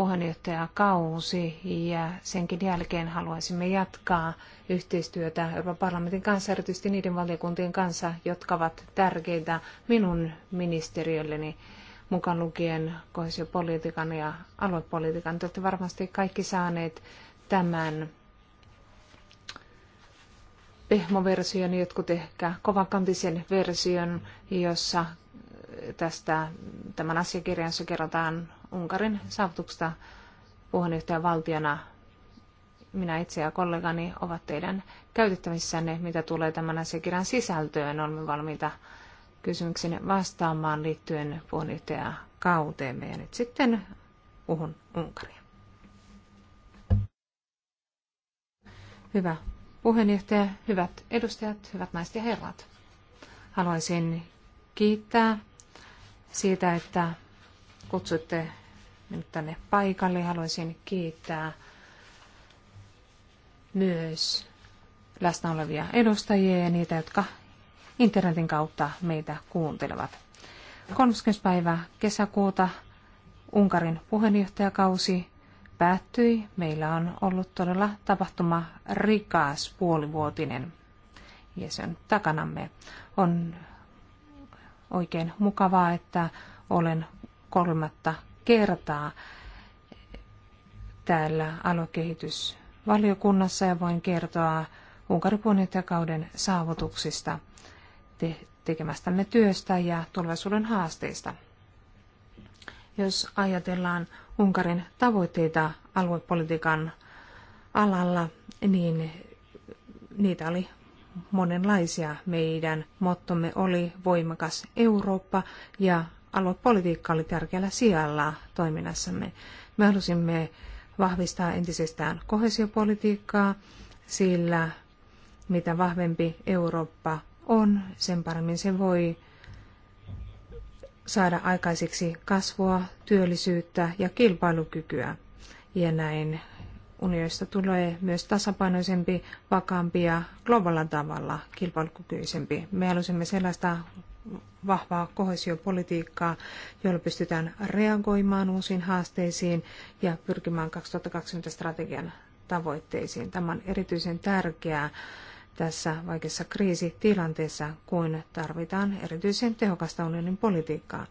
kausi ja senkin jälkeen haluaisimme jatkaa yhteistyötä Euroopan parlamentin kanssa, erityisesti niiden valiokuntien kanssa, jotka ovat tärkeitä minun ministeriölleni mukaan lukien kohesiopolitiikan ja aluepolitiikan. Te olette varmasti kaikki saaneet tämän pehmoversion, jotkut ehkä kovakantisen version, jossa tästä tämän asiakirjan, jossa kerrotaan Unkarin saavutuksesta puheenjohtajavaltiona. Minä itse ja kollegani ovat teidän käytettävissänne, mitä tulee tämän asiakirjan sisältöön. Olemme valmiita kysymyksiin vastaamaan liittyen puheenjohtajakauteemme. Ja nyt sitten puhun Unkaria. Hyvä puheenjohtaja, hyvät edustajat, hyvät naiset ja herrat. Haluaisin kiittää siitä, että kutsutte minut tänne paikalle. Haluaisin kiittää myös läsnä olevia edustajia ja niitä, jotka internetin kautta meitä kuuntelevat. 30. päivä kesäkuuta Unkarin puheenjohtajakausi päättyi. Meillä on ollut todella tapahtuma rikas puolivuotinen ja se on takanamme. On oikein mukavaa, että olen kolmatta kertaa täällä aluekehitysvaliokunnassa ja voin kertoa Unkarin saavutuksista, te- tekemästämme työstä ja tulevaisuuden haasteista. Jos ajatellaan Unkarin tavoitteita aluepolitiikan alalla, niin niitä oli monenlaisia. Meidän mottomme oli voimakas Eurooppa ja aluepolitiikka oli tärkeällä sijalla toiminnassamme. Me halusimme vahvistaa entisestään kohesiopolitiikkaa, sillä mitä vahvempi Eurooppa on, sen paremmin se voi saada aikaiseksi kasvua, työllisyyttä ja kilpailukykyä. Ja näin unionista tulee myös tasapainoisempi, vakaampi ja globaalilla tavalla kilpailukykyisempi. Me halusimme sellaista vahvaa kohesiopolitiikkaa, jolla pystytään reagoimaan uusiin haasteisiin ja pyrkimään 2020 strategian tavoitteisiin. Tämä on erityisen tärkeää tässä vaikeassa kriisitilanteessa, kun tarvitaan erityisen tehokasta unionin politiikkaa.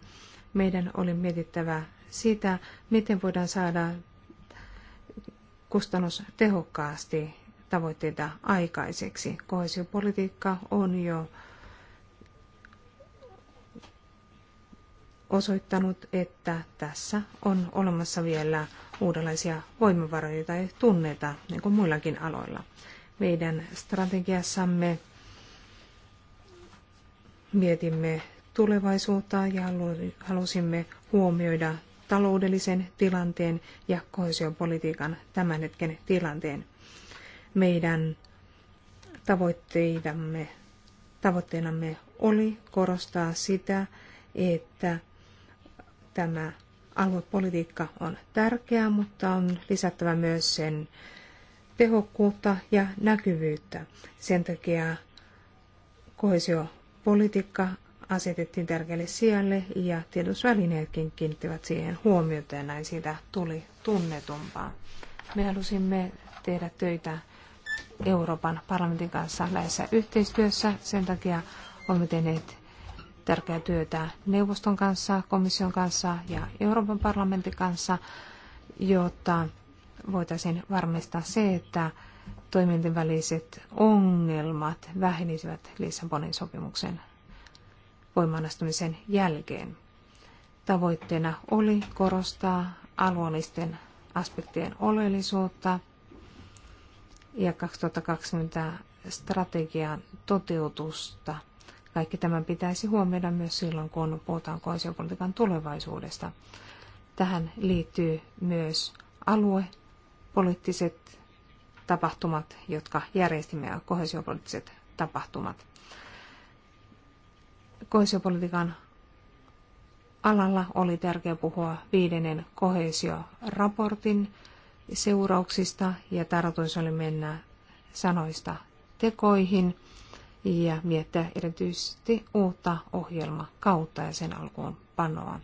Meidän oli mietittävä sitä, miten voidaan saada kustannustehokkaasti tavoitteita aikaiseksi. Kohesiopolitiikka on jo osoittanut, että tässä on olemassa vielä uudenlaisia voimavaroja, joita ei tunneta, niin kuin muillakin aloilla. Meidän strategiassamme mietimme tulevaisuutta ja halusimme huomioida taloudellisen tilanteen ja kohesiopolitiikan tämän hetken tilanteen. Meidän tavoitteidamme, tavoitteenamme oli korostaa sitä, että tämä aluepolitiikka on tärkeää, mutta on lisättävä myös sen tehokkuutta ja näkyvyyttä. Sen takia kohesiopolitiikka asetettiin tärkeälle sijalle ja tiedotusvälineetkin kiinnittivät siihen huomiota ja näin siitä tuli tunnetumpaa. Me halusimme tehdä töitä Euroopan parlamentin kanssa läheisessä yhteistyössä. Sen takia olemme tehneet tärkeää työtä neuvoston kanssa, komission kanssa ja Euroopan parlamentin kanssa, jotta voitaisiin varmistaa se, että toimintaväliset väliset ongelmat vähenisivät Lissabonin sopimuksen voimaanastumisen jälkeen. Tavoitteena oli korostaa alueellisten aspektien oleellisuutta ja 2020 strategian toteutusta. Kaikki tämän pitäisi huomioida myös silloin, kun puhutaan koesiopolitiikan tulevaisuudesta. Tähän liittyy myös aluepoliittiset tapahtumat, jotka järjestimme ja kohesiopoliittiset tapahtumat kohesiopolitiikan alalla oli tärkeää puhua viidennen kohesioraportin seurauksista ja tarkoitus oli mennä sanoista tekoihin ja miettiä erityisesti uutta ohjelmakautta ja sen alkuun panoa.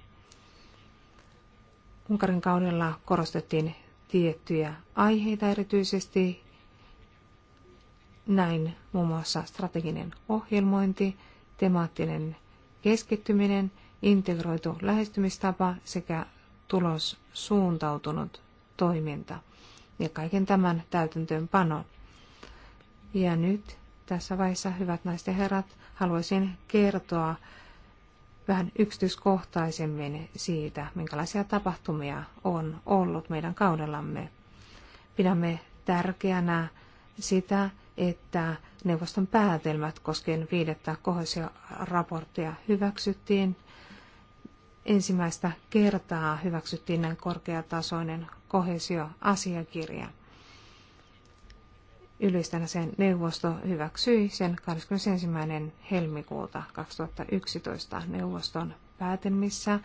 Unkarin kaudella korostettiin tiettyjä aiheita erityisesti, näin muun muassa strateginen ohjelmointi, temaattinen keskittyminen, integroitu lähestymistapa sekä tulossuuntautunut toiminta ja kaiken tämän täytäntöönpano. Ja nyt tässä vaiheessa, hyvät naiset ja herrat, haluaisin kertoa vähän yksityiskohtaisemmin siitä, minkälaisia tapahtumia on ollut meidän kaudellamme. Pidämme tärkeänä sitä, että neuvoston päätelmät koskien viidettä kohesioraporttia hyväksyttiin. Ensimmäistä kertaa hyväksyttiin näin korkeatasoinen kohesioasiakirja. Ylistänä sen neuvosto hyväksyi sen 21. helmikuuta 2011 neuvoston päätelmissä.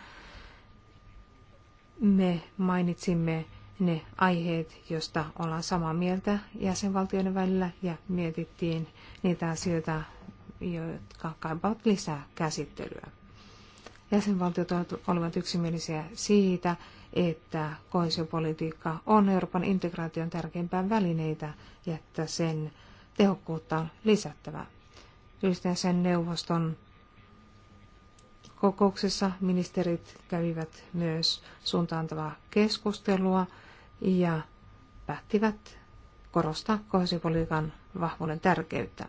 Me mainitsimme ne aiheet, joista ollaan samaa mieltä jäsenvaltioiden välillä ja mietittiin niitä asioita, jotka kaipaavat lisää käsittelyä. Jäsenvaltiot olivat yksimielisiä siitä, että koesiopolitiikka on Euroopan integraation tärkeimpää välineitä ja että sen tehokkuutta on lisättävä. Yhteisen neuvoston kokouksessa ministerit kävivät myös suuntaantavaa keskustelua ja päättivät korostaa kohesiopolitiikan vahvuuden tärkeyttä.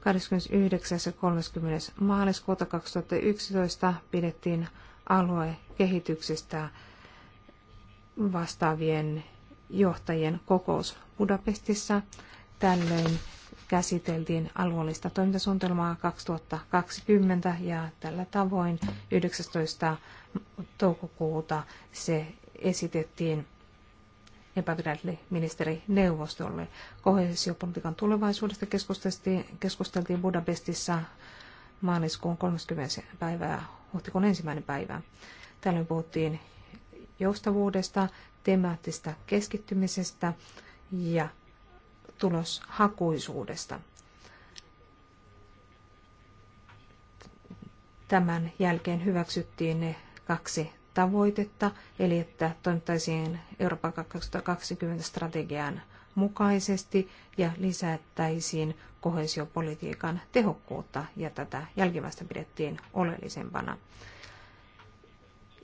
29. ja 30. maaliskuuta 2011 pidettiin aluekehityksestä vastaavien johtajien kokous Budapestissa. Tällöin käsiteltiin alueellista toimintasuunnitelmaa 2020 ja tällä tavoin 19. toukokuuta se esitettiin epäviralliselle ministerineuvostolle. Kohesiopolitiikan tulevaisuudesta keskusteltiin, keskusteltiin Budapestissa maaliskuun 30. päivää huhtikuun ensimmäinen päivä. Tällöin puhuttiin joustavuudesta, temaattista keskittymisestä ja tuloshakuisuudesta. Tämän jälkeen hyväksyttiin ne kaksi tavoitetta, eli että toimittaisiin Euroopan 2020 strategian mukaisesti ja lisättäisiin kohesiopolitiikan tehokkuutta ja tätä jälkimmäistä pidettiin oleellisempana.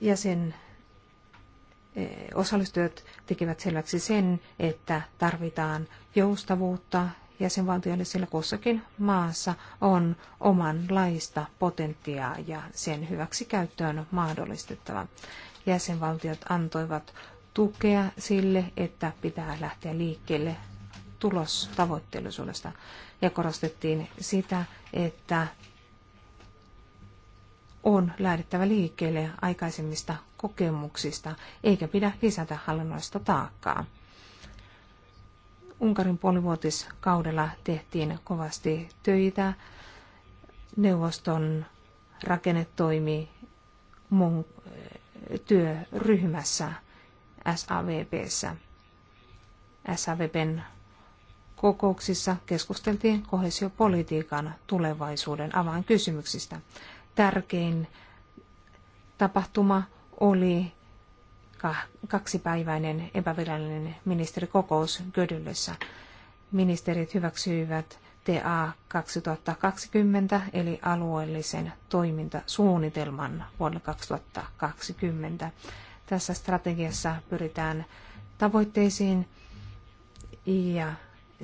Jäsen e, osallistujat tekivät selväksi sen, että tarvitaan joustavuutta jäsenvaltioille, sillä kussakin maassa on omanlaista potentiaa ja sen hyväksikäyttö on mahdollistettava. Jäsenvaltiot antoivat tukea sille, että pitää lähteä liikkeelle tulostavoitteellisuudesta ja korostettiin sitä, että on lähdettävä liikkeelle aikaisemmista kokemuksista, eikä pidä lisätä hallinnollista taakkaa. Unkarin puolivuotiskaudella tehtiin kovasti töitä. Neuvoston rakennetoimi mun eh, työryhmässä SAVPssä. SAVPn kokouksissa keskusteltiin kohesiopolitiikan tulevaisuuden avainkysymyksistä. Tärkein tapahtuma oli kaksipäiväinen epävirallinen ministerikokous Gödyllössä. Ministerit hyväksyivät TA 2020 eli alueellisen toimintasuunnitelman vuodelle 2020. Tässä strategiassa pyritään tavoitteisiin ja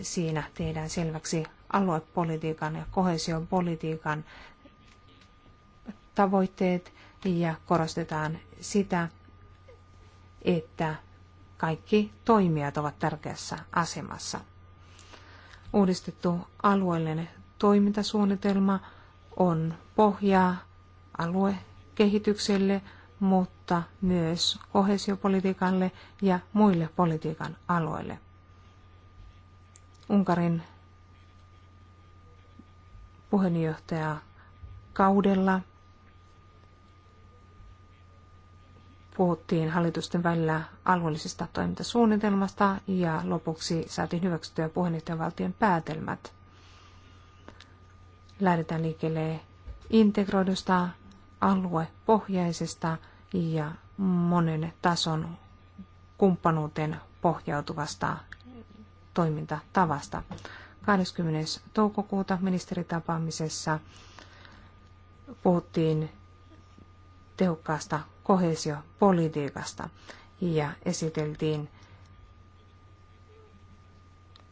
siinä tehdään selväksi aluepolitiikan ja kohesiopolitiikan tavoitteet ja korostetaan sitä, että kaikki toimijat ovat tärkeässä asemassa. Uudistettu alueellinen toimintasuunnitelma on pohjaa aluekehitykselle, mutta myös kohesiopolitiikalle ja muille politiikan aloille. Unkarin puheenjohtaja kaudella puhuttiin hallitusten välillä alueellisesta toimintasuunnitelmasta ja lopuksi saatiin hyväksyttyä puheenjohtajavaltion päätelmät. Lähdetään liikkeelle integroidusta, aluepohjaisesta ja monen tason kumppanuuteen pohjautuvasta toimintatavasta. 20. toukokuuta ministeritapaamisessa puhuttiin tehokkaasta kohesiopolitiikasta ja esiteltiin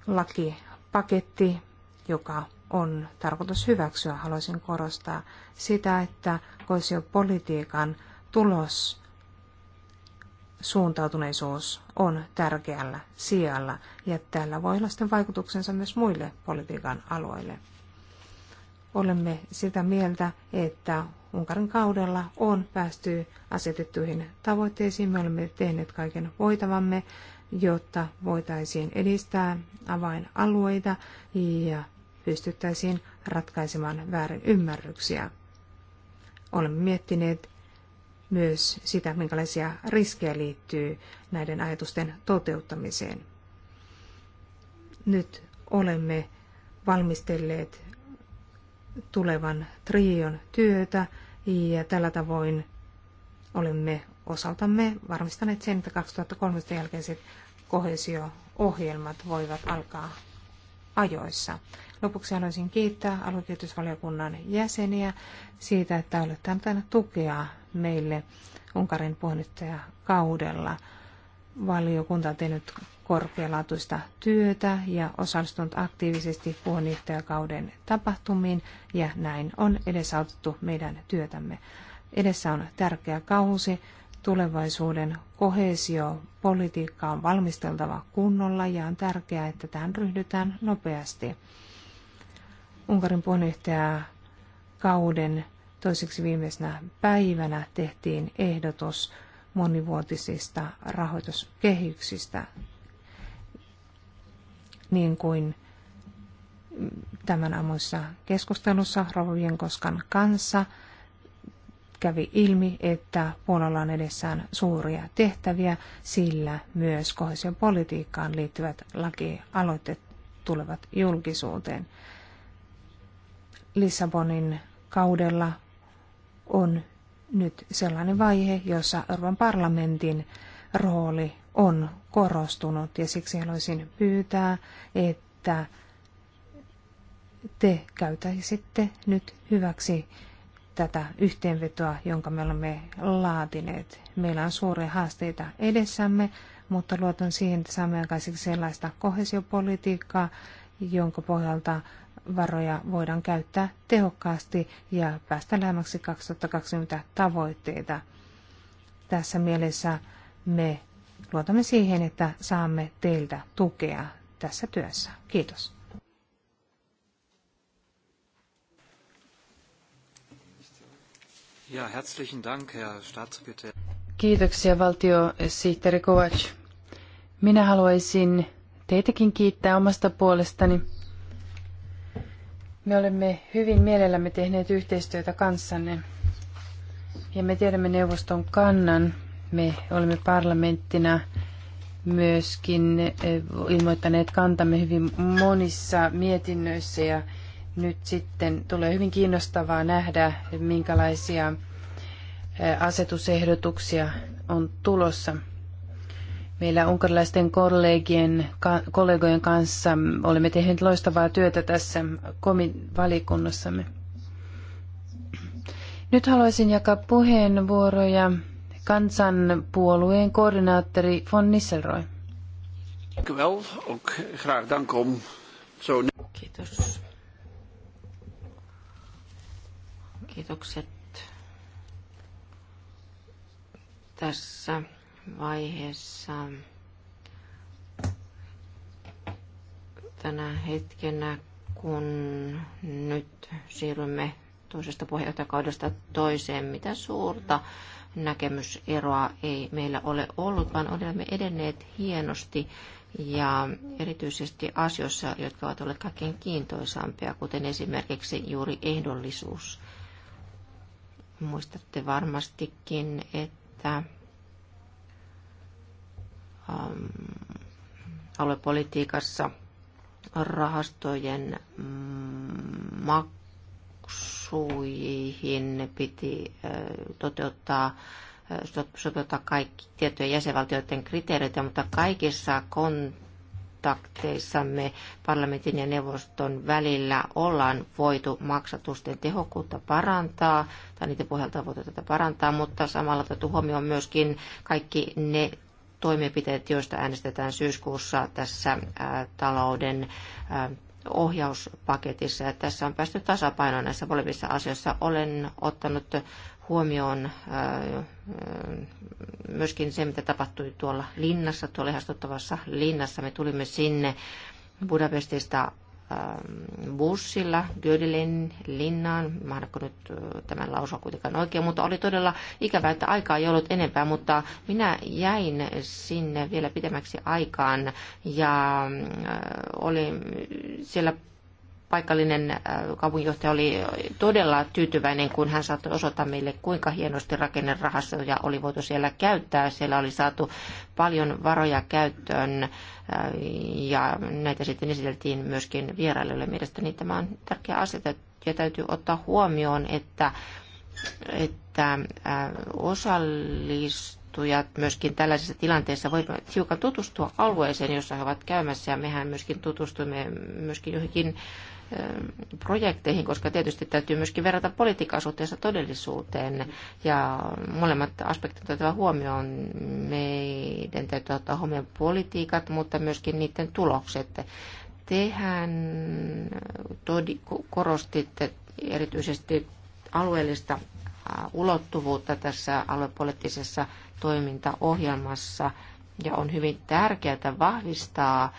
lakipaketti, joka on tarkoitus hyväksyä. Haluaisin korostaa sitä, että kohesiopolitiikan tulos suuntautuneisuus on tärkeällä sijalla ja tällä voi olla sitten vaikutuksensa myös muille politiikan aloille olemme sitä mieltä, että Unkarin kaudella on päästy asetettuihin tavoitteisiin. Me olemme tehneet kaiken voitavamme, jotta voitaisiin edistää avainalueita ja pystyttäisiin ratkaisemaan väärin ymmärryksiä. Olemme miettineet myös sitä, minkälaisia riskejä liittyy näiden ajatusten toteuttamiseen. Nyt olemme valmistelleet tulevan trion työtä ja tällä tavoin olemme osaltamme varmistaneet sen, että 2013 jälkeiset kohesio-ohjelmat voivat alkaa ajoissa. Lopuksi haluaisin kiittää aluekehitysvaliokunnan jäseniä siitä, että olette antaneet tukea meille Unkarin puheenjohtajakaudella. kaudella valiokunta on tehnyt korkealaatuista työtä ja osallistunut aktiivisesti puheenjohtajakauden tapahtumiin ja näin on edesautettu meidän työtämme. Edessä on tärkeä kausi. Tulevaisuuden kohesiopolitiikka on valmisteltava kunnolla ja on tärkeää, että tähän ryhdytään nopeasti. Unkarin puheenjohtajakauden toiseksi viimeisenä päivänä tehtiin ehdotus monivuotisista rahoituskehyksistä, niin kuin tämän aamuissa keskustelussa Jenkoskan kanssa kävi ilmi, että Puolalla on edessään suuria tehtäviä, sillä myös kohesion politiikkaan liittyvät lakialoitteet tulevat julkisuuteen. Lissabonin kaudella on nyt sellainen vaihe, jossa Euroopan parlamentin rooli on korostunut ja siksi haluaisin pyytää, että te käytäisitte nyt hyväksi tätä yhteenvetoa, jonka me olemme laatineet. Meillä on suuria haasteita edessämme, mutta luotan siihen, että saamme aikaiseksi sellaista kohesiopolitiikkaa, jonka pohjalta varoja voidaan käyttää tehokkaasti ja päästä lähemmäksi 2020 tavoitteita. Tässä mielessä me luotamme siihen, että saamme teiltä tukea tässä työssä. Kiitos. Ja, herzlichen Dank, Herr Kiitoksia valtiosihteeri Kovac. Minä haluaisin teitäkin kiittää omasta puolestani. Me olemme hyvin mielellämme tehneet yhteistyötä kanssanne ja me tiedämme neuvoston kannan. Me olemme parlamenttina myöskin eh, ilmoittaneet kantamme hyvin monissa mietinnöissä ja nyt sitten tulee hyvin kiinnostavaa nähdä, minkälaisia eh, asetusehdotuksia on tulossa. Meillä unkarilaisten kollegien, kollegojen kanssa olemme tehneet loistavaa työtä tässä valikunnassamme. Nyt haluaisin jakaa puheenvuoroja kansanpuolueen koordinaattori von Nisselroy. Kiitos. Kiitokset tässä vaiheessa tänä hetkenä, kun nyt siirrymme toisesta puheenjohtajakaudesta toiseen, mitä suurta näkemyseroa ei meillä ole ollut, vaan olemme edenneet hienosti ja erityisesti asioissa, jotka ovat olleet kaikkein kiintoisampia, kuten esimerkiksi juuri ehdollisuus. Muistatte varmastikin, että Ähm, aluepolitiikassa rahastojen mm, maksuihin piti toteuttaa sopeuttaa kaikki tiettyjen jäsenvaltioiden kriteereitä, mutta kaikissa kontakteissamme parlamentin ja neuvoston välillä ollaan voitu maksatusten tehokkuutta parantaa, tai niiden pohjalta on voitu tätä parantaa, mutta samalla otettu huomioon myöskin kaikki ne toimenpiteet, joista äänestetään syyskuussa tässä talouden ohjauspaketissa. tässä on päästy tasapainoon näissä molemmissa asioissa. Olen ottanut huomioon myöskin se, mitä tapahtui tuolla linnassa, tuolla ihastuttavassa linnassa. Me tulimme sinne Budapestista Ähm, bussilla Gödelin linnaan. Mahdakko nyt tämän lausua kuitenkaan oikein, mutta oli todella ikävää, että aikaa ei ollut enempää, mutta minä jäin sinne vielä pitemmäksi aikaan ja olin siellä paikallinen äh, kaupunginjohtaja oli todella tyytyväinen, kun hän saattoi osoittaa meille, kuinka hienosti rakennerahastoja oli voitu siellä käyttää. Siellä oli saatu paljon varoja käyttöön äh, ja näitä sitten esiteltiin myöskin vierailijoille. Mielestäni tämä on tärkeä asia ja täytyy ottaa huomioon, että, että osallistuminen äh, osallistujat myöskin tällaisessa tilanteessa voi hiukan tutustua alueeseen, jossa he ovat käymässä. Ja mehän myöskin tutustuimme myöskin johonkin projekteihin, koska tietysti täytyy myöskin verrata politiikkaa suhteessa todellisuuteen. Ja molemmat aspektit otettava huomioon. Meidän täytyy ottaa huomioon politiikat, mutta myöskin niiden tulokset. Tehän korostitte erityisesti alueellista ulottuvuutta tässä aluepoliittisessa toimintaohjelmassa ja on hyvin tärkeää vahvistaa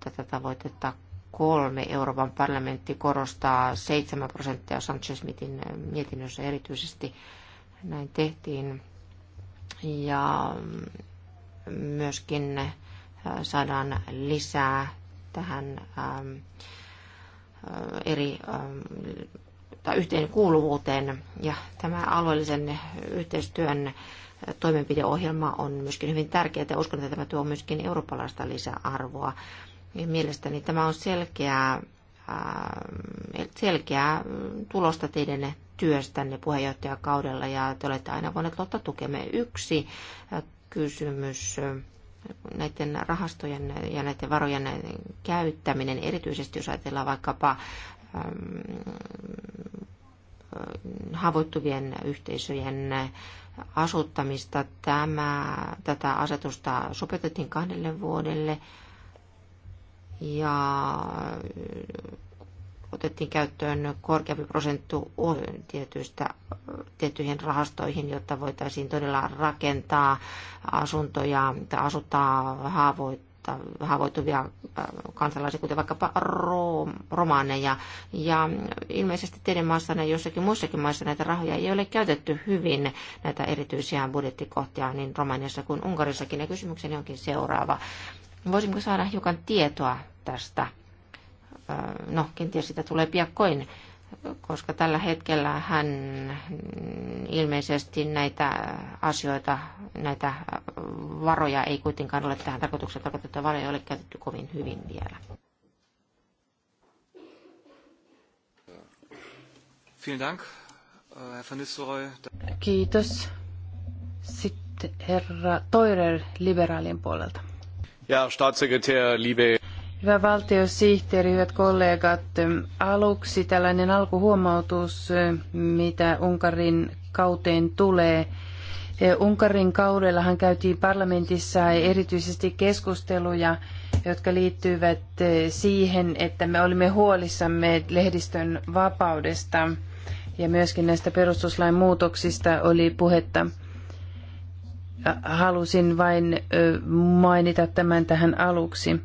tätä tavoitetta kolme Euroopan parlamentti korostaa 7 prosenttia Sanchez-Mitin mietinnössä erityisesti näin tehtiin. Ja myöskin äh, saadaan lisää tähän ähm, äh, eri ähm, tai yhteenkuuluvuuteen. Ja tämä alueellisen yhteistyön äh, toimenpideohjelma on myöskin hyvin tärkeä. ja uskon, että tämä tuo myöskin eurooppalaista lisäarvoa. Ja niin mielestäni tämä on selkeää äh, selkeää tulosta teidän työstänne puheenjohtajakaudella ja te olette aina voineet ottaa tukemme. Yksi äh, kysymys äh, näiden rahastojen ja näiden varojen käyttäminen, erityisesti jos ajatellaan vaikkapa ähm, haavoittuvien yhteisöjen asuttamista. Tämä, tätä asetusta sopetettiin kahdelle vuodelle ja otettiin käyttöön korkeampi prosenttu tietyistä, tiettyihin rahastoihin, jotta voitaisiin todella rakentaa asuntoja tai asuttaa haavoittaa haavoittuvia kansalaisia, kuten vaikkapa romaaneja. Ja ilmeisesti teidän maassa ja jossakin muissakin maissa näitä rahoja ei ole käytetty hyvin, näitä erityisiä budjettikohtia, niin Romaniassa kuin Unkarissakin. Ja kysymykseni onkin seuraava. Voisimmeko saada hiukan tietoa tästä? No, kenties sitä tulee piakkoin, koska tällä hetkellä hän ilmeisesti näitä asioita, näitä varoja ei kuitenkaan ole tähän tarkoitukseen tarkoitettu varoja ei ole käytetty kovin hyvin vielä. Vielen Dank, äh, Herr Nistelrooy. Kiitos. Sitten herra Toirer liberaalien puolelta. Ja Staatssekretär, liebe Hyvä valtiosihteeri, hyvät kollegat, aluksi tällainen alkuhuomautus, mitä Unkarin kauteen tulee. Unkarin kaudellahan käytiin parlamentissa erityisesti keskusteluja, jotka liittyivät siihen, että me olimme huolissamme lehdistön vapaudesta ja myöskin näistä perustuslain muutoksista oli puhetta halusin vain mainita tämän tähän aluksi.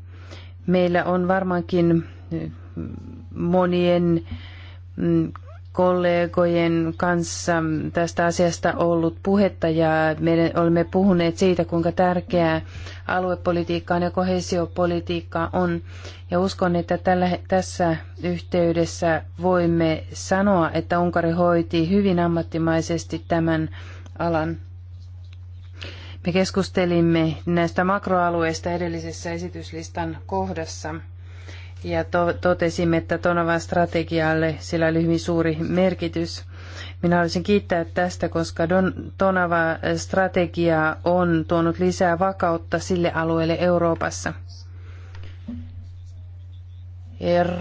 Meillä on varmaankin monien mm, kollegojen kanssa tästä asiasta ollut puhetta ja me olemme puhuneet siitä, kuinka tärkeää aluepolitiikkaan ja kohesiopolitiikkaa on. Ja uskon, että tällä, tässä yhteydessä voimme sanoa, että Unkari hoiti hyvin ammattimaisesti tämän alan. Me keskustelimme näistä makroalueista edellisessä esityslistan kohdassa ja to- totesimme, että tonovan strategialle sillä oli hyvin suuri merkitys. Minä haluaisin kiittää tästä, koska Don- Tonava-strategia on tuonut lisää vakautta sille alueelle Euroopassa.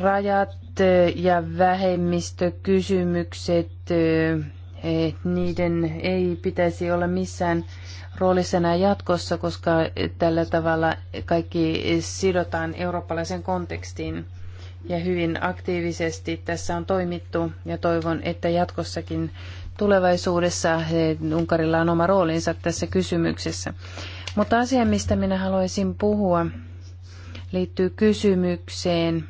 Rajat ja vähemmistökysymykset, eh, niiden ei pitäisi olla missään roolissa jatkossa, koska tällä tavalla kaikki sidotaan eurooppalaisen kontekstiin. Ja hyvin aktiivisesti tässä on toimittu ja toivon, että jatkossakin tulevaisuudessa Unkarilla on oma roolinsa tässä kysymyksessä. Mutta asia, mistä minä haluaisin puhua, liittyy kysymykseen.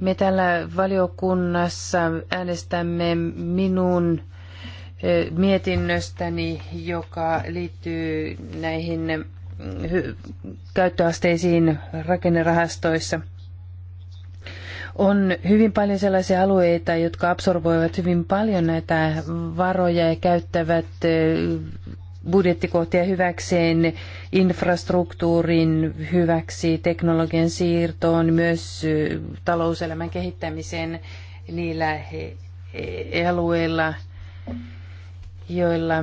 Me täällä valiokunnassa äänestämme minun mietinnöstäni, joka liittyy näihin mm, käyttöasteisiin rakennerahastoissa. On hyvin paljon sellaisia alueita, jotka absorboivat hyvin paljon näitä varoja ja käyttävät budjettikohtia hyväkseen, infrastruktuurin hyväksi, teknologian siirtoon, myös talouselämän kehittämiseen niillä alueilla joilla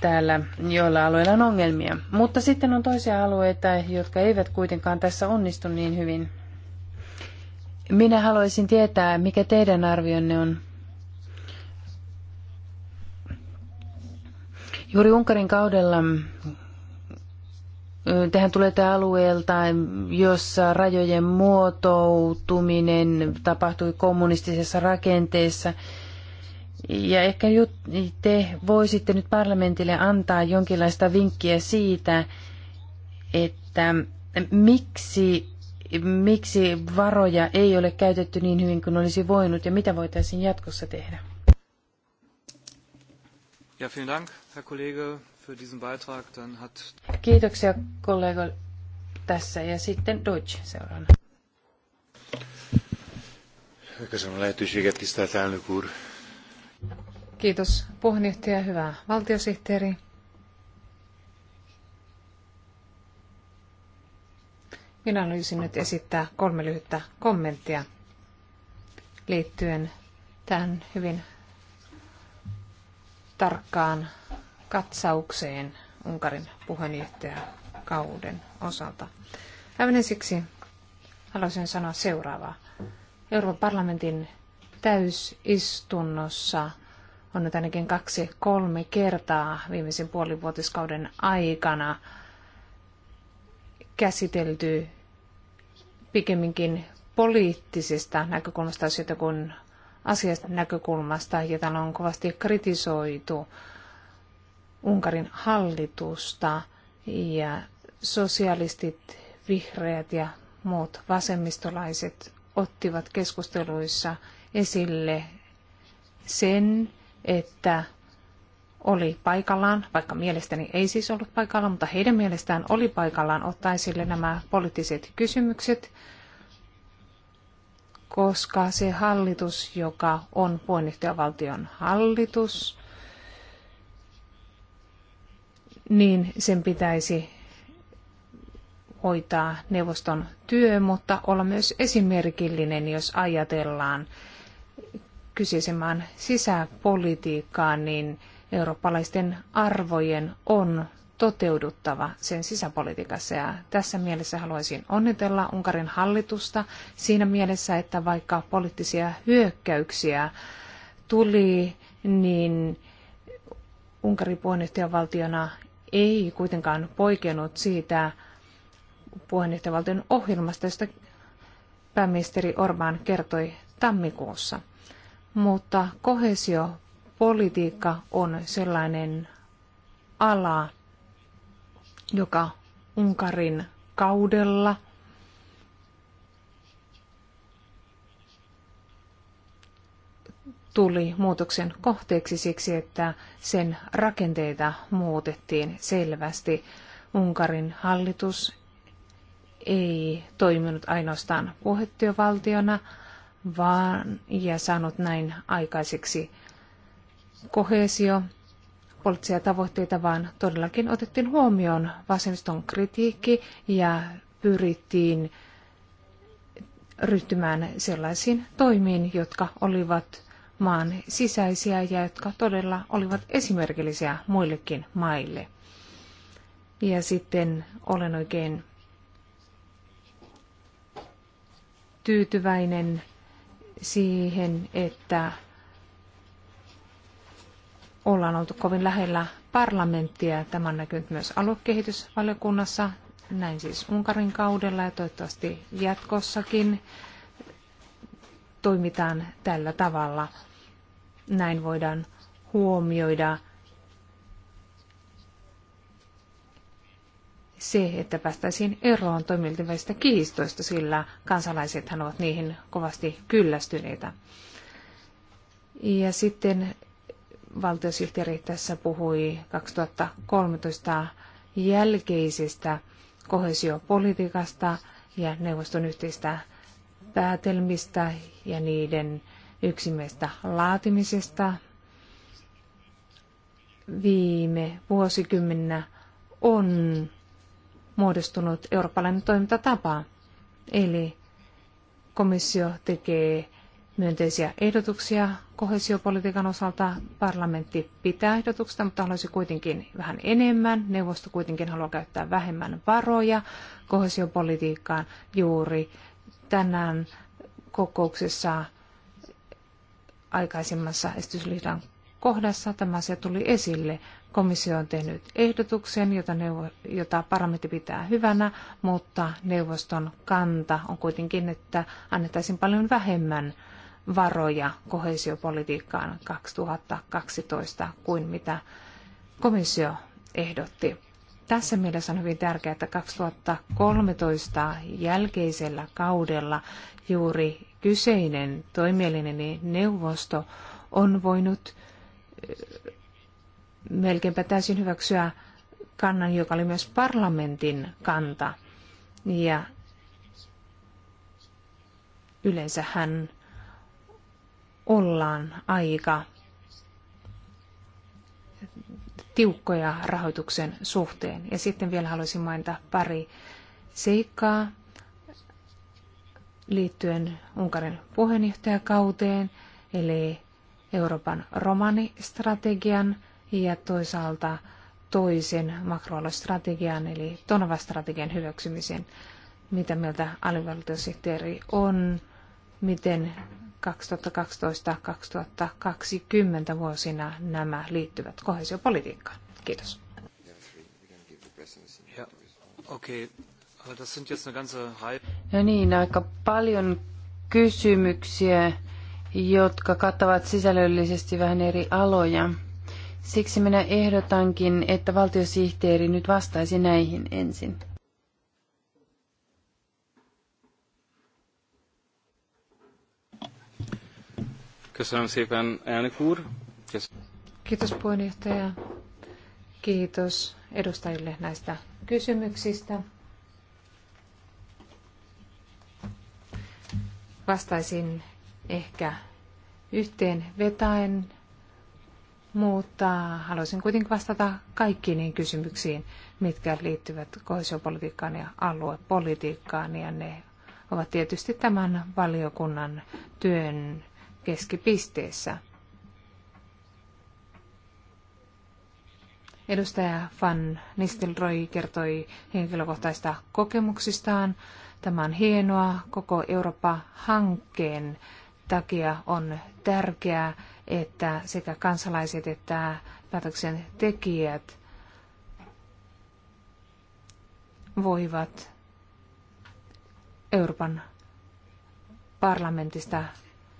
täällä joilla alueilla on ongelmia. Mutta sitten on toisia alueita, jotka eivät kuitenkaan tässä onnistu niin hyvin. Minä haluaisin tietää, mikä teidän arvionne on. Juuri Unkarin kaudella tehän tulette alueelta, jossa rajojen muotoutuminen tapahtui kommunistisessa rakenteessa – ja ehkä te voisitte nyt parlamentille antaa jonkinlaista vinkkiä siitä, että miksi, miksi varoja ei ole käytetty niin hyvin kuin olisi voinut ja mitä voitaisiin jatkossa tehdä. Ja, vielen Dank, Herr Kollege, für diesen Beitrag. Dann hat... Kiitoksia kollega tässä ja sitten Deutsch seuraavana. Köszönöm Kiitos puheenjohtaja, hyvä valtiosihteeri. Minä haluaisin nyt esittää kolme lyhyttä kommenttia liittyen tähän hyvin tarkkaan katsaukseen Unkarin puheenjohtajakauden osalta. Aivan siksi haluaisin sanoa seuraavaa. Euroopan parlamentin täysistunnossa on nyt ainakin kaksi kolme kertaa viimeisen puolivuotiskauden aikana käsitelty pikemminkin poliittisesta näkökulmasta asioita kuin asiasta näkökulmasta, ja täällä on kovasti kritisoitu Unkarin hallitusta ja sosialistit, vihreät ja muut vasemmistolaiset ottivat keskusteluissa esille sen, että oli paikallaan, vaikka mielestäni ei siis ollut paikallaan, mutta heidän mielestään oli paikallaan ottaa esille nämä poliittiset kysymykset, koska se hallitus, joka on puheenjohtajavaltion hallitus, niin sen pitäisi hoitaa neuvoston työ, mutta olla myös esimerkillinen, jos ajatellaan kyseisen maan sisäpolitiikkaan, niin eurooppalaisten arvojen on toteuduttava sen sisäpolitiikassa. Ja tässä mielessä haluaisin onnitella Unkarin hallitusta siinä mielessä, että vaikka poliittisia hyökkäyksiä tuli, niin Unkarin puheenjohtajavaltiona ei kuitenkaan poikennut siitä puheenjohtajavaltion ohjelmasta, josta pääministeri Orban kertoi tammikuussa mutta kohesiopolitiikka on sellainen ala, joka Unkarin kaudella tuli muutoksen kohteeksi siksi, että sen rakenteita muutettiin selvästi. Unkarin hallitus ei toiminut ainoastaan puhetyövaltiona, vaan ja saanut näin aikaiseksi kohesio poliittisia tavoitteita, vaan todellakin otettiin huomioon vasemmiston kritiikki ja pyrittiin ryhtymään sellaisiin toimiin, jotka olivat maan sisäisiä ja jotka todella olivat esimerkillisiä muillekin maille. Ja sitten olen oikein tyytyväinen siihen, että ollaan oltu kovin lähellä parlamenttia. Tämä on näkynyt myös aluekehitysvaliokunnassa, näin siis Unkarin kaudella ja toivottavasti jatkossakin toimitaan tällä tavalla. Näin voidaan huomioida se, että päästäisiin eroon toimijoiden kiistoista, sillä kansalaisethan ovat niihin kovasti kyllästyneitä. Ja sitten valtiosihteeri tässä puhui 2013 jälkeisestä kohesiopolitiikasta ja neuvoston yhteistä päätelmistä ja niiden yksimielistä laatimisesta. Viime vuosikymmenä on muodostunut eurooppalainen toimintatapa. Eli komissio tekee myönteisiä ehdotuksia kohesiopolitiikan osalta. Parlamentti pitää ehdotuksesta, mutta haluaisi kuitenkin vähän enemmän. Neuvosto kuitenkin haluaa käyttää vähemmän varoja kohesiopolitiikkaan juuri tänään kokouksessa aikaisemmassa esityslistan kohdassa tämä asia tuli esille. Komissio on tehnyt ehdotuksen, jota, neuvo, jota parlamentti pitää hyvänä, mutta neuvoston kanta on kuitenkin, että annettaisiin paljon vähemmän varoja kohesiopolitiikkaan 2012 kuin mitä komissio ehdotti. Tässä mielessä on hyvin tärkeää, että 2013 jälkeisellä kaudella juuri kyseinen toimielinen neuvosto on voinut melkeinpä täysin hyväksyä kannan, joka oli myös parlamentin kanta. Ja yleensähän ollaan aika tiukkoja rahoituksen suhteen. Ja sitten vielä haluaisin mainita pari seikkaa liittyen Unkarin puheenjohtajakauteen, eli Euroopan romanistrategian ja toisaalta toisen makroalustrategian eli Tonava-strategian hyväksymisen. Mitä mieltä alivaltiosihteeri on? Miten 2012-2020 vuosina nämä liittyvät kohesiopolitiikkaan? Kiitos. Ja, no niin, aika paljon kysymyksiä, jotka kattavat sisällöllisesti vähän eri aloja. Siksi minä ehdotankin, että valtiosihteeri nyt vastaisi näihin ensin. Kiitos puheenjohtaja. Kiitos edustajille näistä kysymyksistä. Vastaisin ehkä yhteen vetäen mutta haluaisin kuitenkin vastata kaikkiin niihin kysymyksiin, mitkä liittyvät kohesiopolitiikkaan ja aluepolitiikkaan, ja ne ovat tietysti tämän valiokunnan työn keskipisteessä. Edustaja Van Nistelrooy kertoi henkilökohtaista kokemuksistaan. Tämä on hienoa. Koko Eurooppa-hankkeen takia on tärkeää, että sekä kansalaiset että päätöksentekijät voivat Euroopan parlamentista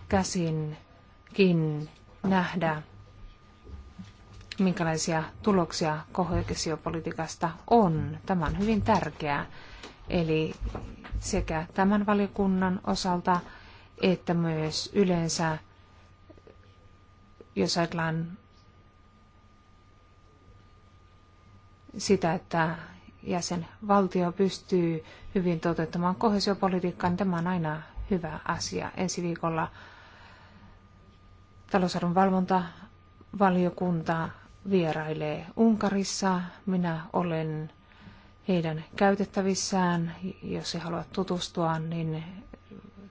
käsinkin nähdä, minkälaisia tuloksia kohesiopolitiikasta on. Tämä on hyvin tärkeää. Eli sekä tämän valiokunnan osalta että myös yleensä jos ajatellaan sitä, että jäsenvaltio pystyy hyvin toteuttamaan kohesiopolitiikkaa, niin tämä on aina hyvä asia. Ensi viikolla talousarvon valvontavaliokunta vierailee Unkarissa. Minä olen heidän käytettävissään, jos he haluavat tutustua, niin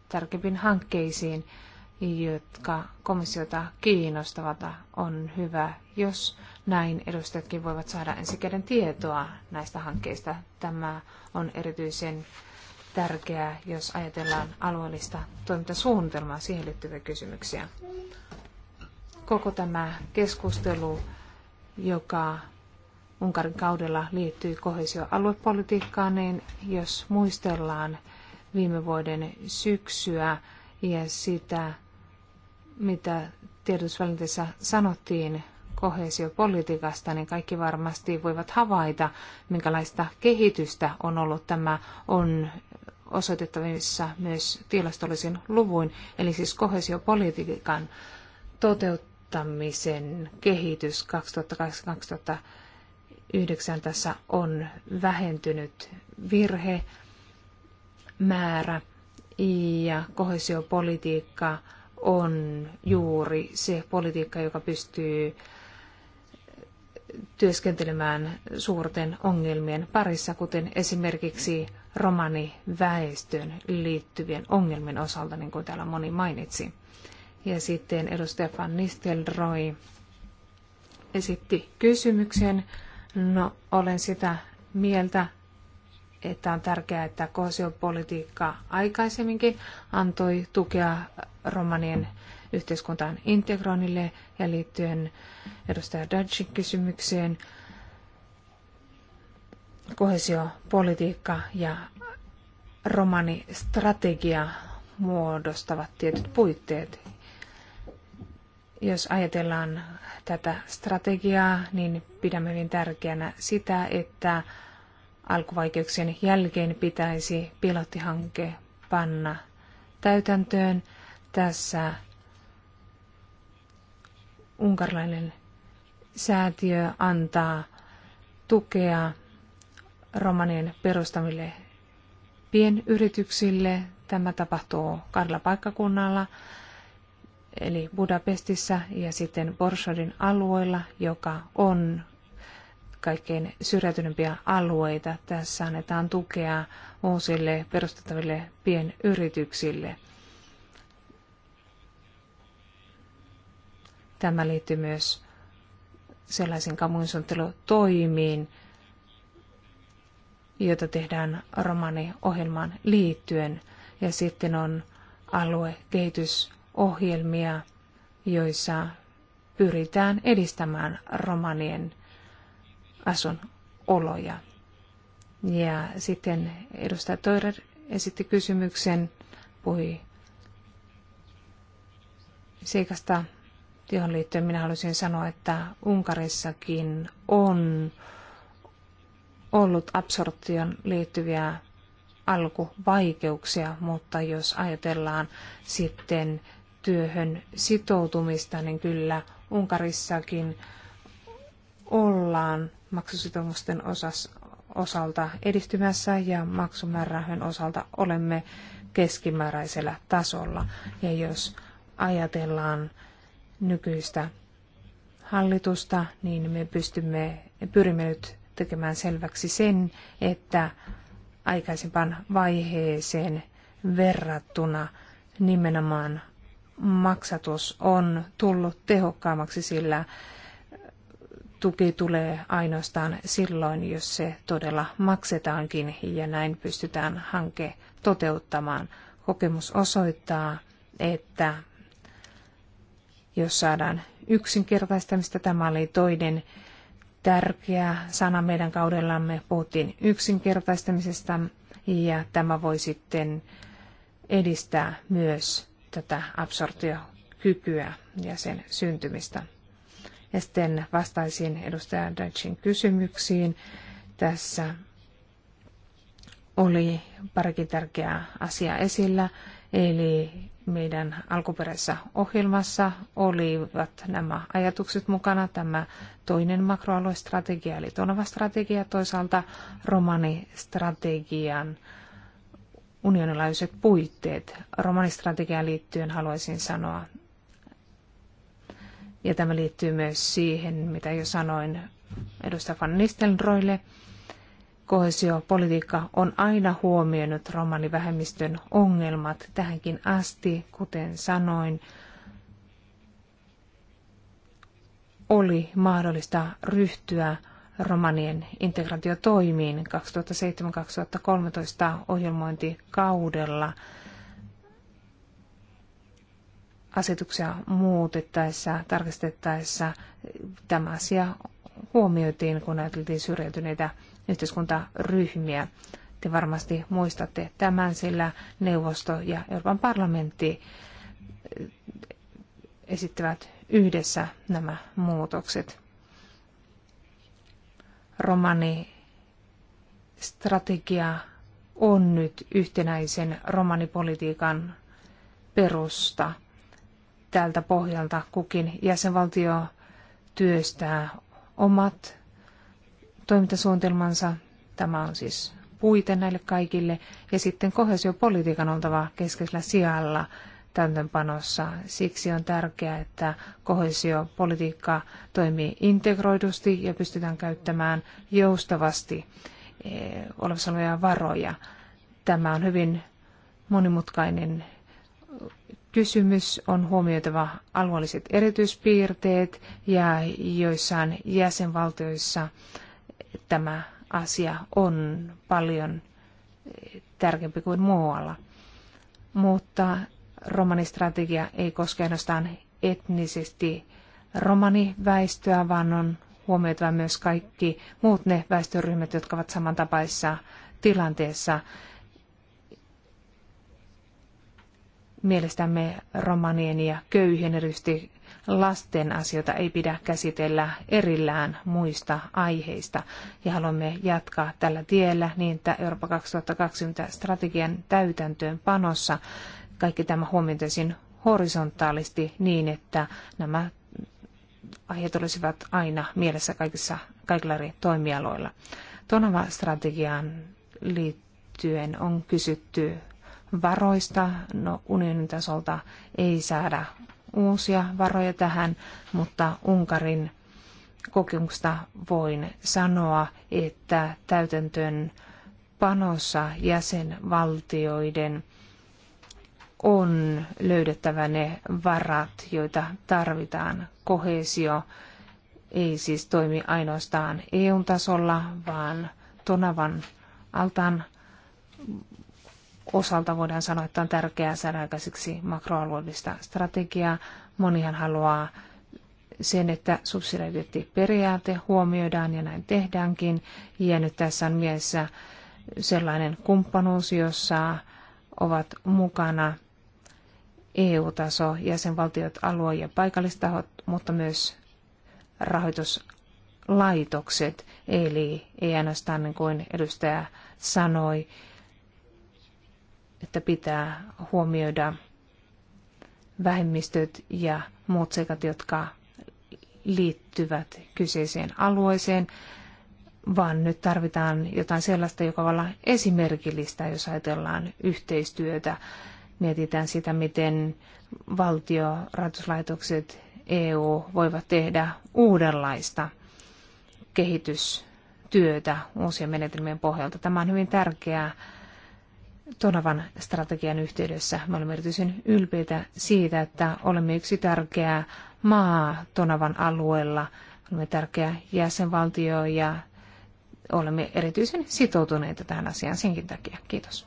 tärkeimpiin hankkeisiin jotka komissiota kiinnostavat, on hyvä, jos näin edustajatkin voivat saada ensikäden tietoa näistä hankkeista. Tämä on erityisen tärkeää, jos ajatellaan alueellista toimintasuunnitelmaa siihen liittyviä kysymyksiä. Koko tämä keskustelu, joka Unkarin kaudella liittyy kohesioaluepolitiikkaan, niin jos muistellaan viime vuoden syksyä ja sitä, mitä tiedotusvälineissä sanottiin kohesiopolitiikasta, niin kaikki varmasti voivat havaita, minkälaista kehitystä on ollut tämä on osoitettavissa myös tilastollisin luvuin, eli siis kohesiopolitiikan toteuttamisen kehitys 2008-2009 tässä on vähentynyt virhe määrä ja kohesiopolitiikka on juuri se politiikka, joka pystyy työskentelemään suurten ongelmien parissa, kuten esimerkiksi romaniväestöön liittyvien ongelmien osalta, niin kuin täällä moni mainitsi. Ja sitten edustaja Van Nistelrooy esitti kysymyksen. No, olen sitä mieltä, että on tärkeää, että kohesiopolitiikka aikaisemminkin antoi tukea romanien yhteiskuntaan integroinnille ja liittyen edustaja Dajin kysymykseen. Kohesiopolitiikka ja romanistrategia muodostavat tietyt puitteet. Jos ajatellaan tätä strategiaa, niin pidämme hyvin tärkeänä sitä, että alkuvaikeuksien jälkeen pitäisi pilottihanke panna täytäntöön. Tässä unkarilainen säätiö antaa tukea romanien perustamille pienyrityksille. Tämä tapahtuu kahdella paikkakunnalla, eli Budapestissa ja sitten Borsodin alueella, joka on kaikkein syrjäytyneimpiä alueita. Tässä annetaan tukea uusille perustettaville pienyrityksille. Tämä liittyy myös sellaisiin kamuinsuunnittelutoimiin, joita tehdään romaniohjelmaan liittyen. Ja sitten on aluekehitysohjelmia, joissa pyritään edistämään romanien asunoloja. Ja sitten edustaja Toirer esitti kysymyksen, puhui seikasta, johon liittyen minä haluaisin sanoa, että Unkarissakin on ollut absorption liittyviä alkuvaikeuksia, mutta jos ajatellaan sitten työhön sitoutumista, niin kyllä Unkarissakin ollaan maksusitoumusten osas, osalta edistymässä ja maksumäärärahojen osalta olemme keskimääräisellä tasolla. Ja jos ajatellaan nykyistä hallitusta, niin me pystymme, pyrimme nyt tekemään selväksi sen, että aikaisempaan vaiheeseen verrattuna nimenomaan maksatus on tullut tehokkaammaksi, sillä tuki tulee ainoastaan silloin, jos se todella maksetaankin ja näin pystytään hanke toteuttamaan. Kokemus osoittaa, että jos saadaan yksinkertaistamista, tämä oli toinen tärkeä sana meidän kaudellamme, puhuttiin yksinkertaistamisesta ja tämä voi sitten edistää myös tätä absorptiokykyä ja sen syntymistä. Ja sitten vastaisin edustaja Dutchin kysymyksiin. Tässä oli parikin tärkeää asiaa esillä, eli meidän alkuperäisessä ohjelmassa olivat nämä ajatukset mukana. Tämä toinen makroaluestrategia eli Tonava-strategia, toisaalta romanistrategian unioninlaajuiset puitteet. Romanistrategiaan liittyen haluaisin sanoa ja tämä liittyy myös siihen, mitä jo sanoin edustaja Van Nistelroille. Kohesiopolitiikka on aina huomioinut romanivähemmistön ongelmat tähänkin asti, kuten sanoin. Oli mahdollista ryhtyä romanien integraatiotoimiin 2007-2013 ohjelmointikaudella asetuksia muutettaessa, tarkistettaessa tämä asia huomioitiin, kun ajateltiin syrjäytyneitä yhteiskuntaryhmiä. Te varmasti muistatte tämän, sillä neuvosto ja Euroopan parlamentti eh, esittävät yhdessä nämä muutokset. Romani strategia on nyt yhtenäisen romanipolitiikan perusta – tältä pohjalta kukin jäsenvaltio työstää omat toimintasuunnitelmansa. Tämä on siis puite näille kaikille. Ja sitten kohesiopolitiikan oltava keskeisellä sijalla täytäntöönpanossa. Siksi on tärkeää, että kohesiopolitiikka toimii integroidusti ja pystytään käyttämään joustavasti eh, olevassa olevia varoja. Tämä on hyvin monimutkainen kysymys on huomioitava alueelliset erityispiirteet ja joissain jäsenvaltioissa tämä asia on paljon tärkeämpi kuin muualla. Mutta romanistrategia ei koske ainoastaan etnisesti romaniväestöä, vaan on huomioitava myös kaikki muut ne väestöryhmät, jotka ovat samantapaisessa tilanteessa. Mielestämme romanien ja köyhien erityisesti lasten asioita ei pidä käsitellä erillään muista aiheista ja haluamme jatkaa tällä tiellä niin, että Eurooppa 2020 strategian täytäntöön panossa kaikki tämä huomioitaisiin horisontaalisti niin, että nämä aiheet olisivat aina mielessä kaikissa, kaikilla eri toimialoilla. Tonava-strategiaan liittyen on kysytty varoista. No unionin tasolta ei saada uusia varoja tähän, mutta Unkarin kokemusta voin sanoa, että täytäntöön panossa jäsenvaltioiden on löydettävä ne varat, joita tarvitaan. Kohesio ei siis toimi ainoastaan EU-tasolla, vaan Tonavan altaan osalta voidaan sanoa, että on tärkeää saada aikaiseksi makroalueellista strategiaa. Monihan haluaa sen, että subsidiariteettiperiaate huomioidaan ja näin tehdäänkin. Ja nyt tässä on mielessä sellainen kumppanuus, jossa ovat mukana EU-taso, jäsenvaltiot, alue- ja paikallistahot, mutta myös rahoituslaitokset, eli ei ainoastaan niin kuin edustaja sanoi, että pitää huomioida vähemmistöt ja muut seikat, jotka liittyvät kyseiseen alueeseen, vaan nyt tarvitaan jotain sellaista, joka voi olla esimerkillistä, jos ajatellaan yhteistyötä. Mietitään sitä, miten valtio, rahoituslaitokset, EU voivat tehdä uudenlaista kehitystyötä uusien menetelmien pohjalta. Tämä on hyvin tärkeää Tonavan strategian yhteydessä. Me olemme erityisen ylpeitä siitä, että olemme yksi tärkeä maa Tonavan alueella. Olemme tärkeä jäsenvaltio ja olemme erityisen sitoutuneita tähän asiaan senkin takia. Kiitos.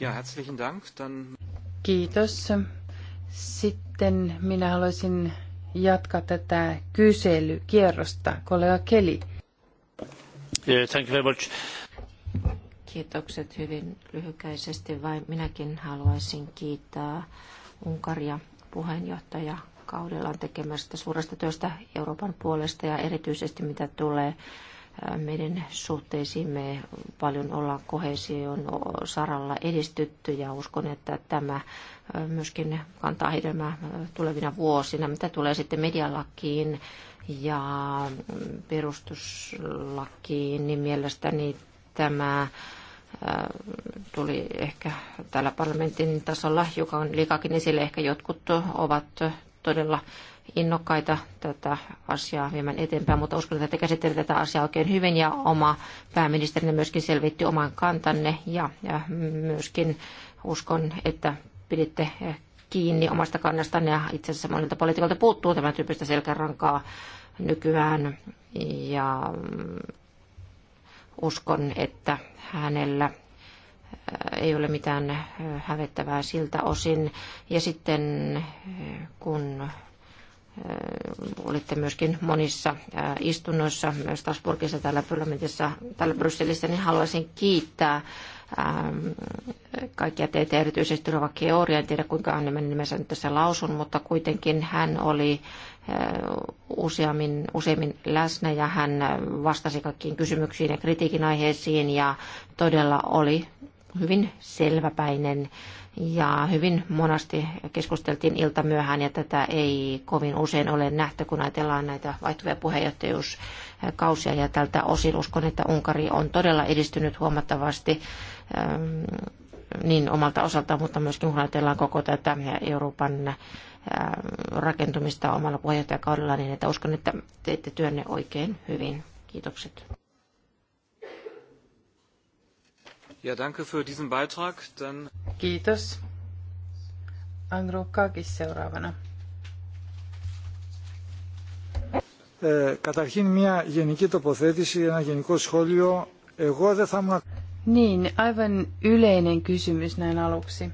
Ja, herzlichen Dank. Dann... Kiitos. Sitten minä haluaisin jatkaa tätä kyselykierrosta. Kollega Keli. Yeah, thank you very much. Kiitokset hyvin lyhykäisesti, vain minäkin haluaisin kiittää Unkaria puheenjohtaja kaudellaan tekemästä suuresta työstä Euroopan puolesta ja erityisesti mitä tulee meidän suhteisiimme paljon ollaan kohesion saralla edistytty ja uskon, että tämä myöskin kantaa hedelmää tulevina vuosina. Mitä tulee sitten medialakiin ja perustuslakiin, niin mielestäni tämä tuli ehkä täällä parlamentin tasolla, joka on liikakin esille. Ehkä jotkut ovat todella innokkaita tätä asiaa viemään eteenpäin, mutta uskon, että te käsittelette tätä asiaa oikein hyvin ja oma pääministerinne myöskin selvitti oman kantanne ja, ja myöskin uskon, että piditte kiinni omasta kannastanne ja itse asiassa monilta poliitikolta puuttuu tämän tyyppistä selkärankaa nykyään ja uskon, että hänellä äh, ei ole mitään äh, hävettävää siltä osin. Ja sitten äh, kun Äh, olitte myöskin monissa äh, istunnoissa, myös Strasbourgissa täällä parlamentissa, täällä Brysselissä, niin haluaisin kiittää ähm, kaikkia teitä, erityisesti Rova Georgia, en tiedä kuinka hän nimensä nyt tässä lausun, mutta kuitenkin hän oli äh, useammin, useammin läsnä ja hän vastasi kaikkiin kysymyksiin ja kritiikin aiheisiin ja todella oli hyvin selväpäinen ja hyvin monasti keskusteltiin ilta myöhään ja tätä ei kovin usein ole nähty, kun ajatellaan näitä vaihtuvia puheenjohtajuuskausia. Ja tältä osin uskon, että Unkari on todella edistynyt huomattavasti ähm, niin omalta osaltaan, mutta myöskin kun ajatellaan koko tätä Euroopan ähm, rakentumista omalla puheenjohtajakaudella, niin että uskon, että teette työnne oikein hyvin. Kiitokset. Ja, danke für diesen Beitrag. Dann... Kiitos. Kakis seuraavana. Ε, καταρχήν μια γενική τοποθέτηση, ένα γενικό σχόλιο. Εγώ δεν θα ήμουν... Niin, aivan yleinen kysymys näin aluksi.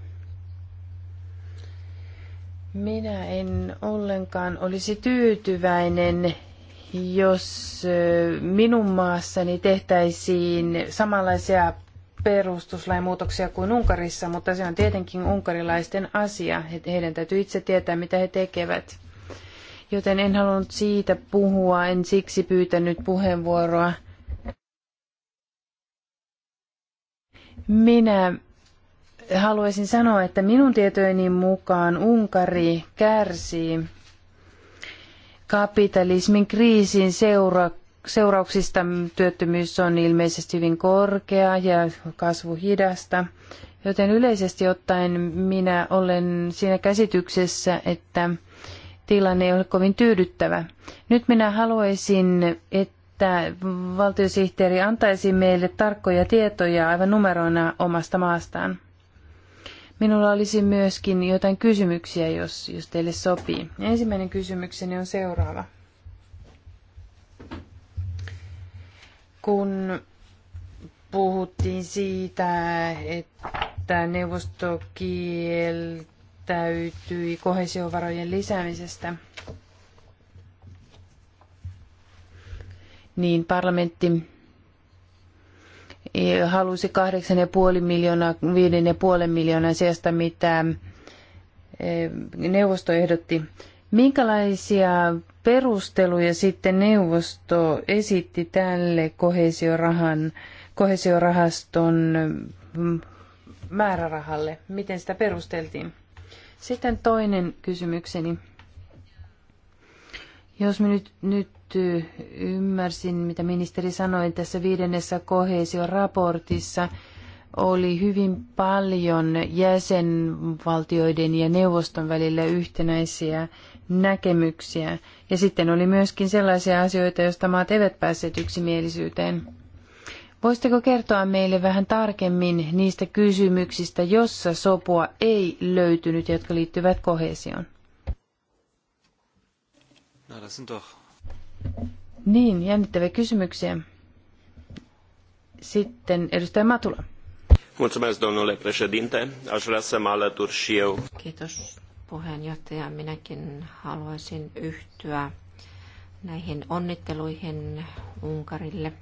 Minä en ollenkaan olisi tyytyväinen, jos minun maassani tehtäisiin samanlaisia perustuslain muutoksia kuin Unkarissa, mutta se on tietenkin unkarilaisten asia. Heidän täytyy itse tietää, mitä he tekevät. Joten en halunnut siitä puhua, en siksi pyytänyt puheenvuoroa. Minä haluaisin sanoa, että minun tietojeni mukaan Unkari kärsii kapitalismin kriisin seura- seurauksista työttömyys on ilmeisesti hyvin korkea ja kasvu hidasta. Joten yleisesti ottaen minä olen siinä käsityksessä, että tilanne ei ole kovin tyydyttävä. Nyt minä haluaisin, että valtiosihteeri antaisi meille tarkkoja tietoja aivan numeroina omasta maastaan. Minulla olisi myöskin jotain kysymyksiä, jos, jos teille sopii. Ensimmäinen kysymykseni on seuraava. kun puhuttiin siitä, että neuvosto kieltäytyi kohesiovarojen lisäämisestä, niin parlamentti halusi 8,5 miljoonaa 5,5 miljoonaa sijasta, mitä eh, neuvosto ehdotti. Minkälaisia perusteluja sitten neuvosto esitti tälle kohesiorahan, kohesiorahaston mm, määrärahalle? Miten sitä perusteltiin? Sitten toinen kysymykseni. Jos mä nyt, nyt ymmärsin, mitä ministeri sanoi tässä viidennessä kohesioraportissa, oli hyvin paljon jäsenvaltioiden ja neuvoston välillä yhtenäisiä näkemyksiä. Ja sitten oli myöskin sellaisia asioita, joista maat eivät päässeet yksimielisyyteen. Voisitteko kertoa meille vähän tarkemmin niistä kysymyksistä, jossa sopua ei löytynyt, jotka liittyvät kohesioon? No, Niin, jännittäviä kysymyksiä. Sitten edustaja Matula. Mulțumesc, domnule președinte. Aș vrea să mă alătur și eu. Kiitos, puheenjohtaja. Minäkin haluaisin yhtyä näihin onnitteluihin Unkarille.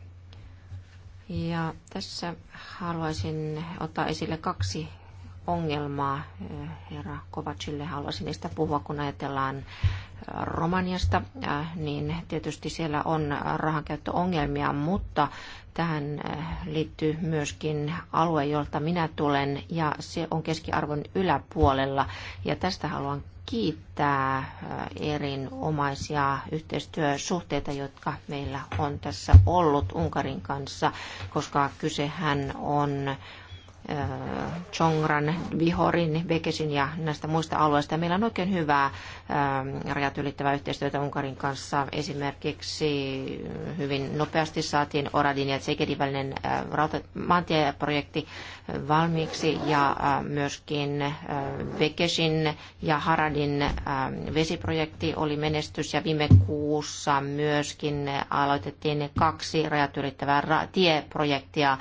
Ja tässä haluaisin ottaa esille kaksi ongelmaa. Herra Kovacille haluaisin niistä puhua, kun ajatellaan Romaniasta, niin tietysti siellä on rahankäyttöongelmia, mutta Tähän äh, liittyy myöskin alue, jolta minä tulen, ja se on keskiarvon yläpuolella. Ja tästä haluan kiittää äh, erinomaisia yhteistyösuhteita, jotka meillä on tässä ollut Unkarin kanssa, koska kysehän on Chongran, Vihorin, Bekesin ja näistä muista alueista. Meillä on oikein hyvää rajat ylittävää yhteistyötä Unkarin kanssa. Esimerkiksi hyvin nopeasti saatiin Oradin ja Tsegedin välinen maantieprojekti valmiiksi ja myöskin Bekesin ja Haradin vesiprojekti oli menestys ja viime kuussa myöskin aloitettiin kaksi rajat ylittävää tieprojektia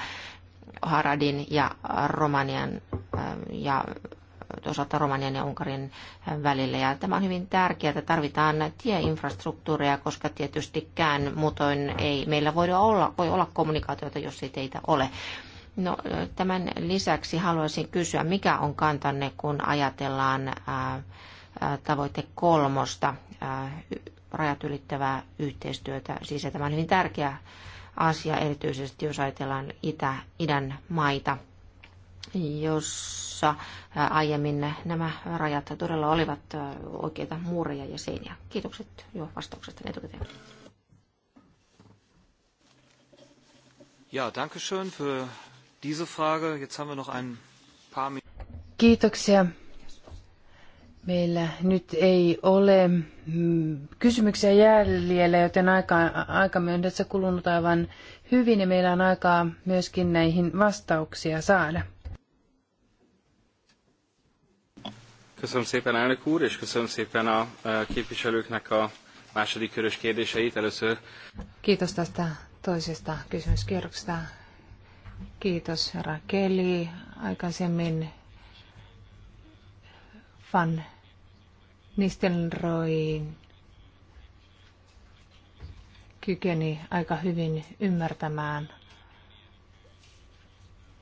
Haradin ja Romanian ähm, ja toisaalta Romanian ja Unkarin ähm, välillä. Ja tämä on hyvin tärkeää, että tarvitaan tieinfrastruktuuria, koska tietystikään muutoin ei meillä voi olla, voi olla kommunikaatiota, jos ei teitä ole. No, tämän lisäksi haluaisin kysyä, mikä on kantanne, kun ajatellaan ää, äh, äh, tavoite kolmosta, ää, äh, rajat ylittävää yhteistyötä. Siis tämä on hyvin tärkeä asia erityisesti jos ajatellaan itä, idän maita, jossa aiemmin nämä rajat todella olivat oikeita muureja ja seiniä. Kiitokset jo vastauksesta etukäteen. Ja, danke schön für diese Frage. Jetzt haben wir noch ein paar Minuten. Kiitoksia Meillä nyt ei ole mm, kysymyksiä jäljellä, joten aika, aika on tässä kulunut aivan hyvin ja meillä on aikaa myöskin näihin vastauksia saada. Köszönöm szépen elnök úr, és köszönöm szépen a e, képviselőknek a második körös kérdéseit először. Kiitos tästä toisesta kysymyskierroksesta. Kiitos Rakeli aikaisemmin Van Nistelrooy kykeni aika hyvin ymmärtämään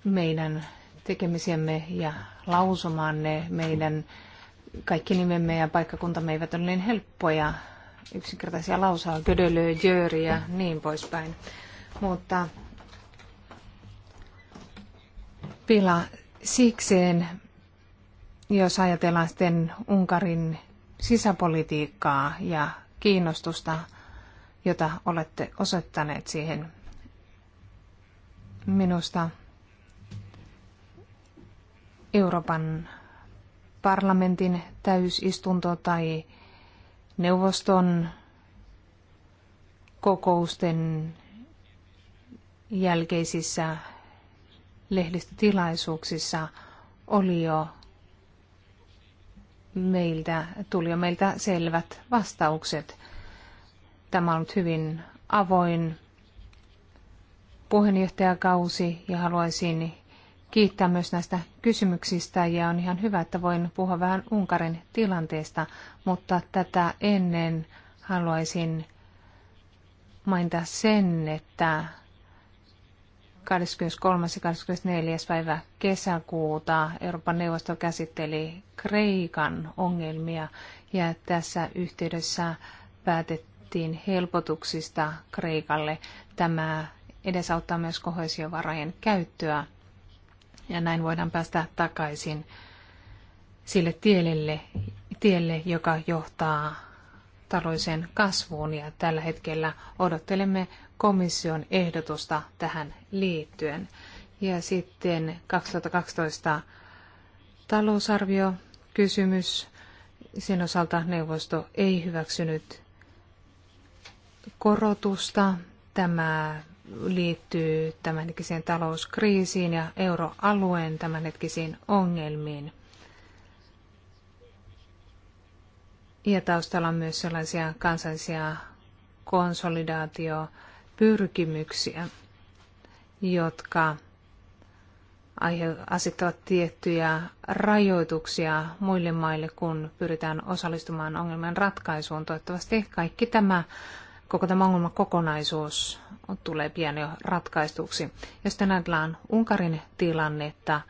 meidän tekemisemme ja ne meidän kaikki nimemme ja paikkakuntamme eivät ole niin helppoja, yksinkertaisia lausaa, gödölö, jööri ja niin poispäin. Mutta pila sikseen jos ajatellaan sitten Unkarin sisäpolitiikkaa ja kiinnostusta, jota olette osoittaneet siihen minusta Euroopan parlamentin täysistunto tai neuvoston kokousten jälkeisissä lehdistötilaisuuksissa oli jo meiltä, tuli jo meiltä selvät vastaukset. Tämä on ollut hyvin avoin puheenjohtajakausi ja haluaisin kiittää myös näistä kysymyksistä ja on ihan hyvä, että voin puhua vähän Unkarin tilanteesta, mutta tätä ennen haluaisin mainita sen, että 23. ja 24. päivä kesäkuuta Euroopan neuvosto käsitteli Kreikan ongelmia ja tässä yhteydessä päätettiin helpotuksista Kreikalle. Tämä edesauttaa myös kohesiovarojen käyttöä ja näin voidaan päästä takaisin sille tielle, tielle joka johtaa taloisen kasvuun ja tällä hetkellä odottelemme komission ehdotusta tähän liittyen. Ja sitten 2012 talousarvio kysymys. Sen osalta neuvosto ei hyväksynyt korotusta. Tämä liittyy tämänhetkiseen talouskriisiin ja euroalueen tämänhetkisiin ongelmiin. Ja taustalla on myös sellaisia kansallisia konsolidaatio- pyrkimyksiä, jotka asettavat tiettyjä rajoituksia muille maille, kun pyritään osallistumaan ongelman ratkaisuun. Toivottavasti kaikki tämä, koko tämä kokonaisuus tulee pian jo ratkaistuksi. Jos tänään Unkarin tilannetta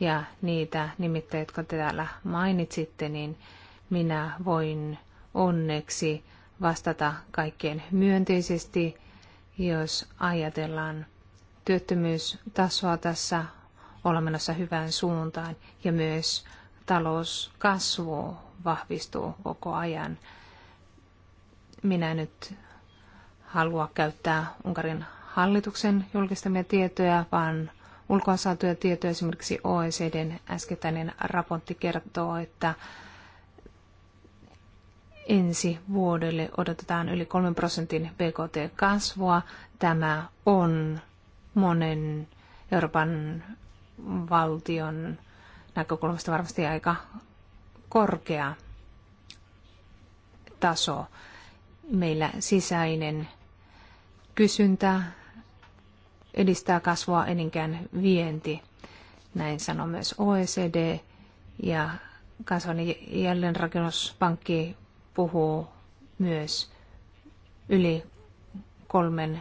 ja niitä nimittäin, jotka te täällä mainitsitte, niin minä voin onneksi vastata kaikkeen myönteisesti jos ajatellaan työttömyystasoa tässä olla menossa hyvään suuntaan ja myös talouskasvu vahvistuu koko ajan. Minä nyt halua käyttää Unkarin hallituksen julkistamia tietoja, vaan ulkoa saatuja tietoja. Esimerkiksi OECDn äskettäinen raportti kertoo, että ensi vuodelle odotetaan yli 3 prosentin BKT-kasvua. Tämä on monen Euroopan valtion näkökulmasta varmasti aika korkea taso. Meillä sisäinen kysyntä edistää kasvua eninkään vienti. Näin sanoo myös OECD ja kansainvälinen jälleenrakennuspankki puhuu myös yli kolmen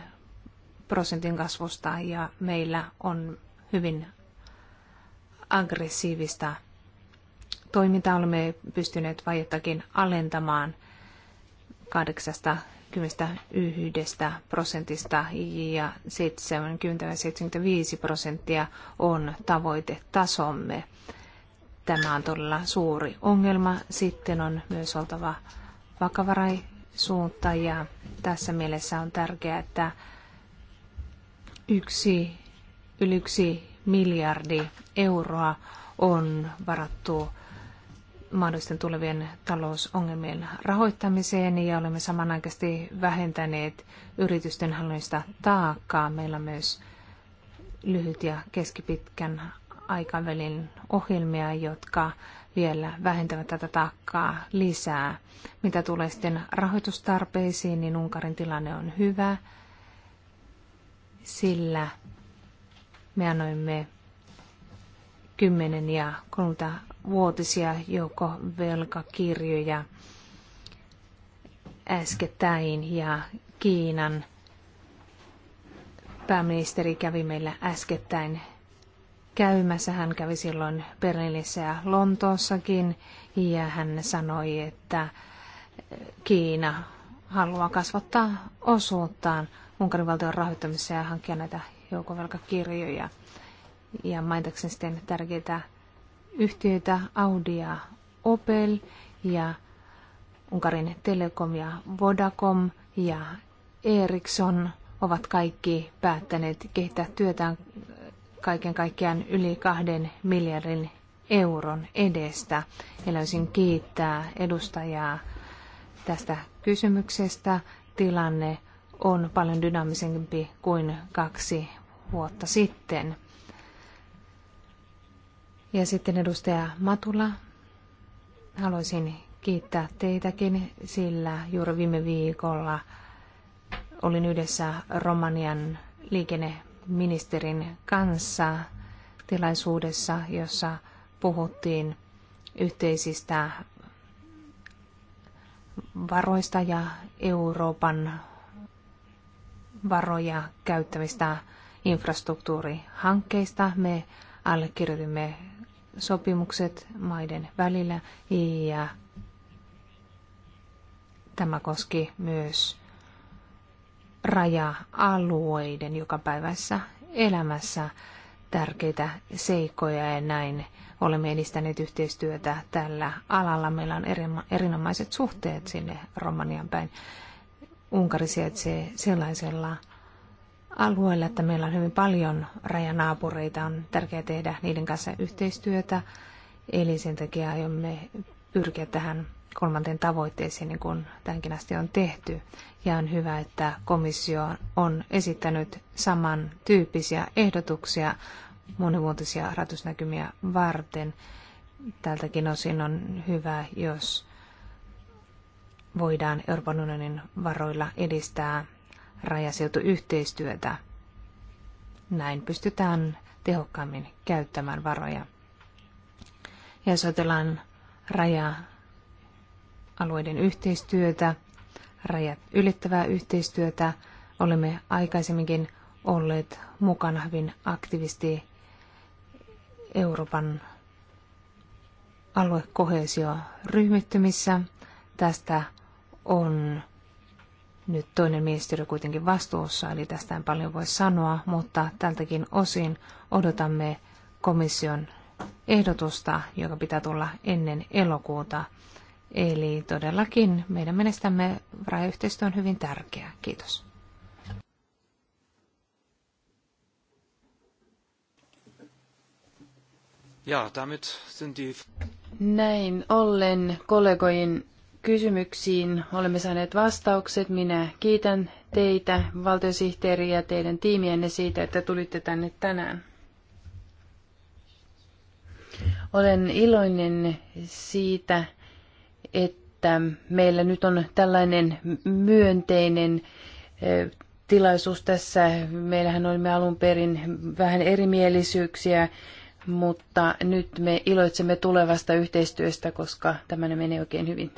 prosentin kasvusta ja meillä on hyvin aggressiivista toimintaa. Olemme pystyneet vajettakin alentamaan 81 prosentista ja 70-75 prosenttia on tavoitetasomme. Tämä on todella suuri ongelma. Sitten on myös oltava vakavaraisuutta ja tässä mielessä on tärkeää, että yksi, yli yksi miljardi euroa on varattu mahdollisten tulevien talousongelmien rahoittamiseen ja olemme samanaikaisesti vähentäneet yritysten hallinnollista taakkaa. Meillä on myös lyhyt ja keskipitkän aikavälin ohjelmia, jotka vielä vähentävät tätä taakkaa lisää. Mitä tulee sitten rahoitustarpeisiin, niin Unkarin tilanne on hyvä, sillä me annoimme 10 ja 30 vuotisia joko velkakirjoja äskettäin ja Kiinan pääministeri kävi meillä äskettäin käymässä. Hän kävi silloin Berliinissä ja Lontoossakin ja hän sanoi, että eh, Kiina haluaa kasvattaa osuuttaan Unkarin valtion rahoittamisessa ja hankkia näitä joukovelkakirjoja. Ja mainitakseni sitten tärkeitä yhtiöitä Audi ja Opel ja Unkarin Telekom ja Vodacom ja Ericsson ovat kaikki päättäneet kehittää työtään kaiken kaikkiaan yli kahden miljardin euron edestä. Haluaisin kiittää edustajaa tästä kysymyksestä. Tilanne on paljon dynaamisempi kuin kaksi vuotta sitten. Ja sitten edustaja Matula, haluaisin kiittää teitäkin, sillä juuri viime viikolla olin yhdessä Romanian liikenne ministerin kanssa tilaisuudessa, jossa puhuttiin yhteisistä varoista ja Euroopan varoja käyttämistä infrastruktuurihankkeista. Me allekirjoitimme sopimukset maiden välillä ja tämä koski myös raja-alueiden jokapäiväisessä elämässä tärkeitä seikkoja ja näin olemme edistäneet yhteistyötä tällä alalla. Meillä on erinomaiset suhteet sinne Romanian päin. Unkari sijaitsee sellaisella alueella, että meillä on hyvin paljon rajanaapureita. On tärkeää tehdä niiden kanssa yhteistyötä, eli sen takia aiomme pyrkiä tähän kolmanteen tavoitteeseen, niin kuin tämänkin asti on tehty ja on hyvä, että komissio on esittänyt samantyyppisiä ehdotuksia monivuotisia rahoitusnäkymiä varten. Tältäkin osin on hyvä, jos voidaan Euroopan unionin varoilla edistää rajaseutuyhteistyötä. Näin pystytään tehokkaammin käyttämään varoja. Ja jos ajatellaan raja-alueiden yhteistyötä, rajat ylittävää yhteistyötä. Olemme aikaisemminkin olleet mukana hyvin aktiivisesti Euroopan aluekohesioryhmittymissä. Tästä on nyt toinen ministeriö kuitenkin vastuussa, eli tästä en paljon voi sanoa, mutta tältäkin osin odotamme komission ehdotusta, joka pitää tulla ennen elokuuta. Eli todellakin meidän mielestämme rajayhteistyö on hyvin tärkeää. Kiitos. Ja, damit sind die... Näin ollen kollegojen kysymyksiin olemme saaneet vastaukset. Minä kiitän teitä, valtiosihteeri ja teidän tiimienne siitä, että tulitte tänne tänään. Olen iloinen siitä, että meillä nyt on tällainen myönteinen tilaisuus tässä. Meillähän olimme alun perin vähän erimielisyyksiä, mutta nyt me iloitsemme tulevasta yhteistyöstä, koska tämä menee oikein hyvin.